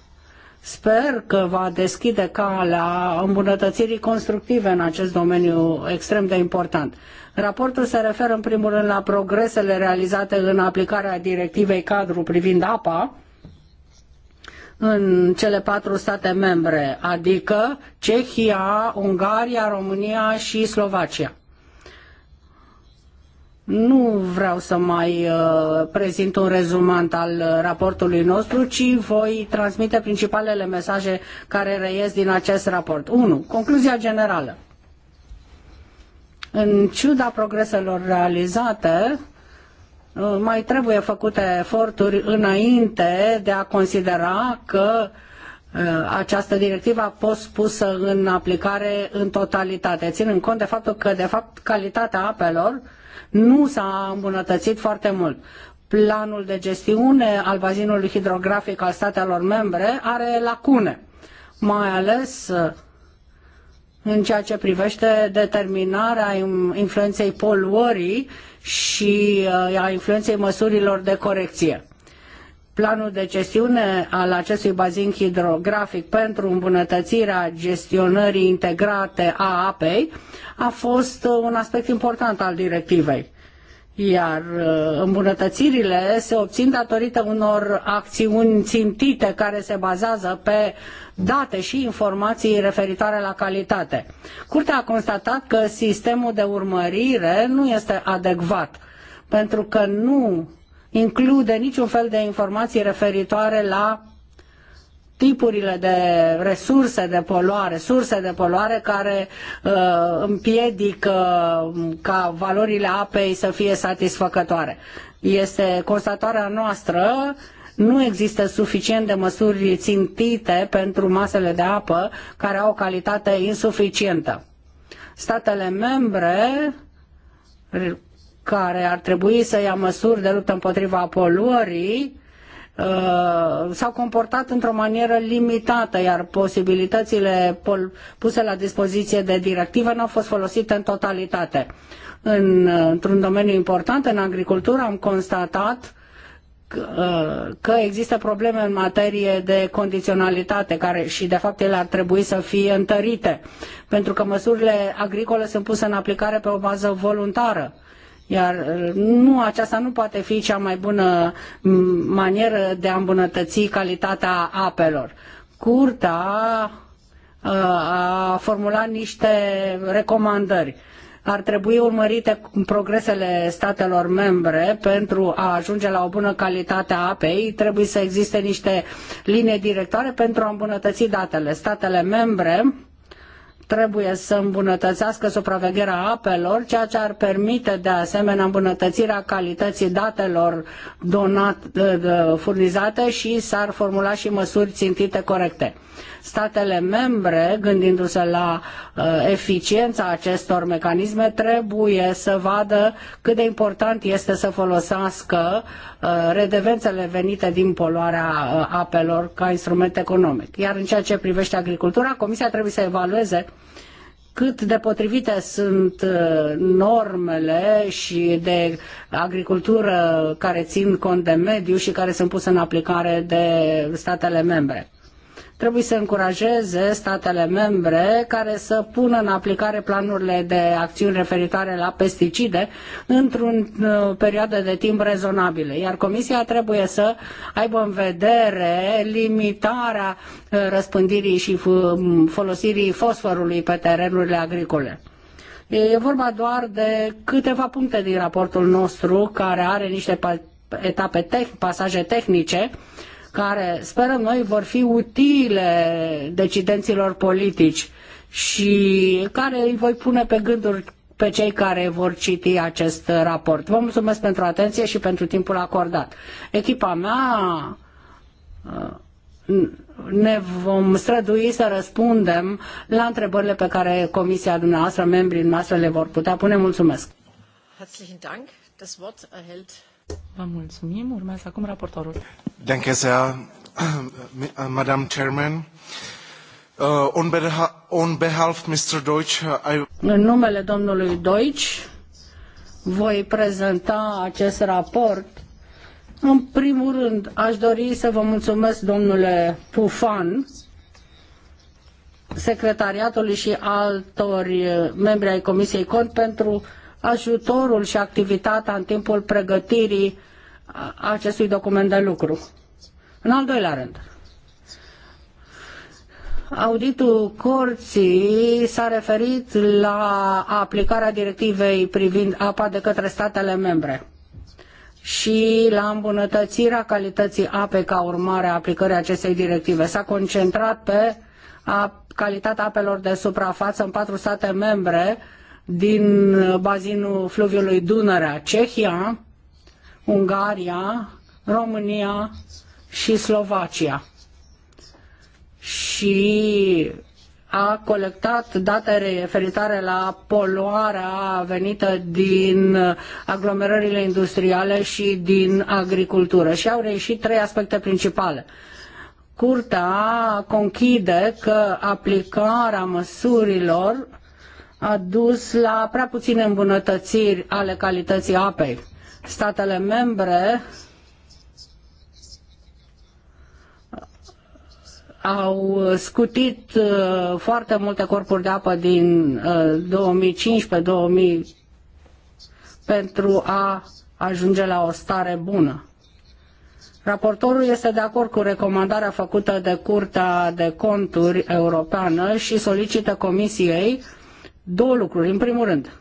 sper că va deschide calea îmbunătățirii constructive în acest domeniu extrem de important. Raportul se referă în primul rând la progresele realizate în aplicarea directivei cadru privind apa, în cele patru state membre, adică Cehia, Ungaria, România și Slovacia. Nu vreau să mai uh, prezint un rezumat al raportului nostru, ci voi transmite principalele mesaje care reies din acest raport. 1. Concluzia generală. În ciuda progreselor realizate, Uh, mai trebuie făcute eforturi înainte de a considera că uh, această directivă a fost pusă în aplicare în totalitate, ținând cont de faptul că, de fapt, calitatea apelor nu s-a îmbunătățit foarte mult. Planul de gestiune al bazinului hidrografic al statelor membre are lacune, mai ales uh, în ceea ce privește determinarea influenței poluării și uh, a influenței măsurilor de corecție. Planul de gestiune al acestui bazin hidrografic pentru îmbunătățirea gestionării integrate a apei a fost uh, un aspect important al directivei iar uh, îmbunătățirile se obțin datorită unor acțiuni țintite care se bazează pe date și informații referitoare la calitate. Curtea a constatat că sistemul de urmărire nu este adecvat pentru că nu include niciun fel de informații referitoare la tipurile de resurse de poluare, surse de poluare care uh, împiedică um, ca valorile apei să fie satisfăcătoare. Este constatarea noastră nu există suficient de măsuri țintite pentru masele de apă care au o calitate insuficientă. Statele membre care ar trebui să ia măsuri de luptă împotriva poluării Uh, s-au comportat într-o manieră limitată, iar posibilitățile puse la dispoziție de directivă nu au fost folosite în totalitate. În, uh, într-un domeniu important, în agricultură, am constatat uh, că există probleme în materie de condiționalitate care și de fapt ele ar trebui să fie întărite pentru că măsurile agricole sunt puse în aplicare pe o bază voluntară iar uh, nu, aceasta nu poate fi cea mai bună manieră de a îmbunătăți calitatea apelor. Curta uh, a formulat niște recomandări. Ar trebui urmărite progresele statelor membre pentru a ajunge la o bună calitate a apei. Trebuie să existe niște linii directoare pentru a îmbunătăți datele. Statele membre trebuie să îmbunătățească supravegherea apelor, ceea ce ar permite de asemenea îmbunătățirea calității datelor donat, furnizate și s-ar formula și măsuri țintite corecte. Statele membre, gândindu-se la uh, eficiența acestor mecanisme, trebuie să vadă cât de important este să folosească uh, redevențele venite din poluarea uh, apelor ca instrument economic. Iar în ceea ce privește agricultura, Comisia trebuie să evalueze cât de potrivite sunt uh, normele și de agricultură care țin cont de mediu și care sunt puse în aplicare de statele membre trebuie să încurajeze statele membre care să pună în aplicare planurile de acțiuni referitoare la pesticide într-un uh, perioadă de timp rezonabilă. Iar Comisia trebuie să aibă în vedere limitarea uh, răspândirii și um, folosirii fosforului pe terenurile agricole. E vorba doar de câteva puncte din raportul nostru care are niște etape, pasaje tehnice care sperăm noi vor fi utile decidenților politici și care îi voi pune pe gânduri pe cei care vor citi acest raport. Vă mulțumesc pentru atenție și pentru timpul acordat. Echipa mea uh, ne vom strădui să răspundem la întrebările pe care comisia dumneavoastră, membrii noastre le vor putea pune. Mulțumesc! Herzlichen Dank. Das Wort erhält Vă mulțumim. Urmează acum raportorul. Danke sehr, Madam Chairman. Uh, on, behalf, on behalf Mr. Deutsch, I... În numele domnului Deutsch voi prezenta acest raport. În primul rând, aș dori să vă mulțumesc, domnule Pufan, secretariatului și altor eh, membri ai Comisiei Cont pentru ajutorul și activitatea în timpul pregătirii acestui document de lucru. În al doilea rând, auditul Corții s-a referit la aplicarea directivei privind apa de către statele membre și la îmbunătățirea calității apei ca urmare a aplicării acestei directive. S-a concentrat pe calitatea apelor de suprafață în patru state membre, din uh, bazinul fluviului Dunărea, Cehia, Ungaria, România și Slovacia. Și a colectat date referitoare la poluarea venită din aglomerările industriale și din agricultură și au reușit trei aspecte principale. Curtea conchide că aplicarea măsurilor a dus la prea puține îmbunătățiri ale calității apei. Statele membre au scutit uh, foarte multe corpuri de apă din 2015-2000 uh, pentru a ajunge la o stare bună. Raportorul este de acord cu recomandarea făcută de Curtea de Conturi Europeană și solicită Comisiei uh, două lucruri. În primul rând,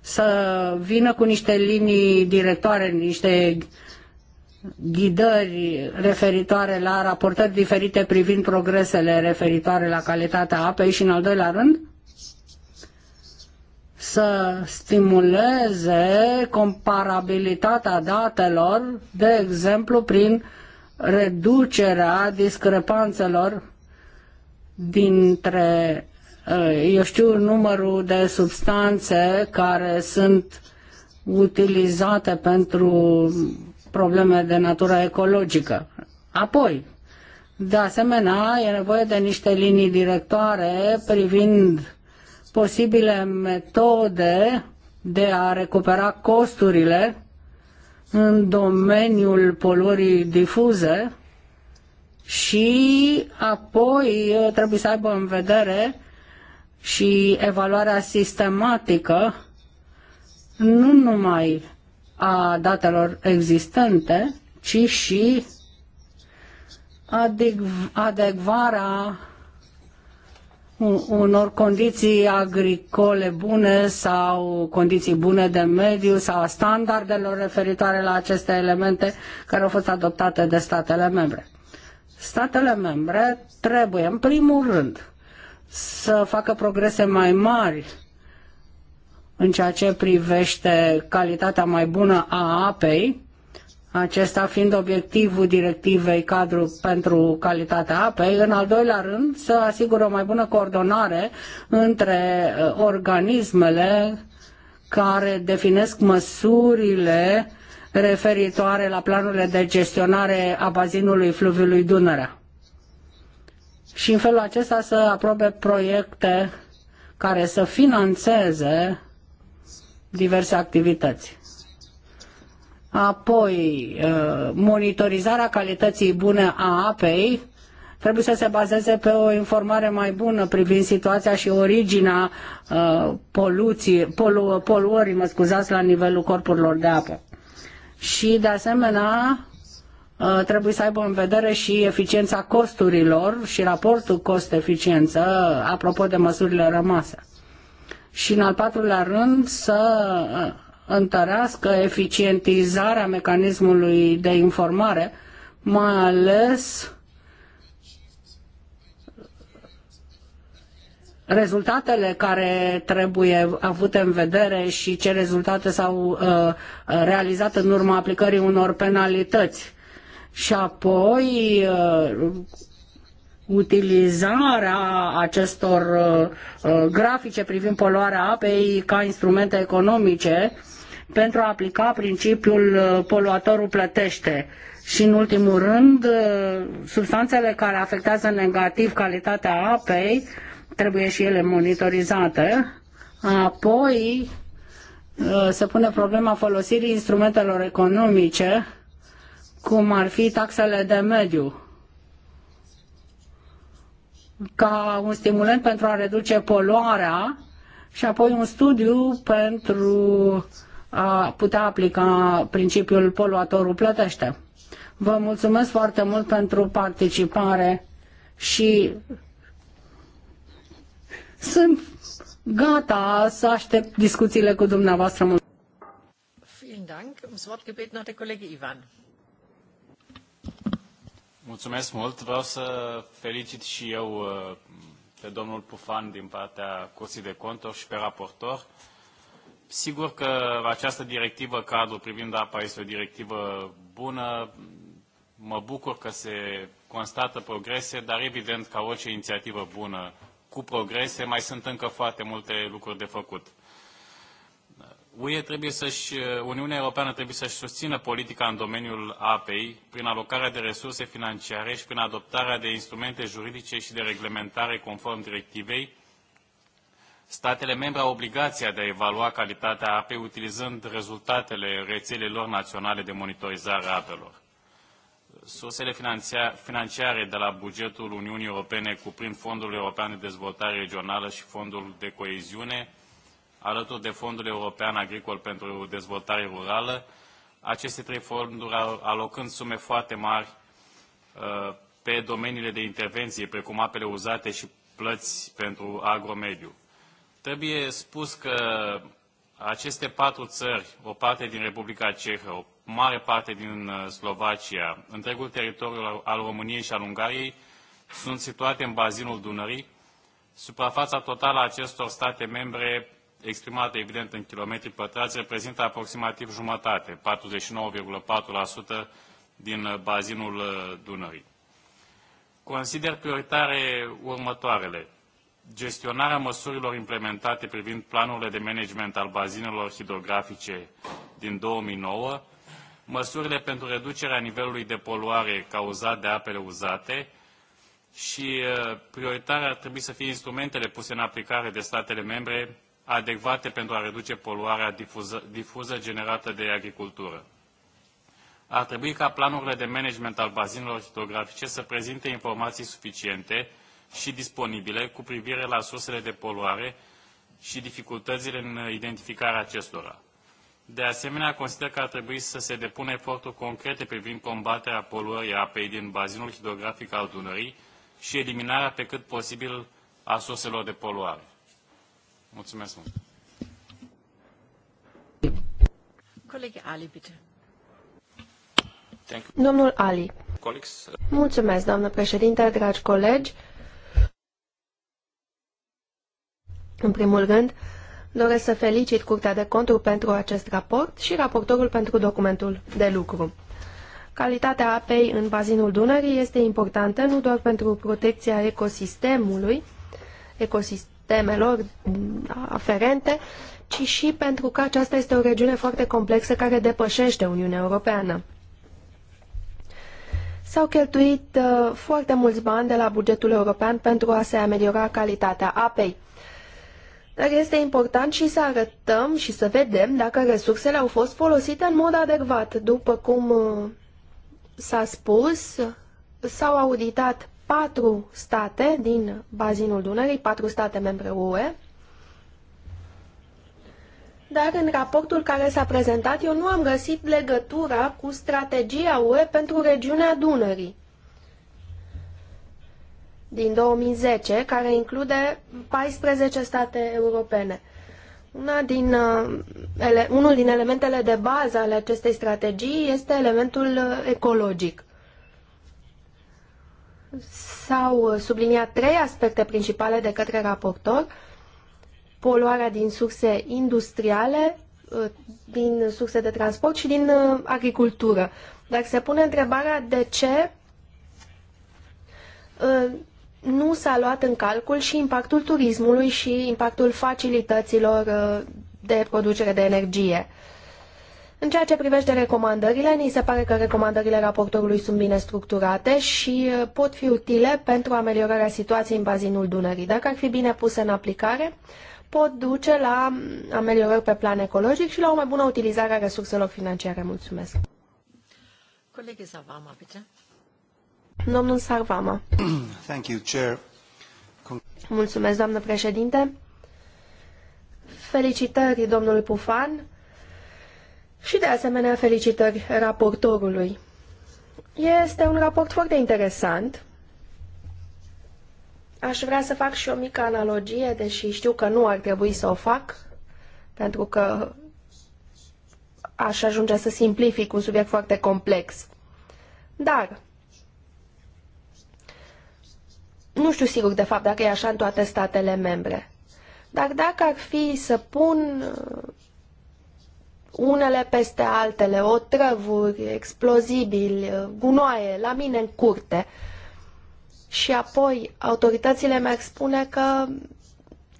să vină cu niște linii directoare, niște ghidări referitoare la raportări diferite privind progresele referitoare la calitatea apei și, în al doilea rând, să stimuleze comparabilitatea datelor, de exemplu, prin reducerea discrepanțelor dintre, eh, eu știu, numărul de substanțe care sunt utilizate pentru probleme de natură ecologică. Apoi, de asemenea, e nevoie de niște linii directoare privind posibile metode de a recupera costurile în domeniul poluării difuze și apoi uh, trebuie să aibă în vedere și evaluarea sistematică nu numai a datelor existente, ci și adecvarea unor condiții agricole bune sau condiții bune de mediu sau a standardelor referitoare la aceste elemente care au fost adoptate de statele membre. Statele membre trebuie, în primul rând, să facă progrese mai mari în ceea ce privește calitatea mai bună a apei, acesta fiind obiectivul directivei cadru pentru calitatea apei, în al doilea rând să asigură o mai bună coordonare între uh, organismele care definesc măsurile referitoare la planurile de gestionare a bazinului fluviului Dunărea. Și în felul acesta să aprobe proiecte care să financeze diverse activități. Apoi, ă, monitorizarea calității bune a apei trebuie să se bazeze pe o informare mai bună privind situația și originea ă, poluții, polu, poluării, mă scuzați, la nivelul corpurilor de apă și, de asemenea, ă, trebuie să aibă în vedere și eficiența costurilor și raportul cost-eficiență, apropo de măsurile rămase. Și, în al patrulea rând, să ă, întărească eficientizarea mecanismului de informare, mai ales rezultatele care trebuie avute în vedere și ce rezultate s-au uh, realizat în urma aplicării unor penalități. Și apoi uh, utilizarea acestor uh, uh grafice privind poluarea apei ca instrumente economice pentru a aplica principiul uh, poluatorul plătește. Și în ultimul rând, uh, substanțele care afectează negativ calitatea apei trebuie și ele monitorizate. Apoi uh, se pune problema folosirii instrumentelor economice, cum ar fi taxele de mediu, ca un stimulant pentru a reduce poluarea și apoi un studiu pentru a putea aplica principiul poluatorul plătește. Vă mulțumesc foarte mult pentru participare și sunt gata să aștept discuțiile cu dumneavoastră. Mulțumesc. Mulțumesc mult. Vreau să felicit și eu uh, pe domnul Pufan din partea Curții de Conturi și pe raportor. Sigur că această directivă cadru privind apa este o directivă bună. Mă bucur că se constată progrese, dar evident ca orice inițiativă bună cu progrese, mai sunt încă foarte multe lucruri de făcut. UE trebuie să-și, Uniunea Europeană trebuie să-și susțină politica în domeniul apei prin alocarea de resurse financiare și prin adoptarea de instrumente juridice și de reglementare conform directivei. Statele membre au obligația de a evalua calitatea apei utilizând rezultatele rețelelor naționale de monitorizare a apelor. Sursele financiare de la bugetul Uniunii Europene cuprind Fondul European de Dezvoltare Regională și Fondul de Coeziune, alături de Fondul European Agricol pentru Dezvoltare Rurală, aceste trei fonduri alocând sume foarte mari uh, pe domeniile de intervenție, precum apele uzate și plăți pentru agromediu. Trebuie spus că aceste patru țări, o parte din Republica Cehă, o mare parte din uh, Slovacia, întregul teritoriu al României și al Ungariei sunt situate în bazinul Dunării, suprafața totală a acestor state membre, exprimată evident în kilometri pătrați, reprezintă aproximativ jumătate, 49,4% din uh, bazinul uh, Dunării. Consider prioritare următoarele. Gestionarea măsurilor implementate privind planurile de management al bazinelor hidrografice din 2009 măsurile pentru reducerea nivelului de poluare cauzat de apele uzate și uh, prioritare ar trebui să fie instrumentele puse în aplicare de statele membre adecvate pentru a reduce poluarea difuză, difuză generată de agricultură. Ar trebui ca planurile de management al bazinelor hidrografice să prezinte informații suficiente și disponibile cu privire la sursele de poluare și dificultățile în identificarea acestora. De asemenea, consider că ar trebui să se depună eforturi concrete privind combaterea poluării apei din bazinul hidrografic al Dunării și eliminarea pe cât posibil a surselor de poluare. Mulțumesc mult! Colegi Ali, bitte. Domnul Ali. Colegs. Mulțumesc, doamnă președinte, dragi colegi. În primul rând, Doresc să felicit Curtea de Conturi pentru acest raport și raportorul pentru documentul de lucru. Calitatea apei în bazinul Dunării este importantă nu doar pentru protecția ecosistemului, ecosistemelor aferente, ci și pentru că aceasta este o regiune foarte complexă care depășește Uniunea Europeană. S-au cheltuit uh, foarte mulți bani de la bugetul european pentru a se ameliora calitatea apei. Dar este important și să arătăm și să vedem dacă resursele au fost folosite în mod adecvat. După cum uh, s-a spus, s-au auditat patru state din bazinul Dunării, patru state membre UE, dar în raportul care s-a prezentat eu nu am găsit legătura cu strategia UE pentru regiunea Dunării din 2010, care include 14 state europene. Una din, uh, ele, unul din elementele de bază ale acestei strategii este elementul uh, ecologic. S-au uh, subliniat trei aspecte principale de către raportor. Poluarea din surse industriale, din surse de transport și din agricultură. Dar se pune întrebarea de ce nu s-a luat în calcul și impactul turismului și impactul facilităților uh, de producere de energie. În ceea ce privește recomandările, ni se pare că recomandările raportorului sunt bine structurate și uh, pot fi utile pentru ameliorarea situației în bazinul Dunării. Dacă ar fi bine puse în aplicare, pot duce la mm, ameliorări pe plan ecologic și la o mai bună utilizare a resurselor financiare. Mulțumesc! Colegii Savama, bitte. Domnul Sarvama. Thank you, Chair. Mulțumesc, doamnă președinte. Felicitări, domnului Pufan. Și de asemenea felicitări raportorului. Este un raport foarte interesant. Aș vrea să fac și o mică analogie, deși știu că nu ar trebui să o fac, pentru că aș ajunge să simplific un subiect foarte complex. Dar nu știu sigur, de fapt, dacă e așa în toate statele membre. Dar dacă ar fi să pun uh, unele peste altele, otrăvuri, explozibili, uh, gunoaie, la mine în curte, și apoi autoritățile mi-ar spune că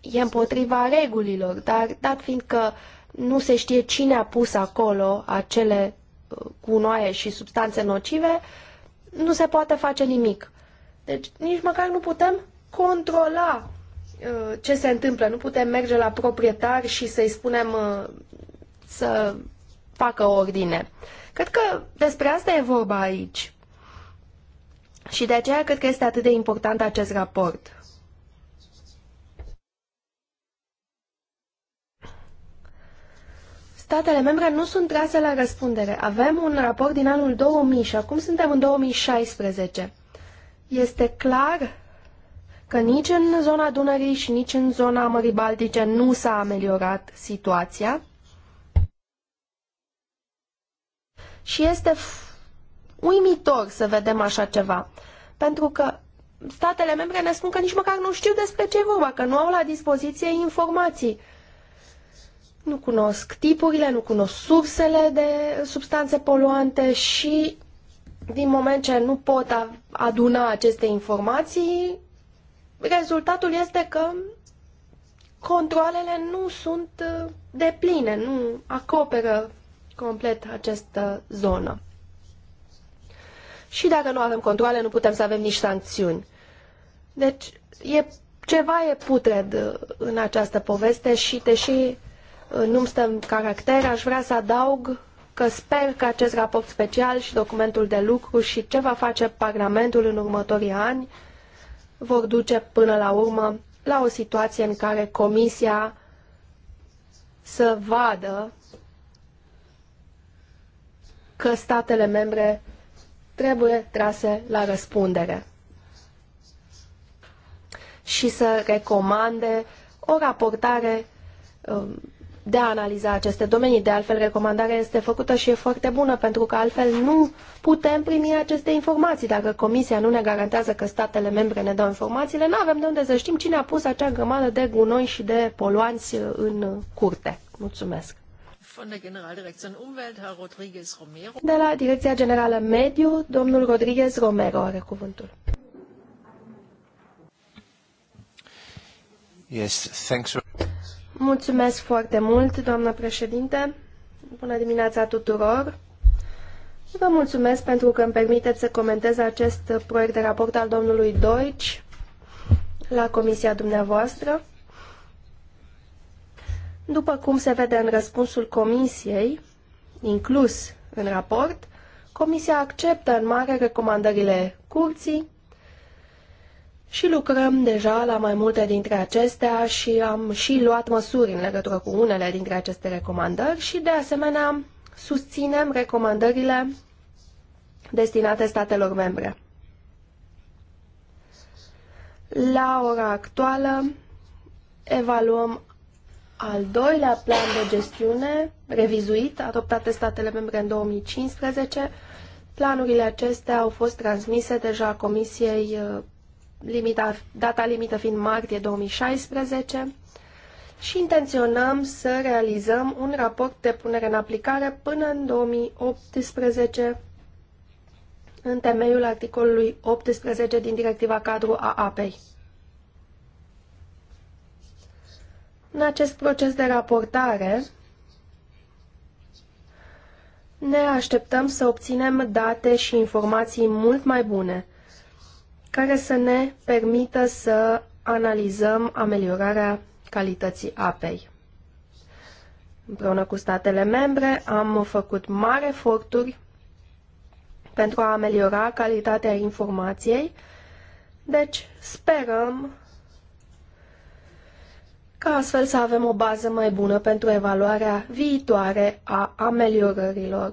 e împotriva regulilor, dar dat fiind că nu se știe cine a pus acolo acele uh, gunoaie și substanțe nocive, nu se poate face nimic. Deci nici măcar nu putem controla uh, ce se întâmplă. Nu putem merge la proprietari și să-i spunem uh, să facă ordine. Cred că despre asta e vorba aici. Și de aceea cred că este atât de important acest raport. statele membre nu sunt trase la răspundere. Avem un raport din anul 2000 și acum suntem în 2016. Este clar că nici în zona Dunării și nici în zona Mării Baltice nu s-a ameliorat situația. Și este uimitor să vedem așa ceva, pentru că statele membre ne spun că nici măcar nu știu despre ce vorba, că nu au la dispoziție informații. Nu cunosc tipurile, nu cunosc sursele de substanțe poluante și din moment ce nu pot aduna aceste informații, rezultatul este că controlele nu sunt uh, depline, nu acoperă complet această zonă. Și dacă nu avem controle, nu putem să avem nici sancțiuni. Deci, e, ceva e putred uh, în această poveste și, deși uh, nu-mi stă în caracter, aș vrea să adaug că sper că acest raport special și documentul de lucru și ce va face Parlamentul în următorii ani vor duce până la urmă la o situație în care Comisia să vadă că statele membre trebuie trase la răspundere și să recomande o raportare um, de a analiza aceste domenii. De altfel, recomandarea este făcută și e foarte bună, pentru că altfel nu putem primi aceste informații. Dacă Comisia nu ne garantează că statele membre ne dau informațiile, nu avem de unde să știm cine a pus acea grămadă de gunoi și de poluanți în curte. Mulțumesc! De la Direcția Generală Mediu, domnul Rodriguez Romero are cuvântul. Yes, thanks. Mulțumesc foarte mult, doamnă președinte. Bună dimineața tuturor. Vă mulțumesc pentru că îmi permiteți să comentez acest proiect de raport al domnului Deutsch la comisia dumneavoastră. După cum se vede în răspunsul comisiei, inclus în raport, comisia acceptă în mare recomandările curții și lucrăm deja la mai multe dintre acestea și am și luat măsuri în legătură cu unele dintre aceste recomandări și de asemenea susținem recomandările destinate statelor membre. La ora actuală evaluăm al doilea plan de gestiune revizuit, adoptat de statele membre în 2015. Planurile acestea au fost transmise deja Comisiei uh, limita, data limită fiind martie 2016, și intenționăm să realizăm un raport de punere în aplicare până în 2018 în temeiul articolului 18 din Directiva Cadru a APEI. În acest proces de raportare ne așteptăm să obținem date și informații mult mai bune care să ne permită să analizăm ameliorarea calității apei. Împreună cu statele membre am făcut mari eforturi pentru a ameliora calitatea informației, deci sperăm ca astfel să avem o bază mai bună pentru evaluarea viitoare a ameliorărilor,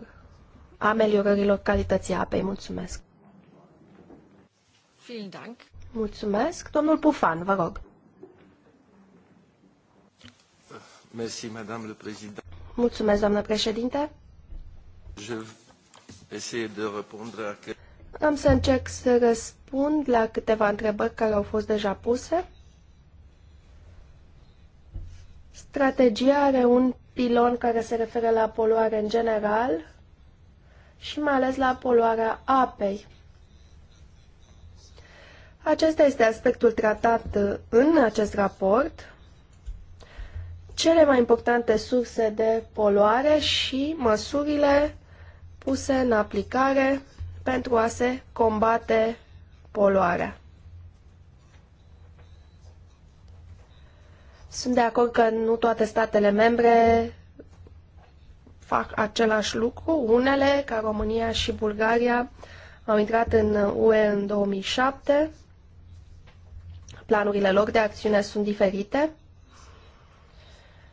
ameliorărilor calității apei. Mulțumesc! Mulțumesc. Domnul Pufan, vă rog. Merci, Madame le Président. Mulțumesc, doamnă președinte. Je essayer de répondre à... Am să încerc să răspund la câteva întrebări care au fost deja puse. Strategia are un pilon care se referă la poluare în general și mai ales la poluarea apei. Acesta este aspectul tratat uh, în acest raport, cele mai importante surse de poluare și măsurile puse în aplicare pentru a se combate poluarea. Sunt de acord că nu toate statele membre fac același lucru. Unele, ca România și Bulgaria, au intrat în UE în 2007 planurile lor de acțiune sunt diferite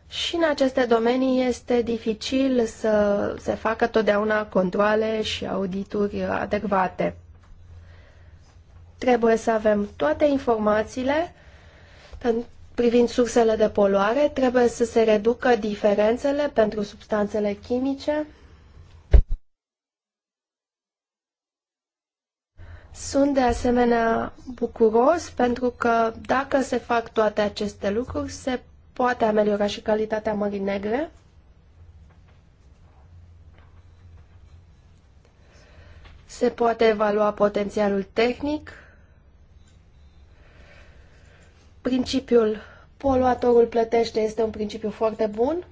și în aceste domenii este dificil să se facă totdeauna controle și audituri adecvate. Trebuie să avem toate informațiile privind sursele de poluare, trebuie să se reducă diferențele pentru substanțele chimice, Sunt de asemenea bucuros pentru că dacă se fac toate aceste lucruri, se poate ameliora și calitatea mării negre. Se poate evalua potențialul tehnic, principiul poluatorul plătește este un principiu foarte bun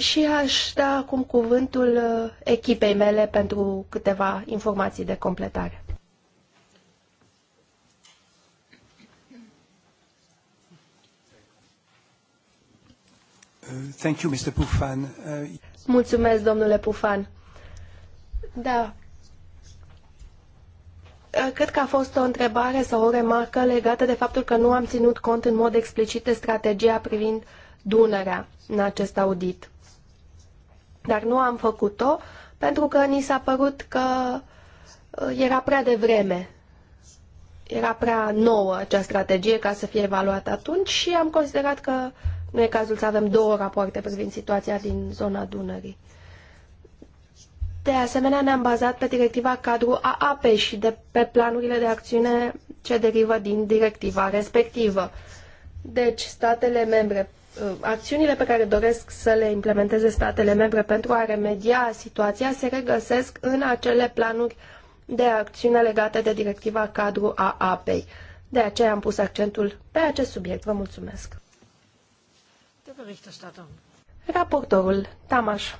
și aș da acum cuvântul uh, echipei mele pentru câteva informații de completare. Uh, thank you, Mr. Pufan. Uh, Mulțumesc, domnule Pufan. Da. Cred că a fost o întrebare sau o remarcă legată de faptul că nu am ținut cont în mod explicit de strategia privind Dunărea în acest audit. Dar nu am făcut-o pentru că ni s-a părut că uh, era prea devreme. Era prea nouă acea strategie ca să fie evaluată atunci și am considerat că nu e cazul să avem două rapoarte privind situația din zona Dunării. De asemenea, ne-am bazat pe directiva cadru a APE și de, pe planurile de acțiune ce derivă din directiva respectivă. Deci, statele membre Uh, acțiunile pe care doresc să le implementeze statele membre pentru a remedia situația se regăsesc în acele planuri de acțiune legate de directiva cadru a apei. De aceea am pus accentul pe acest subiect. Vă mulțumesc. Raportorul Tamaș.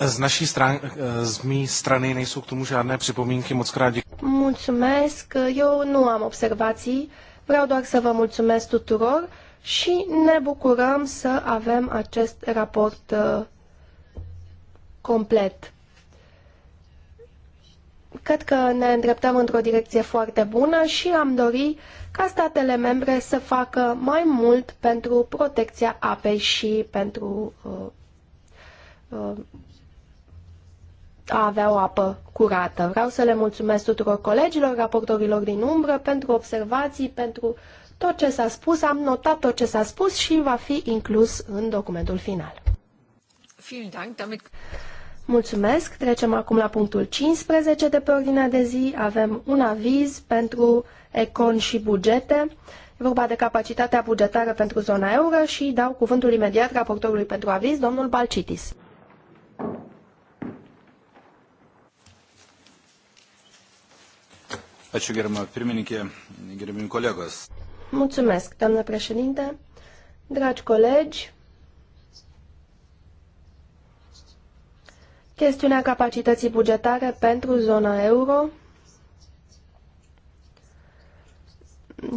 Z, naší strany, eh, z mé strany nejsou k tomu žádné připomínky, moc krát Mulțumesc, eu nu am observații, vreau doar să vă mulțumesc tuturor și ne bucurăm să avem acest raport uh, complet. Cred că ne îndreptăm într-o direcție foarte bună și am dori ca statele membre să facă mai mult pentru protecția apei și pentru uh, uh, a avea o apă curată. Vreau să le mulțumesc tuturor colegilor, raportorilor din umbră pentru observații, pentru uh, tot ce s-a spus, am notat tot ce s-a spus și va fi inclus în documentul final. Mulțumesc. Trecem acum la punctul 15 de pe ordinea de zi. Avem un aviz pentru econ și bugete. E vorba de capacitatea bugetară pentru zona euro și dau cuvântul imediat raportorului pentru aviz, domnul Balcitis. Ačiū gerima pirmininkė, gerimi kolegos. Mulțumesc, doamnă președinte, dragi colegi. Chestiunea capacității bugetare pentru zona euro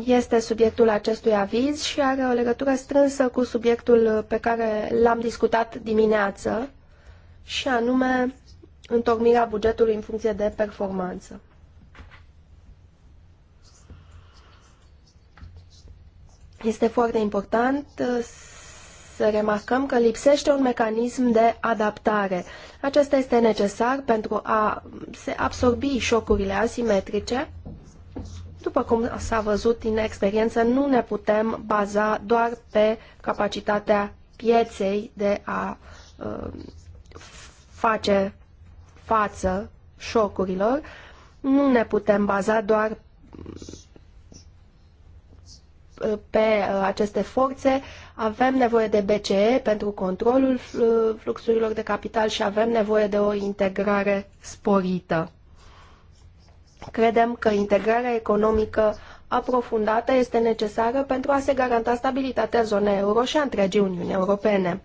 este subiectul acestui aviz și are o legătură strânsă cu subiectul pe care l-am discutat dimineață, și anume întocmirea bugetului în funcție de performanță. Este foarte important uh, să remarcăm că lipsește un mecanism de adaptare. Acesta este necesar pentru a se absorbi șocurile asimetrice. După cum s-a văzut din experiență, nu ne putem baza doar pe capacitatea pieței de a uh, face față șocurilor. Nu ne putem baza doar Uh, pe uh, aceste forțe, avem nevoie de BCE pentru controlul uh, fluxurilor de capital și avem nevoie de o integrare sporită. Credem că integrarea economică aprofundată este necesară pentru a se garanta stabilitatea zonei euro și a întregii Uniuni Europene.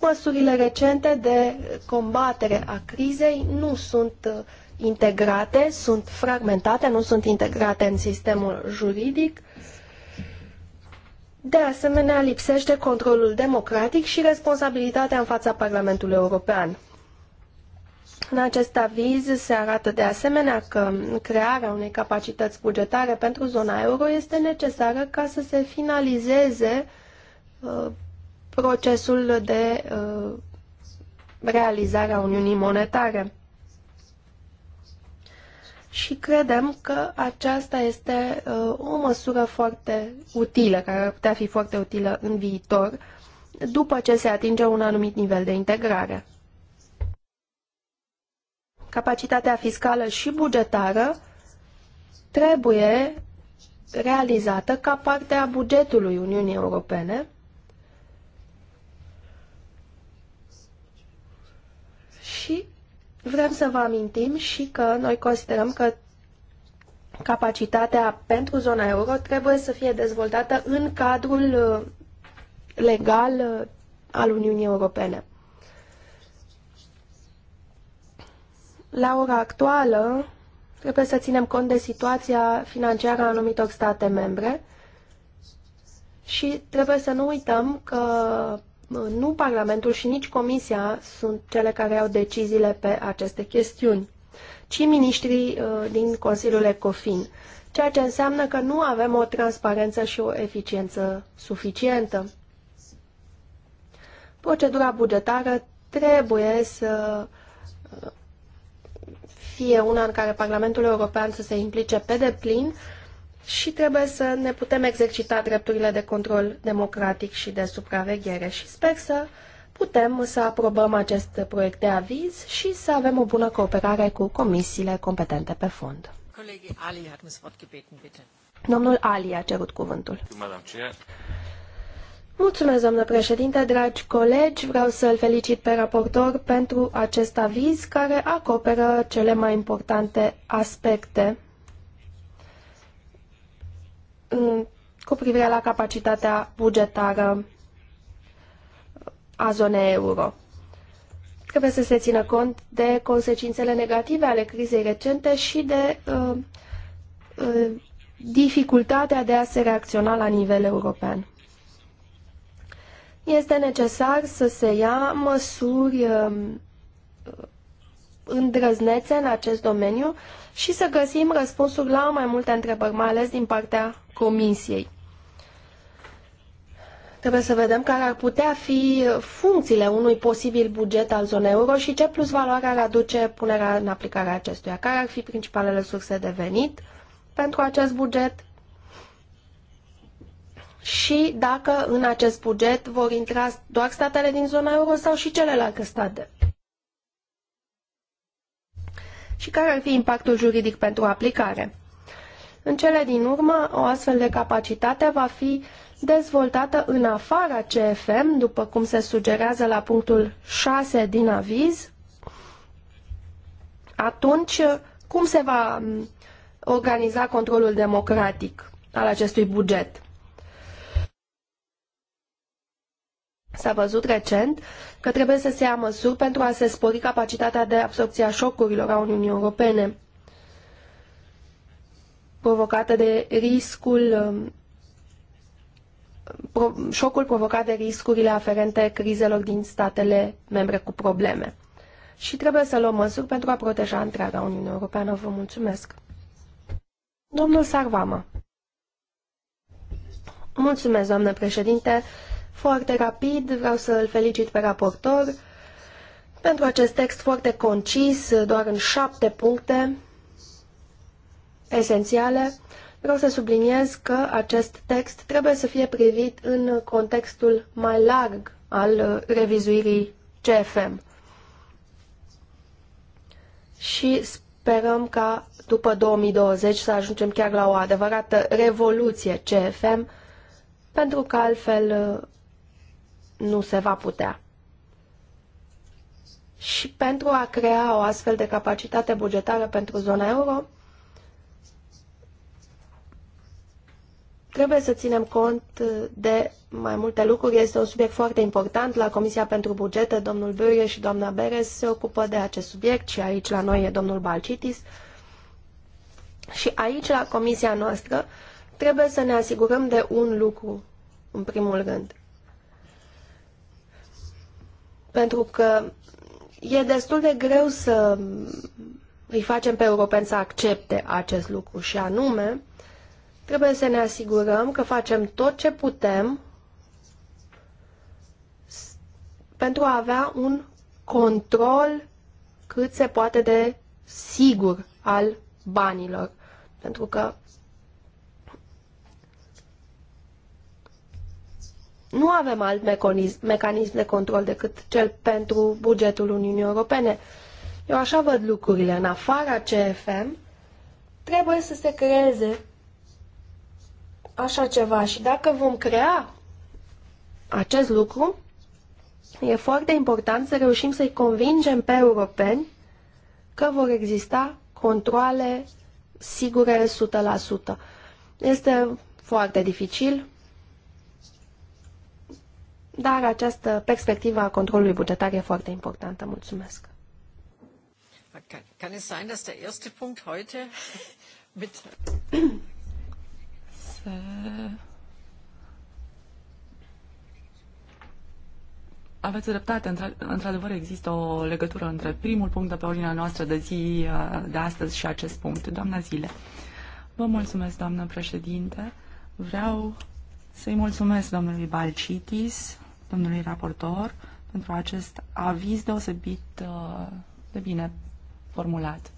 Măsurile recente de combatere a crizei nu sunt integrate, sunt fragmentate, nu sunt integrate în sistemul juridic de asemenea, lipsește controlul democratic și responsabilitatea în fața Parlamentului European. În acest aviz se arată de asemenea că crearea unei capacități bugetare pentru zona euro este necesară ca să se finalizeze uh, procesul de uh, realizare a Uniunii Monetare și credem că aceasta este uh, o măsură foarte utilă, care ar putea fi foarte utilă în viitor, după ce se atinge un anumit nivel de integrare. Capacitatea fiscală și bugetară trebuie realizată ca parte a bugetului Uniunii Europene și Vrem să vă amintim și că noi considerăm că capacitatea pentru zona euro trebuie să fie dezvoltată în cadrul uh, legal uh, al Uniunii Europene. La ora actuală, trebuie să ținem cont de situația financiară a anumitor state membre și trebuie să nu uităm că nu Parlamentul și nici Comisia sunt cele care au deciziile pe aceste chestiuni, ci miniștrii uh, din Consiliul ECOFIN, ceea ce înseamnă că nu avem o transparență și o eficiență suficientă. Procedura bugetară trebuie să uh, fie una în care Parlamentul European să se implice pe deplin și trebuie să ne putem exercita drepturile de control democratic și de supraveghere și sper să putem să aprobăm acest proiect de aviz și să avem o bună cooperare cu comisiile competente pe fond. Domnul Ali a cerut cuvântul. Mulțumesc, domnule președinte, dragi colegi. Vreau să-l felicit pe raportor pentru acest aviz care acoperă cele mai importante aspecte cu privire la capacitatea bugetară a zonei euro. Trebuie să se țină cont de consecințele negative ale crizei recente și de uh, uh, dificultatea de a se reacționa la nivel european. Este necesar să se ia măsuri uh, îndrăznețe în acest domeniu și să găsim răspunsuri la mai multe întrebări, mai ales din partea Comisiei. Trebuie să vedem care ar putea fi funcțiile unui posibil buget al zonei euro și ce plus valoare ar aduce punerea în aplicare a acestuia, care ar fi principalele surse de venit pentru acest buget și dacă în acest buget vor intra doar statele din zona euro sau și celelalte state și care ar fi impactul juridic pentru aplicare. În cele din urmă, o astfel de capacitate va fi dezvoltată în afara CFM, după cum se sugerează la punctul 6 din aviz, atunci cum se va organiza controlul democratic al acestui buget? S-a văzut recent că trebuie să se ia măsuri pentru a se spori capacitatea de absorpție a șocurilor a Uniunii Europene provocate de riscul um, pro, șocul provocat de riscurile aferente crizelor din statele membre cu probleme. Și trebuie să luăm măsuri pentru a proteja întreaga Uniune Europeană. Vă mulțumesc. Domnul Sarvama. Mulțumesc, doamnă președinte. Foarte rapid, vreau să îl felicit pe raportor pentru acest text foarte concis, doar în șapte puncte esențiale. Vreau să subliniez că acest text trebuie să fie privit în contextul mai larg al revizuirii CFM. Și sperăm ca după 2020 să ajungem chiar la o adevărată revoluție CFM, pentru că altfel nu se va putea. Și pentru a crea o astfel de capacitate bugetară pentru zona euro, trebuie să ținem cont de mai multe lucruri. Este un subiect foarte important. La Comisia pentru Bugete, domnul Böge și doamna Beres se ocupă de acest subiect și aici la noi e domnul Balcitis. Și aici, la Comisia noastră, trebuie să ne asigurăm de un lucru, în primul rând – pentru că e destul de greu să îi facem pe europeni să accepte acest lucru și anume trebuie să ne asigurăm că facem tot ce putem pentru a avea un control cât se poate de sigur al banilor. Pentru că Nu avem alt mecanism, mecanism de control decât cel pentru bugetul Uniunii Europene. Eu așa văd lucrurile. În afara CFM trebuie să se creeze așa ceva și dacă vom crea acest lucru, e foarte important să reușim să-i convingem pe europeni că vor exista controle sigure 100%. Este foarte dificil, dar această perspectivă a controlului bugetar e foarte importantă. Mulțumesc. Kann es sein, dass der erste Punkt heute mit Aveți dreptate, într-adevăr există o legătură între primul punct de pe ordinea noastră de zi uh, de astăzi și acest punct, doamna Zile. Vă mulțumesc, doamnă președinte. Vreau să-i mulțumesc domnului Balcitis domnului raportor pentru acest aviz deosebit uh, de bine formulat.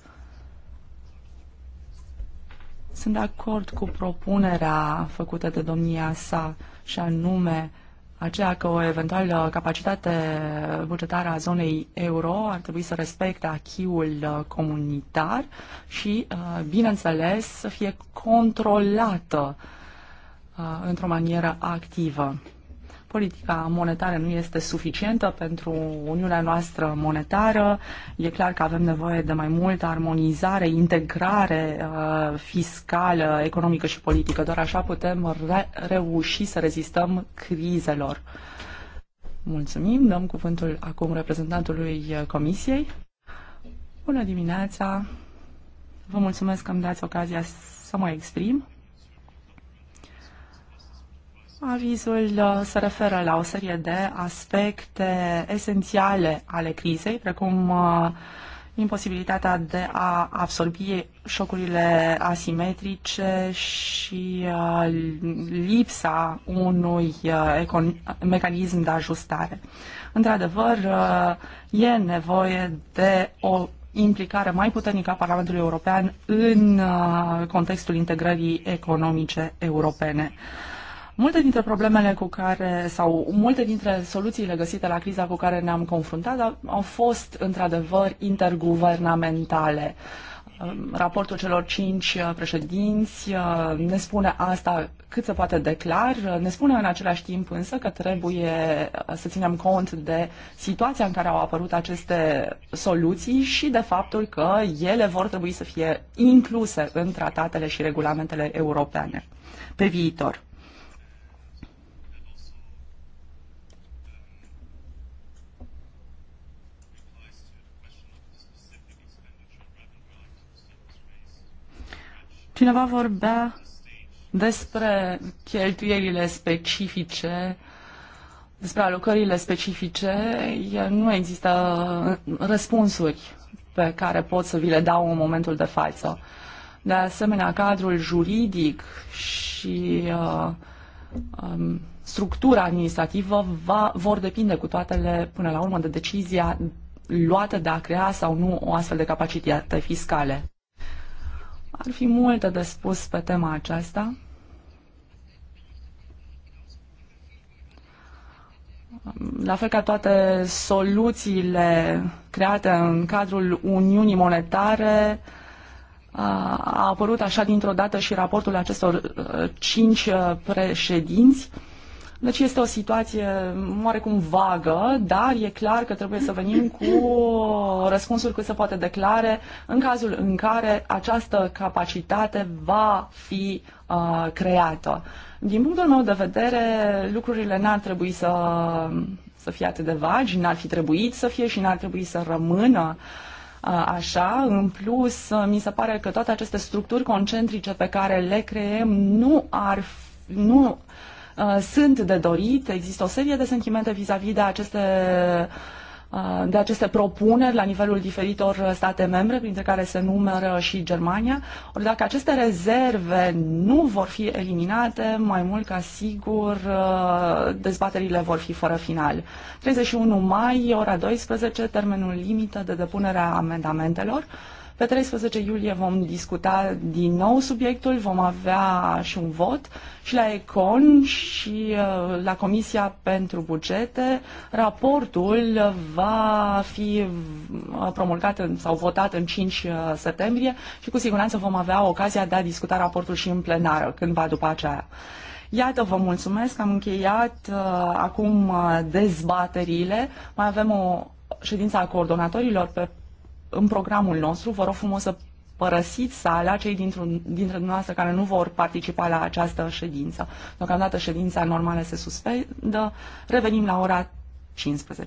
Sunt de acord cu propunerea făcută de domnia sa și anume aceea că o eventuală capacitate bugetară a zonei euro ar trebui să respecte achiul uh, comunitar și, uh, bineînțeles, să fie controlată într-o manieră activă. Politica monetară nu este suficientă pentru Uniunea noastră monetară. E clar că avem nevoie de mai multă armonizare, integrare uh, fiscală, economică și politică. Doar așa putem re- reuși să rezistăm crizelor. Mulțumim. Dăm cuvântul acum reprezentantului Comisiei. Bună dimineața! Vă mulțumesc că îmi dați ocazia să mă exprim. Avizul uh, se referă la o serie de aspecte esențiale ale crizei, precum uh, imposibilitatea de a absorbi șocurile asimetrice și uh, lipsa unui mecanism de ajustare. Într-adevăr, e nevoie de o implicare mai puternică a Parlamentului European în contextul integrării economice europene. Multe dintre problemele cu care, sau multe dintre soluțiile găsite la criza cu care ne-am confruntat au fost, într-adevăr, interguvernamentale. Raportul celor cinci uh, președinți uh, ne spune asta cât se poate declar, ne spune în același timp însă că trebuie uh, să ținem cont de situația în care au apărut aceste soluții și de faptul că ele vor trebui să fie incluse în tratatele și regulamentele europene pe viitor. Cineva vorbea despre cheltuielile specifice, despre alocările specifice. Nu există uh, răspunsuri pe care pot să vi le dau în momentul de față. De asemenea, cadrul juridic și uh, um, structura administrativă va, vor depinde cu toatele, până la urmă, de decizia luată de a crea sau nu o astfel de capacitate fiscale. Ar fi multe de spus pe tema aceasta. La fel ca toate soluțiile create în cadrul Uniunii Monetare, a apărut așa dintr-o dată și raportul acestor uh, cinci uh, președinți deci este o situație oarecum vagă, dar e clar că trebuie să venim cu răspunsuri cât se poate declare în cazul în care această capacitate va fi uh, creată. Din punctul meu de vedere, lucrurile n-ar trebui să, să fie atât de vagi, n-ar fi trebuit să fie și n-ar trebui să rămână uh, așa. În plus, uh, mi se pare că toate aceste structuri concentrice pe care le creăm nu ar nu Uh, sunt de dorit. Există o serie de sentimente vis-a-vis -vis de aceste uh, de aceste propuneri la nivelul diferitor state membre, printre care se numără și Germania. Ori dacă aceste rezerve nu vor fi eliminate, mai mult ca sigur uh, dezbaterile vor fi fără final. 31 mai, ora 12, termenul limită de depunere a amendamentelor. Pe 13 iulie vom discuta din nou subiectul, vom avea și un vot și la ECON și uh, la Comisia pentru Bugete. Raportul va fi uh, promulgat în, sau votat în 5 uh, septembrie și cu siguranță vom avea ocazia de a discuta raportul și în plenară, cândva după aceea. Iată, vă mulțumesc, am încheiat uh, acum dezbaterile. Mai avem o ședință a coordonatorilor pe în programul nostru. Vă rog frumos să părăsiți sala cei dintre, dumneavoastră care nu vor participa la această ședință. Deocamdată ședința normală se suspendă. Revenim la ora 15.